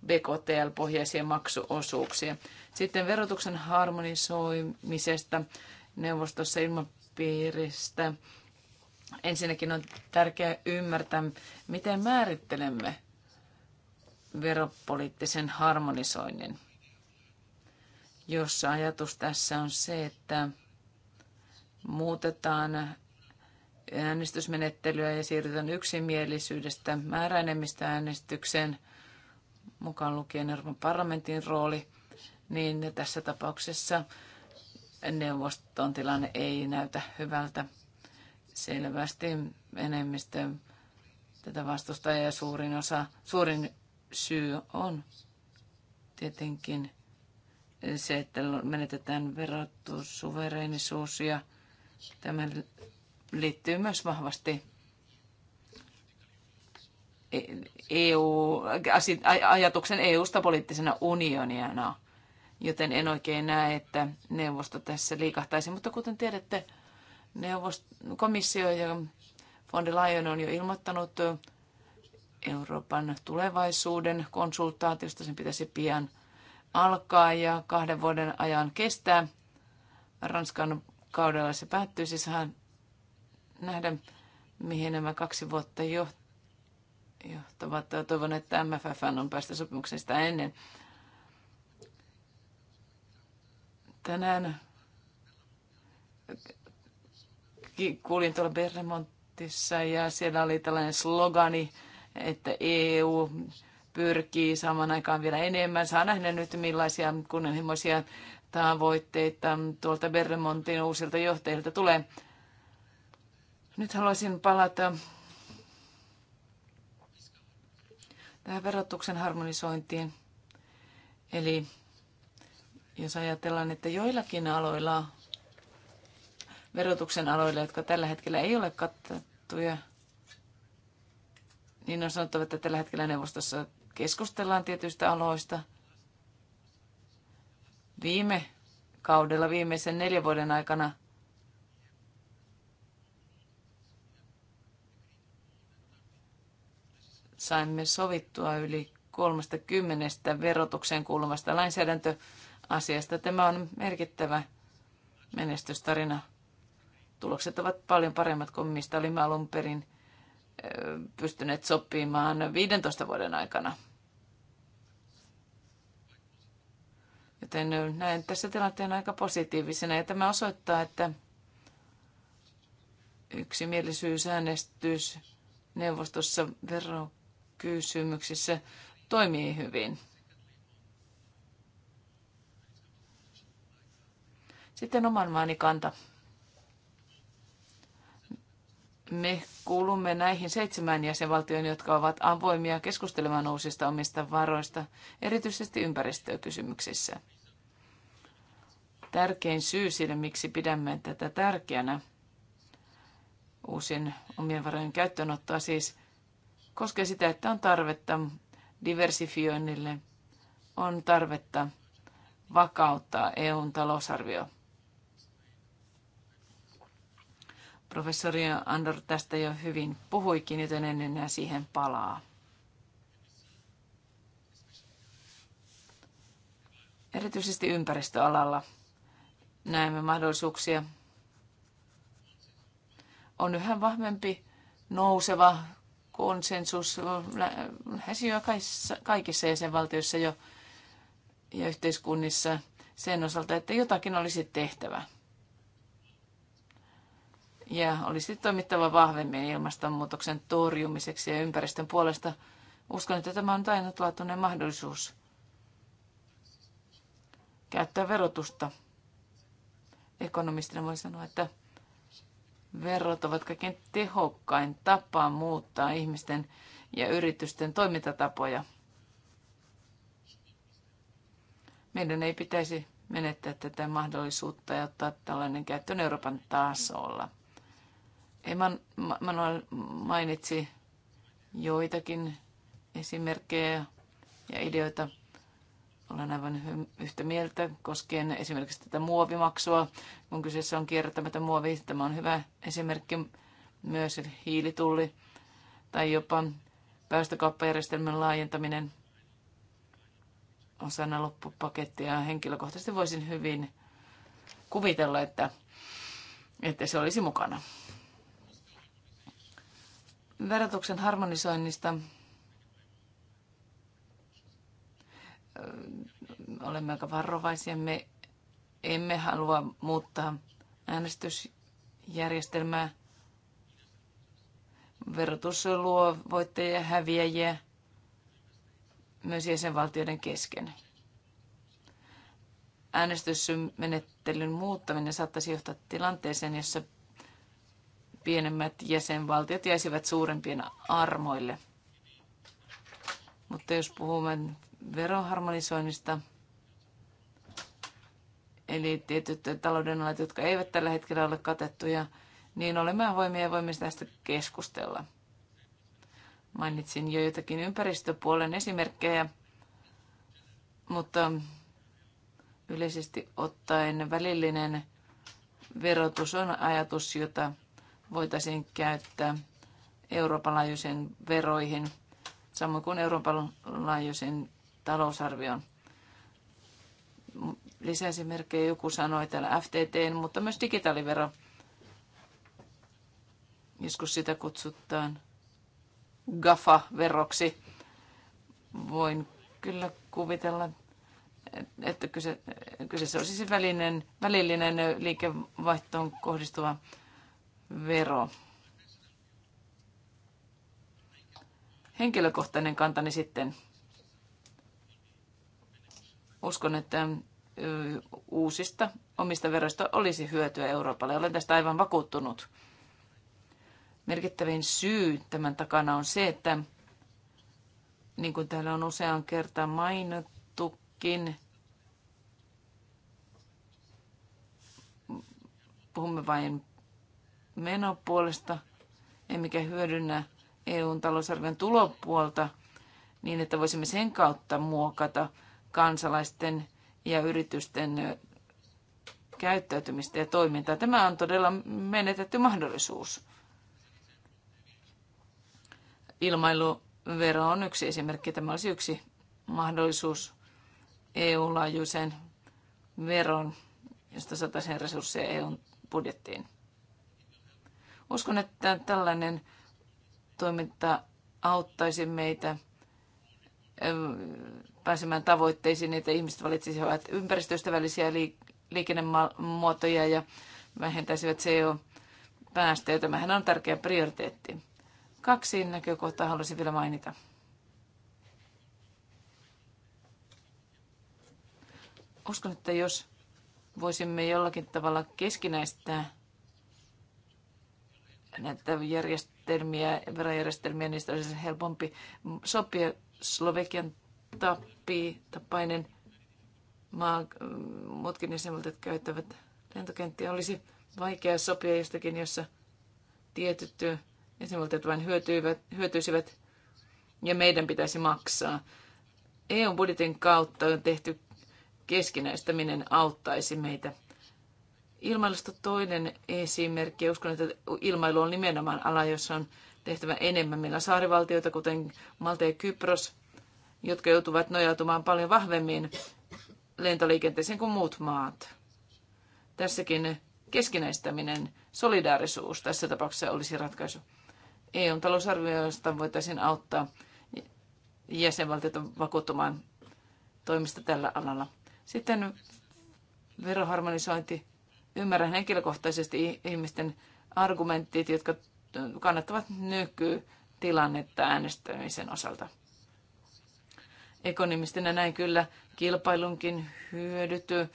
BKTL-pohjaisia maksuosuuksia. Sitten verotuksen harmonisoimisesta neuvostossa ilman piiristä. Ensinnäkin on tärkeää ymmärtää, miten määrittelemme veropoliittisen harmonisoinnin, jossa ajatus tässä on se, että muutetaan äänestysmenettelyä ja siirrytään yksimielisyydestä määräenemmistä äänestykseen, mukaan lukien Euroopan parlamentin rooli, niin tässä tapauksessa neuvoston tilanne ei näytä hyvältä. Selvästi enemmistö tätä vastustaa ja suurin osa, suurin syy on tietenkin se, että menetetään verotussuvereenisuus ja tämä liittyy myös vahvasti EU, e- e ajatuksen EU-sta poliittisena unionina joten en oikein näe, että neuvosto tässä liikahtaisi. Mutta kuten tiedätte, neuvost- komissio ja von der Leyen on jo ilmoittanut Euroopan tulevaisuuden konsultaatiosta. Sen pitäisi pian alkaa ja kahden vuoden ajan kestää. Ranskan kaudella se päättyy. Siis hän nähdä, mihin nämä kaksi vuotta johtavat. Toivon, että MFF on päästä sopimuksesta ennen Tänään kuulin tuolla Berremontissa ja siellä oli tällainen slogani, että EU pyrkii saman aikaan vielä enemmän. Saa nähdä nyt millaisia kunnianhimoisia tavoitteita tuolta Berremontin uusilta johtajilta tulee. Nyt haluaisin palata tähän verotuksen harmonisointiin. Eli jos ajatellaan, että joillakin aloilla, verotuksen aloilla, jotka tällä hetkellä ei ole kattettuja, niin on sanottava, että tällä hetkellä neuvostossa keskustellaan tietyistä aloista. Viime kaudella, viimeisen neljän vuoden aikana, saimme sovittua yli 30 verotukseen kuuluvasta lainsäädäntö asiasta. Tämä on merkittävä menestystarina. Tulokset ovat paljon paremmat kuin mistä olimme alun perin pystyneet sopimaan 15 vuoden aikana. Joten näen tässä tilanteen aika positiivisena ja tämä osoittaa, että yksimielisyysäänestys neuvostossa verokysymyksissä toimii hyvin. Sitten oman maani kanta. Me kuulumme näihin seitsemään jäsenvaltioon, jotka ovat avoimia keskustelemaan uusista omista varoista, erityisesti ympäristökysymyksissä. Tärkein syy sille, miksi pidämme tätä tärkeänä, uusien omien varojen käyttöönottoa siis, koskee sitä, että on tarvetta diversifioinnille, on tarvetta vakauttaa EUn talousarvio. Professori Andor tästä jo hyvin puhuikin, joten en enää siihen palaa. Erityisesti ympäristöalalla näemme mahdollisuuksia. On yhä vahvempi nouseva konsensus lähes jo kaikissa jäsenvaltioissa jo, ja yhteiskunnissa sen osalta, että jotakin olisi tehtävä ja olisi toimittava vahvemmin ilmastonmuutoksen torjumiseksi ja ympäristön puolesta. Uskon, että tämä on ainutlaatuinen mahdollisuus käyttää verotusta. Ekonomistina voi sanoa, että verot ovat kaikkein tehokkain tapa muuttaa ihmisten ja yritysten toimintatapoja. Meidän ei pitäisi menettää tätä mahdollisuutta ja ottaa tällainen käyttöön Euroopan tasolla. Eman, Manuel mainitsi joitakin esimerkkejä ja ideoita. Olen aivan yhtä mieltä koskien esimerkiksi tätä muovimaksua. Kun kyseessä on kierrättämätön muovi, tämä on hyvä esimerkki myös hiilitulli tai jopa päästökauppajärjestelmän laajentaminen osana loppupakettia. Henkilökohtaisesti voisin hyvin kuvitella, että, että se olisi mukana verotuksen harmonisoinnista olemme aika varovaisia. Me emme halua muuttaa äänestysjärjestelmää. Verotus luo voittajia ja häviäjiä myös jäsenvaltioiden kesken. Äänestysmenettelyn muuttaminen saattaisi johtaa tilanteeseen, jossa pienemmät jäsenvaltiot jäisivät suurempien armoille. Mutta jos puhumme veroharmonisoinnista, eli tietyt alat, jotka eivät tällä hetkellä ole katettuja, niin olemme avoimia ja voimme tästä keskustella. Mainitsin jo jotakin ympäristöpuolen esimerkkejä, mutta yleisesti ottaen välillinen verotus on ajatus, jota voitaisiin käyttää Euroopan laajuisen veroihin, samoin kuin Euroopan laajuisen talousarvion. Lisäesimerkkejä joku sanoi täällä FTT, mutta myös digitaalivero. Joskus sitä kutsutaan GAFA-veroksi. Voin kyllä kuvitella, että kyse, kyseessä olisi välinen, välillinen liikevaihtoon kohdistuva vero. Henkilökohtainen kantani sitten. Uskon, että uusista omista veroista olisi hyötyä Euroopalle. Olen tästä aivan vakuuttunut. Merkittävin syy tämän takana on se, että niin kuin täällä on usean kertaan mainittukin, puhumme vain menopuolesta, emmekä hyödynnä EUn talousarvion tulopuolta niin, että voisimme sen kautta muokata kansalaisten ja yritysten käyttäytymistä ja toimintaa. Tämä on todella menetetty mahdollisuus. Ilmailuvero on yksi esimerkki. Tämä olisi yksi mahdollisuus eu laajuisen veron, josta saataisiin resursseja EUn budjettiin. Uskon, että tällainen toiminta auttaisi meitä ähm, pääsemään tavoitteisiin, että ihmiset valitsisivat ympäristöystävällisiä liikennemuotoja ja vähentäisivät CO-päästöjä. Tämähän on tärkeä prioriteetti. Kaksi näkökohtaa haluaisin vielä mainita. Uskon, että jos voisimme jollakin tavalla keskinäistää näitä järjestelmiä, verajärjestelmiä, niistä olisi helpompi sopia. Slovekian tappi, tapainen maa, muutkin jäsenvaltiot käyttävät lentokenttiä. Olisi vaikea sopia jostakin, jossa tietyt jäsenvaltiot vain hyötyivät, hyötyisivät ja meidän pitäisi maksaa. eu budjetin kautta on tehty keskinäistäminen auttaisi meitä Ilmailusta toinen esimerkki. Uskon, että ilmailu on nimenomaan ala, jossa on tehtävä enemmän. Meillä on saarivaltioita, kuten Malta ja Kypros, jotka joutuvat nojautumaan paljon vahvemmin lentoliikenteeseen kuin muut maat. Tässäkin keskinäistäminen, solidaarisuus tässä tapauksessa olisi ratkaisu. eu talousarvioista voitaisiin auttaa jäsenvaltiota vakuuttumaan toimista tällä alalla. Sitten veroharmonisointi. Ymmärrän henkilökohtaisesti ihmisten argumentit, jotka kannattavat nykytilannetta äänestämisen osalta. Ekonomistina näin kyllä kilpailunkin hyödyty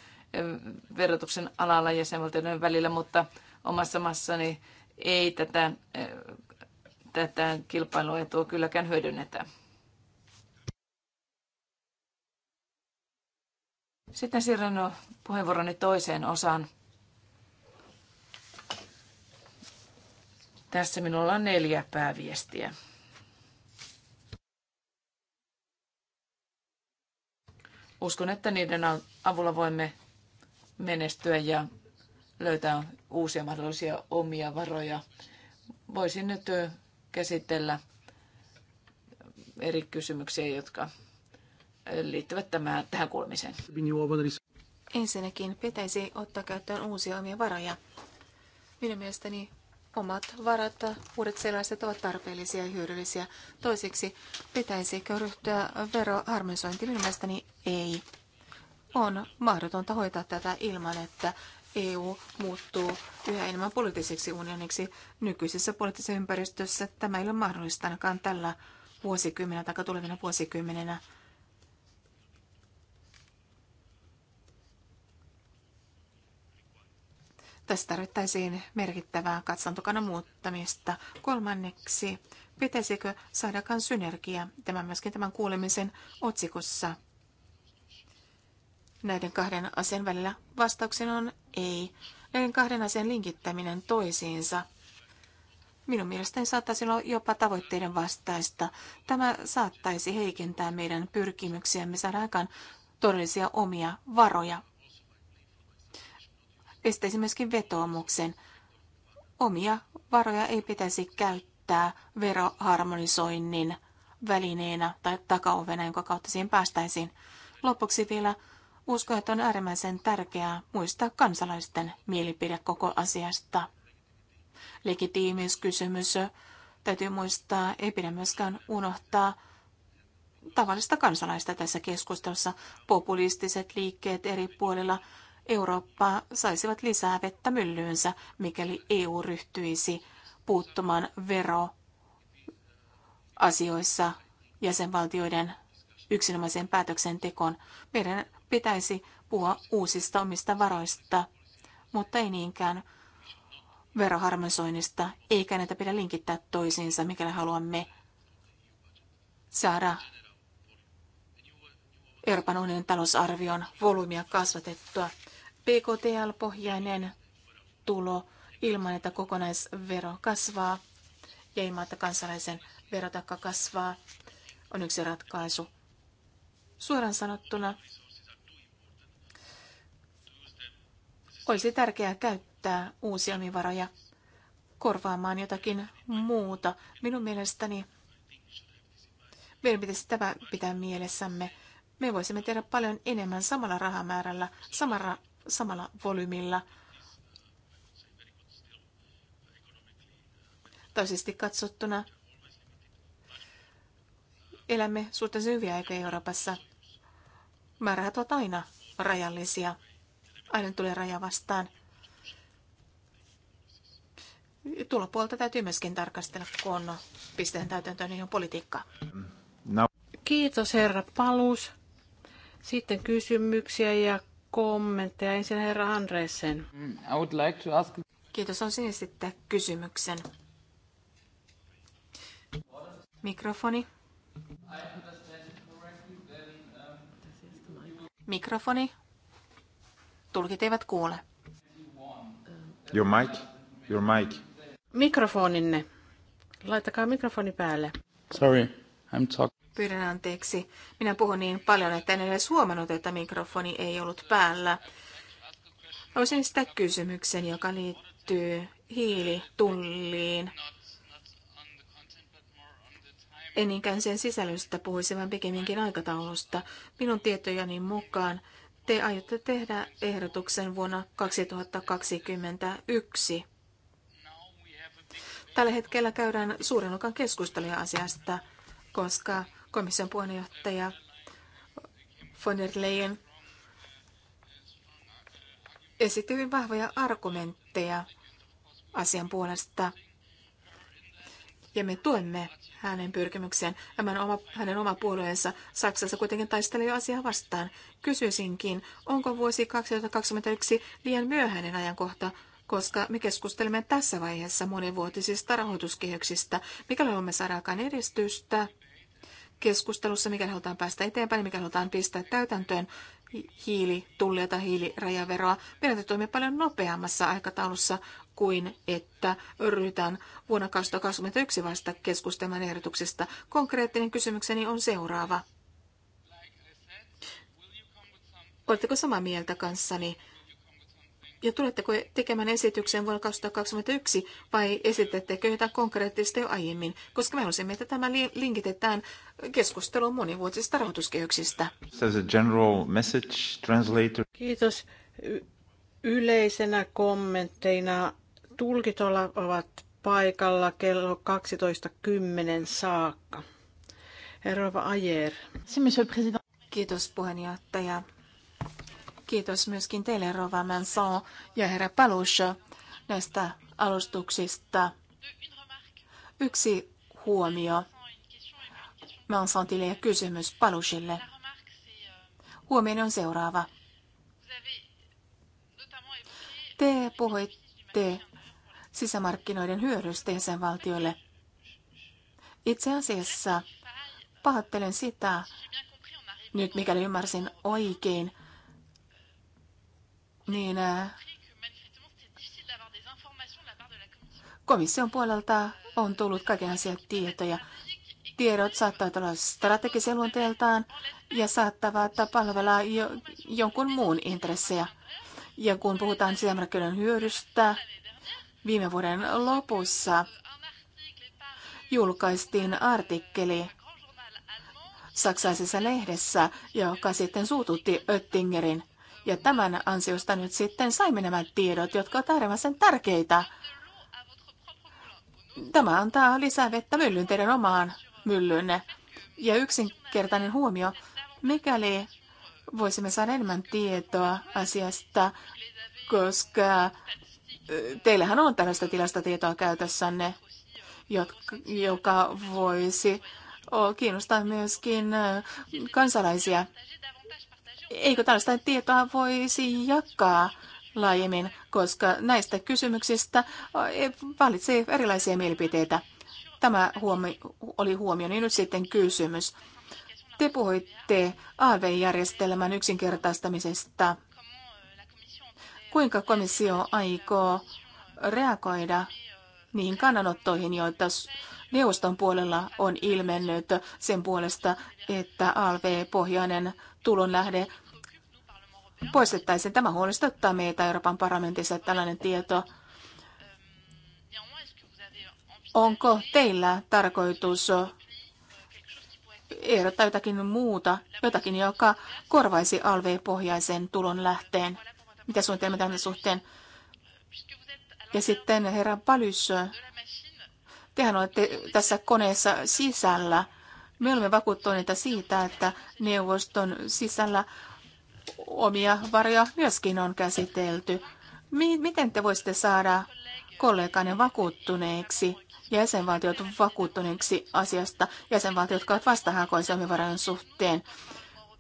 verotuksen alalla jäsenvaltioiden välillä, mutta omassa maassani ei tätä, tätä kilpailuetua kylläkään hyödynnetä. Sitten siirryn puheenvuoroni toiseen osaan – Tässä minulla on neljä pääviestiä. Uskon, että niiden avulla voimme menestyä ja löytää uusia mahdollisia omia varoja. Voisin nyt käsitellä eri kysymyksiä, jotka liittyvät tämän, tähän kuulemiseen. Ensinnäkin pitäisi ottaa käyttöön uusia omia varoja. Minun mielestäni omat varat, uudet sellaiset ovat tarpeellisia ja hyödyllisiä. Toiseksi, pitäisikö ryhtyä veroharmonisointiin? Minun mielestäni ei. On mahdotonta hoitaa tätä ilman, että EU muuttuu yhä enemmän poliittiseksi unioniksi. Nykyisessä poliittisessa ympäristössä tämä ei ole mahdollista ainakaan tällä vuosikymmenellä tai tulevina vuosikymmeninä. Tässä tarvittaisiin merkittävää katsantokana muuttamista. Kolmanneksi, pitäisikö saadakaan synergia, tämä myöskin tämän kuulemisen otsikossa. Näiden kahden asian välillä vastauksen on ei. Näiden kahden asian linkittäminen toisiinsa minun mielestäni saattaisi olla jopa tavoitteiden vastaista. Tämä saattaisi heikentää meidän pyrkimyksiämme saada aikaan todellisia omia varoja Pistäisi myöskin vetoomuksen. Omia varoja ei pitäisi käyttää veroharmonisoinnin välineenä tai takaovena, jonka kautta siihen päästäisiin. Lopuksi vielä uskon, että on äärimmäisen tärkeää muistaa kansalaisten mielipide koko asiasta. Legitiimiskysymys täytyy muistaa, ei pidä myöskään unohtaa tavallista kansalaista tässä keskustelussa. Populistiset liikkeet eri puolilla Eurooppaa saisivat lisää vettä myllyynsä, mikäli EU ryhtyisi puuttumaan veroasioissa jäsenvaltioiden yksinomaiseen päätöksentekoon. Meidän pitäisi puhua uusista omista varoista, mutta ei niinkään veroharmonisoinnista, eikä näitä pidä linkittää toisiinsa, mikäli haluamme saada Euroopan unionin talousarvion volyymia kasvatettua. PKTL-pohjainen tulo ilman, että kokonaisvero kasvaa ja ilman, että kansalaisen verotakka kasvaa, on yksi ratkaisu. Suoraan sanottuna olisi tärkeää käyttää uusia varoja korvaamaan jotakin muuta. Minun mielestäni meidän pitäisi tämä pitää mielessämme. Me voisimme tehdä paljon enemmän samalla rahamäärällä, samalla samalla volyymilla. Toisesti katsottuna elämme suhteellisen hyviä aikoja Euroopassa. Määrärahat ovat aina rajallisia. Aina tulee raja vastaan. Tulopuolta täytyy myöskin tarkastella, kun pisteen täytäntöön niin on politiikka. No. Kiitos herra Palus. Sitten kysymyksiä ja kommentteja. Ensin herra Andreessen. I would like to ask... Kiitos, on sinne sitten kysymyksen. Mikrofoni. Mikrofoni. Tulkit eivät kuule. Your mic. Your mic. Mikrofoninne. Laittakaa mikrofoni päälle. Sorry, I'm talking. Pyydän anteeksi. Minä puhun niin paljon, että en edes huomannut, että mikrofoni ei ollut päällä. Olisin sitä kysymyksen, joka liittyy hiilitulliin. En niinkään sen sisällöstä puhuisi, vaan pikemminkin aikataulusta. Minun tietojani mukaan te aiotte tehdä ehdotuksen vuonna 2021. Tällä hetkellä käydään suuren luokan keskusteluja asiasta, koska komission puheenjohtaja von der Leyen esitti hyvin vahvoja argumentteja asian puolesta. Ja me tuemme hänen pyrkimykseen. Hänen oma, hänen oma puolueensa Saksassa kuitenkin taistelee jo asiaa vastaan. Kysyisinkin, onko vuosi 2021 liian myöhäinen ajankohta, koska me keskustelemme tässä vaiheessa monivuotisista rahoituskehyksistä. Mikäli olemme saada aikaan edistystä, keskustelussa, mikä halutaan päästä eteenpäin, mikä halutaan pistää täytäntöön hiilitullia tai hiilirajaveroa. Meidän täytyy toimia paljon nopeammassa aikataulussa kuin että ryhdytään vuonna 2021 vasta keskustelman ehdotuksesta. Konkreettinen kysymykseni on seuraava. Oletteko samaa mieltä kanssani ja tuletteko tekemään esityksen vuonna 2021 vai esitettekö jotain konkreettista jo aiemmin? Koska me haluaisimme, että tämä linkitetään keskusteluun monivuotisista rahoituskehyksistä. Kiitos. Y- yleisenä kommentteina tulkitolla ovat paikalla kello 12.10 saakka. Rova Ajer. Kiitos puheenjohtaja. Kiitos myöskin teille, Rova Manson ja herra Palus, näistä alustuksista. Yksi huomio. Mansantille ja kysymys Palusille. Huomio on seuraava. Te puhuitte sisämarkkinoiden hyödystä jäsenvaltioille. Itse asiassa pahoittelen sitä, nyt mikäli ymmärsin oikein, kun niin, äh, komission puolelta on tullut kaikenlaisia tietoja. Tiedot saattavat olla strategisen luonteeltaan ja saattavat palvella jo, jonkun muun intressejä. Ja kun puhutaan sisämarkkinoiden hyödystä, viime vuoden lopussa julkaistiin artikkeli saksaisessa lehdessä, joka sitten suututti Oettingerin ja tämän ansiosta nyt sitten saimme nämä tiedot, jotka ovat äärimmäisen tärkeitä. Tämä antaa lisää vettä myllyn teidän omaan myllynne. Ja yksinkertainen huomio, mikäli voisimme saada enemmän tietoa asiasta, koska teillähän on tällaista tilasta tietoa käytössänne, joka voisi kiinnostaa myöskin kansalaisia eikö tällaista tietoa voisi jakaa laajemmin, koska näistä kysymyksistä eh, valitsee erilaisia mielipiteitä. Tämä huomi, oli huomio, niin nyt sitten kysymys. Te puhuitte AV-järjestelmän yksinkertaistamisesta. Kuinka komissio aikoo reagoida niihin kannanottoihin, joita Neuvoston puolella on ilmennyt sen puolesta, että ALV-pohjainen tulonlähde poistettaisiin. Tämä huolestuttaa meitä Euroopan parlamentissa tällainen tieto. Onko teillä tarkoitus ehdottaa jotakin muuta, jotakin, joka korvaisi alv-pohjaisen tulonlähteen? Mitä suunnitelmia tämän suhteen? Ja sitten herra Palys, Tehän olette tässä koneessa sisällä. Me olemme vakuuttuneita siitä, että neuvoston sisällä omia varjoja myöskin on käsitelty. Miten te voisitte saada kolleganne vakuuttuneeksi, jäsenvaltiot vakuuttuneeksi asiasta, jäsenvaltiot, jotka ovat vastahakoisia omien suhteen?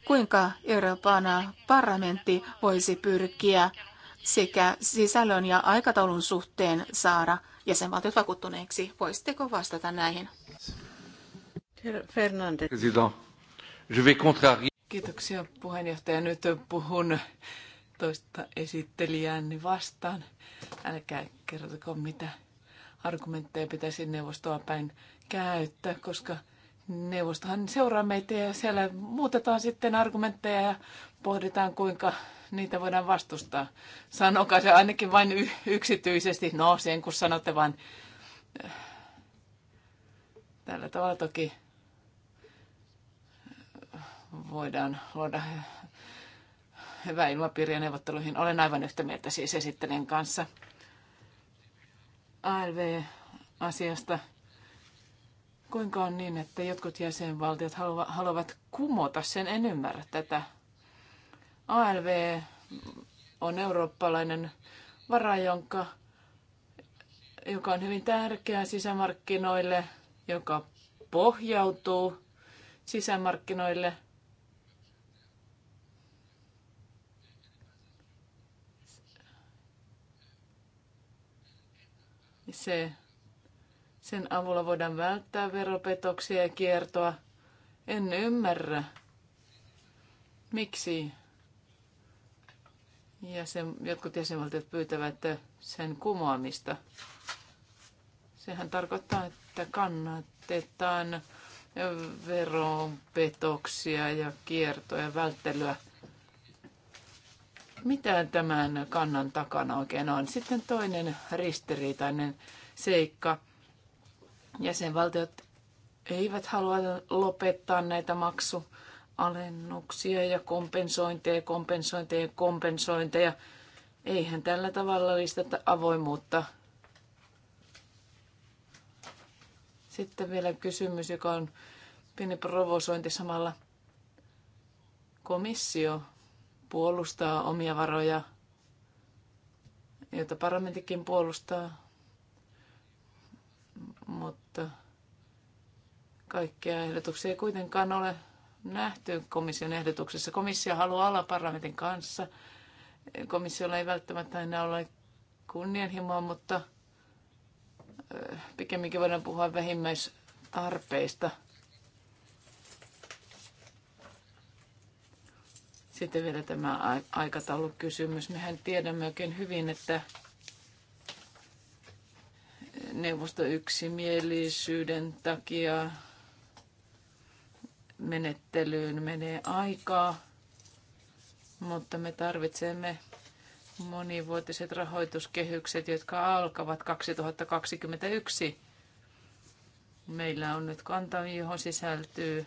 Kuinka Euroopan parlamentti voisi pyrkiä sekä sisällön ja aikataulun suhteen saada jäsenvaltiot vakuuttuneeksi Voisitteko vastata näihin? Fernandes. Kiitoksia puheenjohtaja. Nyt puhun toista esittelijäänne vastaan. Älkää kertoko, mitä argumentteja pitäisi neuvostoa päin käyttää, koska neuvostohan seuraa meitä ja siellä muutetaan sitten argumentteja ja pohditaan, kuinka niitä voidaan vastustaa. Sanokaa se ainakin vain yksityisesti. No, sen kun sanotte vain tällä tavalla toki voidaan luoda hyvää ilmapiiriä neuvotteluihin. Olen aivan yhtä mieltä siis esittelen kanssa. ALV-asiasta. Kuinka on niin, että jotkut jäsenvaltiot haluavat kumota sen? En ymmärrä tätä. ALV on eurooppalainen vara, jonka, joka on hyvin tärkeä sisämarkkinoille, joka pohjautuu sisämarkkinoille. Se, sen avulla voidaan välttää veropetoksia ja kiertoa. En ymmärrä, miksi ja sen, jotkut jäsenvaltiot pyytävät sen kumoamista. Sehän tarkoittaa, että kannatetaan veronpetoksia ja kiertoja ja välttelyä. Mitä tämän kannan takana oikein on? Sitten toinen ristiriitainen seikka. Jäsenvaltiot eivät halua lopettaa näitä maksuja alennuksia ja kompensointeja, kompensointeja, kompensointeja. Eihän tällä tavalla listata avoimuutta. Sitten vielä kysymys, joka on pieni provosointi samalla. Komissio puolustaa omia varoja, joita parlamentikin puolustaa, mutta kaikkia ehdotuksia ei kuitenkaan ole nähty komission ehdotuksessa. Komissio haluaa olla parlamentin kanssa. Komissiolla ei välttämättä aina ole kunnianhimoa, mutta äh, pikemminkin voidaan puhua vähimmäistarpeista. Sitten vielä tämä aikataulukysymys. Mehän tiedämme oikein hyvin, että neuvosto yksimielisyyden takia menettelyyn menee aikaa, mutta me tarvitsemme monivuotiset rahoituskehykset, jotka alkavat 2021. Meillä on nyt kanta, johon sisältyy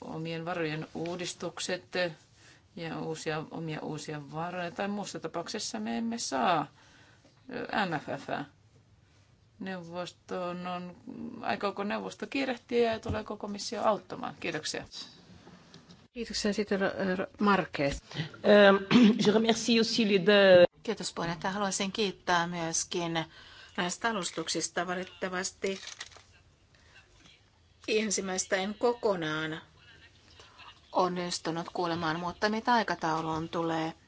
omien varojen uudistukset ja uusia, omia uusia varoja, tai muussa tapauksessa me emme saa MFFää neuvostoon on, aikooko neuvosto kiirehtiä ja tuleeko komissio auttamaan? Kiitoksia. Kiitoksia sitten Marques. Ähm, Kiitos puheenjohtaja. Haluaisin kiittää myöskin näistä alustuksista. Valitettavasti ensimmäistä en kokonaan onnistunut kuulemaan, mutta mitä aikatauluun tulee –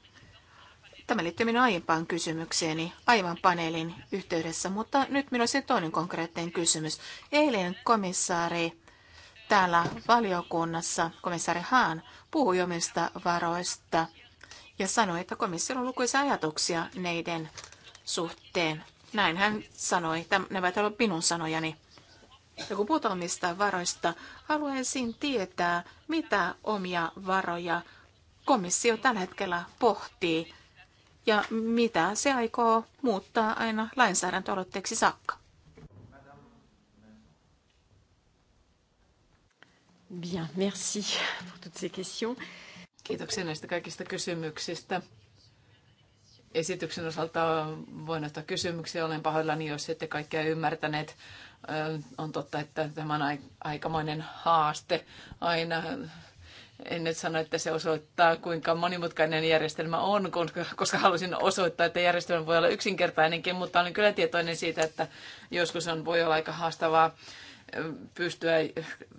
Tämä liittyy minun aiempaan kysymykseeni aivan paneelin yhteydessä, mutta nyt minulla on toinen konkreettinen kysymys. Eilen komissaari täällä valiokunnassa, komissaari Haan, puhui omista varoista ja sanoi, että komissio on lukuisia ajatuksia neiden suhteen. Näin hän sanoi, nämä eivät ole minun sanojani. Ja kun puhutaan omista varoista, haluaisin tietää, mitä omia varoja komissio tällä hetkellä pohtii ja mitä se aikoo muuttaa aina lainsäädäntöaloitteeksi saakka. Bien, merci pour toutes ces questions. Kiitoksia näistä kaikista kysymyksistä. Esityksen osalta voin ottaa kysymyksiä. Olen pahoillani, jos ette kaikkea ymmärtäneet. On totta, että tämä on aikamoinen haaste aina en nyt sano, että se osoittaa, kuinka monimutkainen järjestelmä on, koska halusin osoittaa, että järjestelmä voi olla yksinkertainenkin, mutta olen kyllä tietoinen siitä, että joskus on, voi olla aika haastavaa pystyä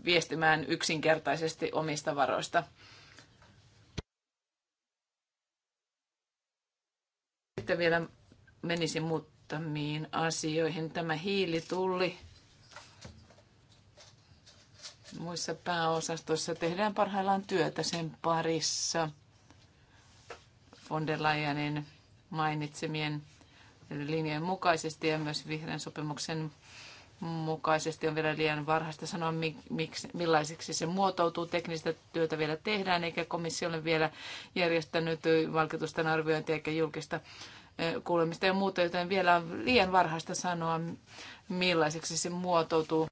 viestimään yksinkertaisesti omista varoista. Sitten vielä menisin muuttamiin asioihin. Tämä hiilitulli muissa pääosastoissa tehdään parhaillaan työtä sen parissa von der Leyenin mainitsemien linjojen mukaisesti ja myös vihreän sopimuksen mukaisesti on vielä liian varhaista sanoa, miksi, millaiseksi se muotoutuu. Teknistä työtä vielä tehdään, eikä komissio ole vielä järjestänyt valkitusten arviointia eikä julkista kuulemista ja muuta, joten vielä on liian varhaista sanoa, millaiseksi se muotoutuu.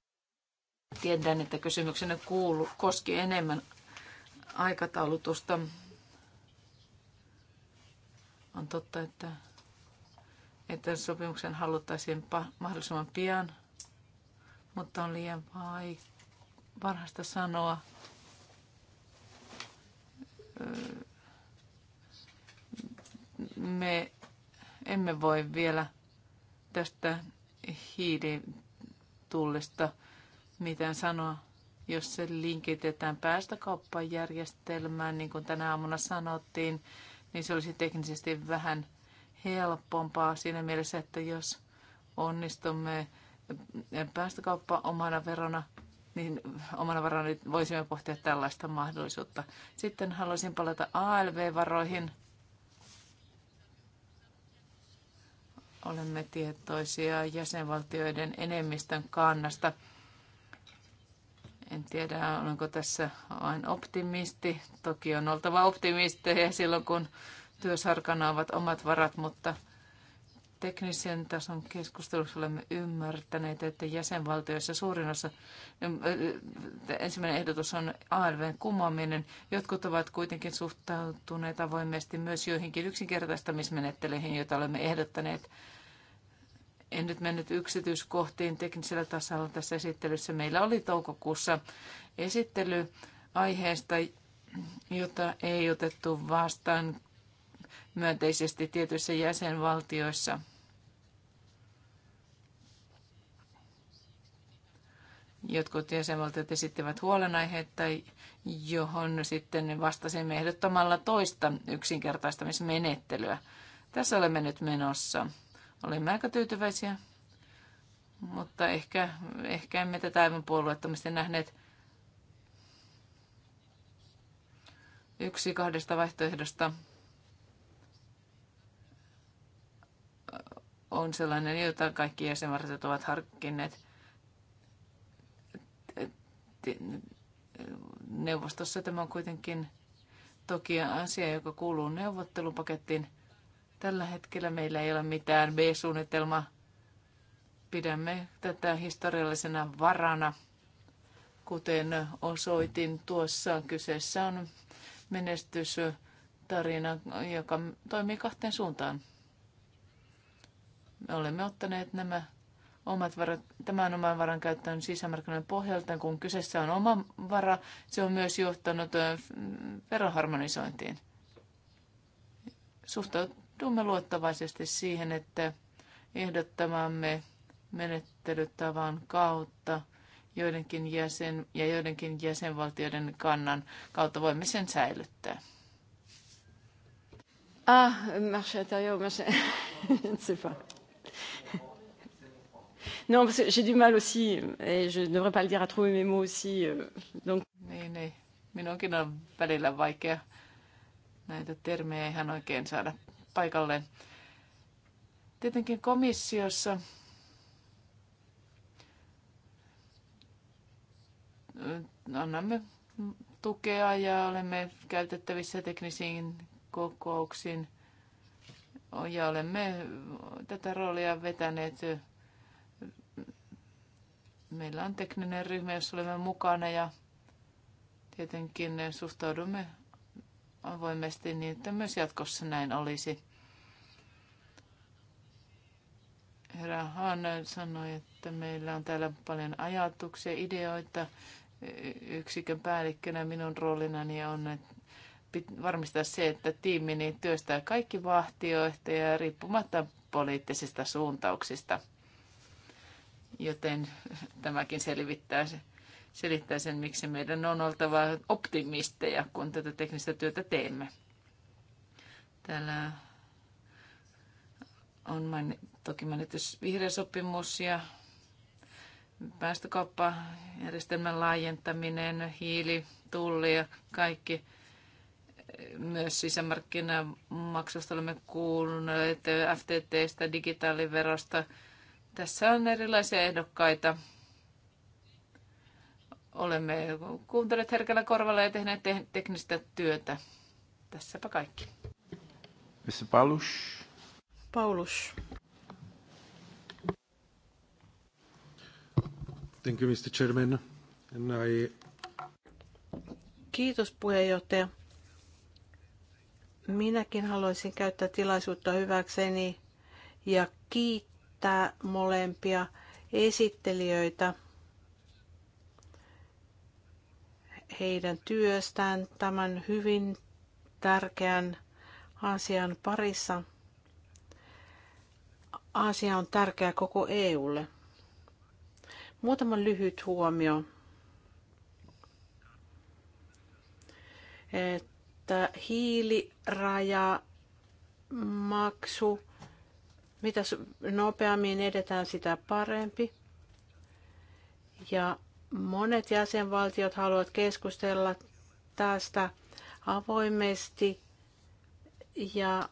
Tiedän, että kysymyksenne kuulu, koski enemmän aikataulutusta. On totta, että, että sopimuksen haluttaisiin mahdollisimman pian, mutta on liian vai, varhaista sanoa. Me emme voi vielä tästä hiilitullista mitään sanoa. Jos se linkitetään päästökauppajärjestelmään, niin kuin tänä aamuna sanottiin, niin se olisi teknisesti vähän helpompaa siinä mielessä, että jos onnistumme päästökauppa omana verona, niin omana varana niin voisimme pohtia tällaista mahdollisuutta. Sitten haluaisin palata ALV-varoihin. Olemme tietoisia jäsenvaltioiden enemmistön kannasta en tiedä, olenko tässä vain optimisti. Toki on oltava optimisteja silloin, kun työsarkana ovat omat varat, mutta teknisen tason keskustelussa olemme ymmärtäneet, että jäsenvaltioissa suurin osa, ensimmäinen ehdotus on ALVn kumoaminen. Jotkut ovat kuitenkin suhtautuneet avoimesti myös joihinkin yksinkertaistamismenettelyihin, joita olemme ehdottaneet en nyt mennyt yksityiskohtiin teknisellä tasolla tässä esittelyssä. Meillä oli toukokuussa esittely aiheesta, jota ei otettu vastaan myönteisesti tietyissä jäsenvaltioissa. Jotkut jäsenvaltiot esittivät huolenaiheita, johon sitten vastasimme ehdottamalla toista yksinkertaistamismenettelyä. Tässä olemme nyt menossa. Olemme aika tyytyväisiä, mutta ehkä, ehkä emme tätä aivan puolueettomasti nähneet. Yksi kahdesta vaihtoehdosta on sellainen, jota kaikki jäsenvartijat ovat harkinneet neuvostossa. Tämä on kuitenkin toki asia, joka kuuluu neuvottelupakettiin. Tällä hetkellä meillä ei ole mitään B-suunnitelmaa. Pidämme tätä historiallisena varana. Kuten osoitin tuossa, kyseessä on menestystarina, joka toimii kahteen suuntaan. Me olemme ottaneet nämä omat varat, tämän oman varan käyttöön sisämarkkinoiden pohjalta, kun kyseessä on oma vara, se on myös johtanut veroharmonisointiin. Suhtaut, Suhtaudumme luottavaisesti siihen, että ehdottamamme menettelytavan kautta joidenkin jäsen ja joidenkin jäsenvaltioiden kannan kautta voimme sen säilyttää. Ah, marché intérieur, marché... je ne sais pas. Non, parce que j'ai du mal aussi, et je ne devrais pas le dire, à trouver mes mots aussi. Euh, donc... Niin, niin. Minunkin on välillä vaikea näitä termejä ihan oikein saada paikalleen. Tietenkin komissiossa annamme tukea ja olemme käytettävissä teknisiin kokouksiin ja olemme tätä roolia vetäneet. Meillä on tekninen ryhmä, jossa olemme mukana ja tietenkin suhtaudumme avoimesti niin, että myös jatkossa näin olisi. Herra Haan sanoi, että meillä on täällä paljon ajatuksia, ideoita. Yksikön päällikkönä minun roolinani on että varmistaa se, että tiimini työstää kaikki vahtioehtoja riippumatta poliittisista suuntauksista. Joten tämäkin selvittää selittää sen, miksi meidän on oltava optimisteja, kun tätä teknistä työtä teemme. Täällä on main, toki mainittu vihreä sopimus ja päästökauppajärjestelmän laajentaminen, hiili, tulli ja kaikki. Myös sisämarkkinamaksusta olemme kuulleet, FTTstä, digitaaliverosta. Tässä on erilaisia ehdokkaita Olemme kuuntelleet herkällä korvalla ja tehneet te- teknistä työtä. Tässäpä kaikki. Missä Paulus. Paulus. Thank you, Mr. Chairman. And I... Kiitos puheenjohtaja. Minäkin haluaisin käyttää tilaisuutta hyväkseni ja kiittää molempia esittelijöitä – heidän työstään tämän hyvin tärkeän asian parissa. Asia on tärkeä koko EUlle. Muutama lyhyt huomio. Että hiiliraja maksu, mitä nopeammin edetään, sitä parempi. Ja Monet jäsenvaltiot haluavat keskustella tästä avoimesti ja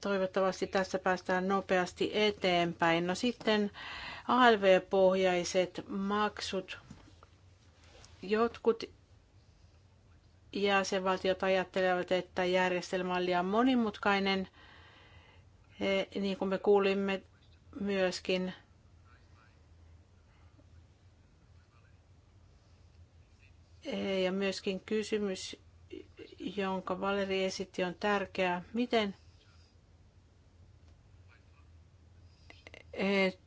toivottavasti tässä päästään nopeasti eteenpäin. No sitten ALV-pohjaiset maksut. Jotkut jäsenvaltiot ajattelevat, että järjestelmä on liian monimutkainen. Niin kuin me kuulimme myöskin Ja myöskin kysymys, jonka Valeri esitti, on tärkeä. Miten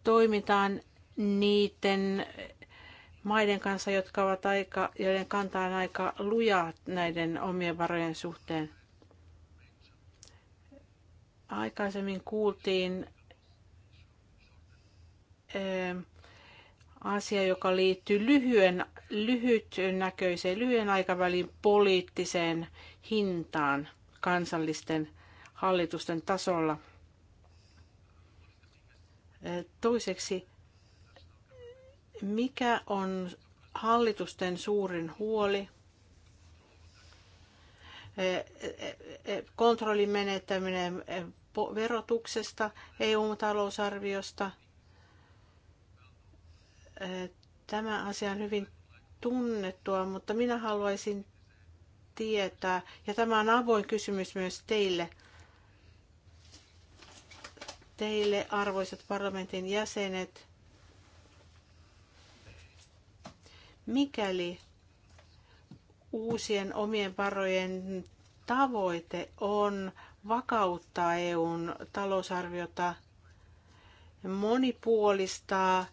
toimitaan niiden maiden kanssa, jotka ovat aika, joiden kanta on aika lujaa näiden omien varojen suhteen. Aikaisemmin kuultiin asia, joka liittyy lyhyen, lyhytnäköiseen, lyhyen aikavälin poliittiseen hintaan kansallisten hallitusten tasolla. Toiseksi, mikä on hallitusten suurin huoli? Kontrollin menettäminen verotuksesta, EU-talousarviosta – Tämä asia on hyvin tunnettua, mutta minä haluaisin tietää, ja tämä on avoin kysymys myös teille, teille arvoisat parlamentin jäsenet, mikäli uusien omien varojen tavoite on vakauttaa EUn talousarviota, monipuolistaa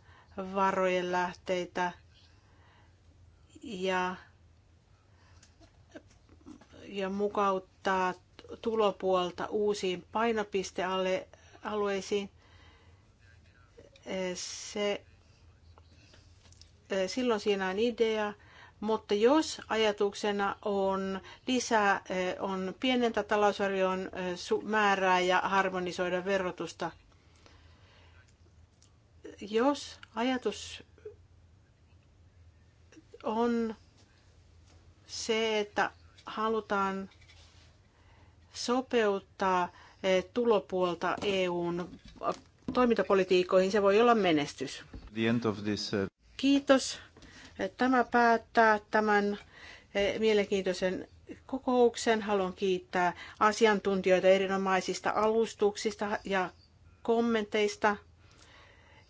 varojen lähteitä ja, ja mukauttaa tulopuolta uusiin painopistealueisiin. E, se, e, silloin siinä on idea, mutta jos ajatuksena on lisää, e, on pienentää talousarvion määrää ja harmonisoida verotusta, jos ajatus on se, että halutaan sopeuttaa eh, tulopuolta EUn toimintapolitiikoihin, se voi olla menestys. Uh, Kiitos. Eh, tämä päättää tämän eh, mielenkiintoisen kokouksen. Haluan kiittää asiantuntijoita erinomaisista alustuksista ja kommenteista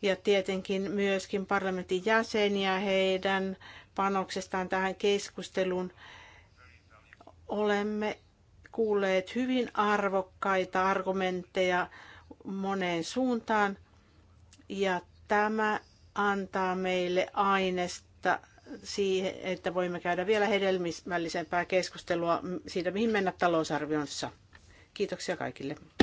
ja tietenkin myöskin parlamentin jäseniä heidän panoksestaan tähän keskusteluun. Olemme kuulleet hyvin arvokkaita argumentteja moneen suuntaan ja tämä antaa meille ainesta siihen, että voimme käydä vielä hedelmällisempää keskustelua siitä, mihin mennä talousarvionsa. Kiitoksia kaikille.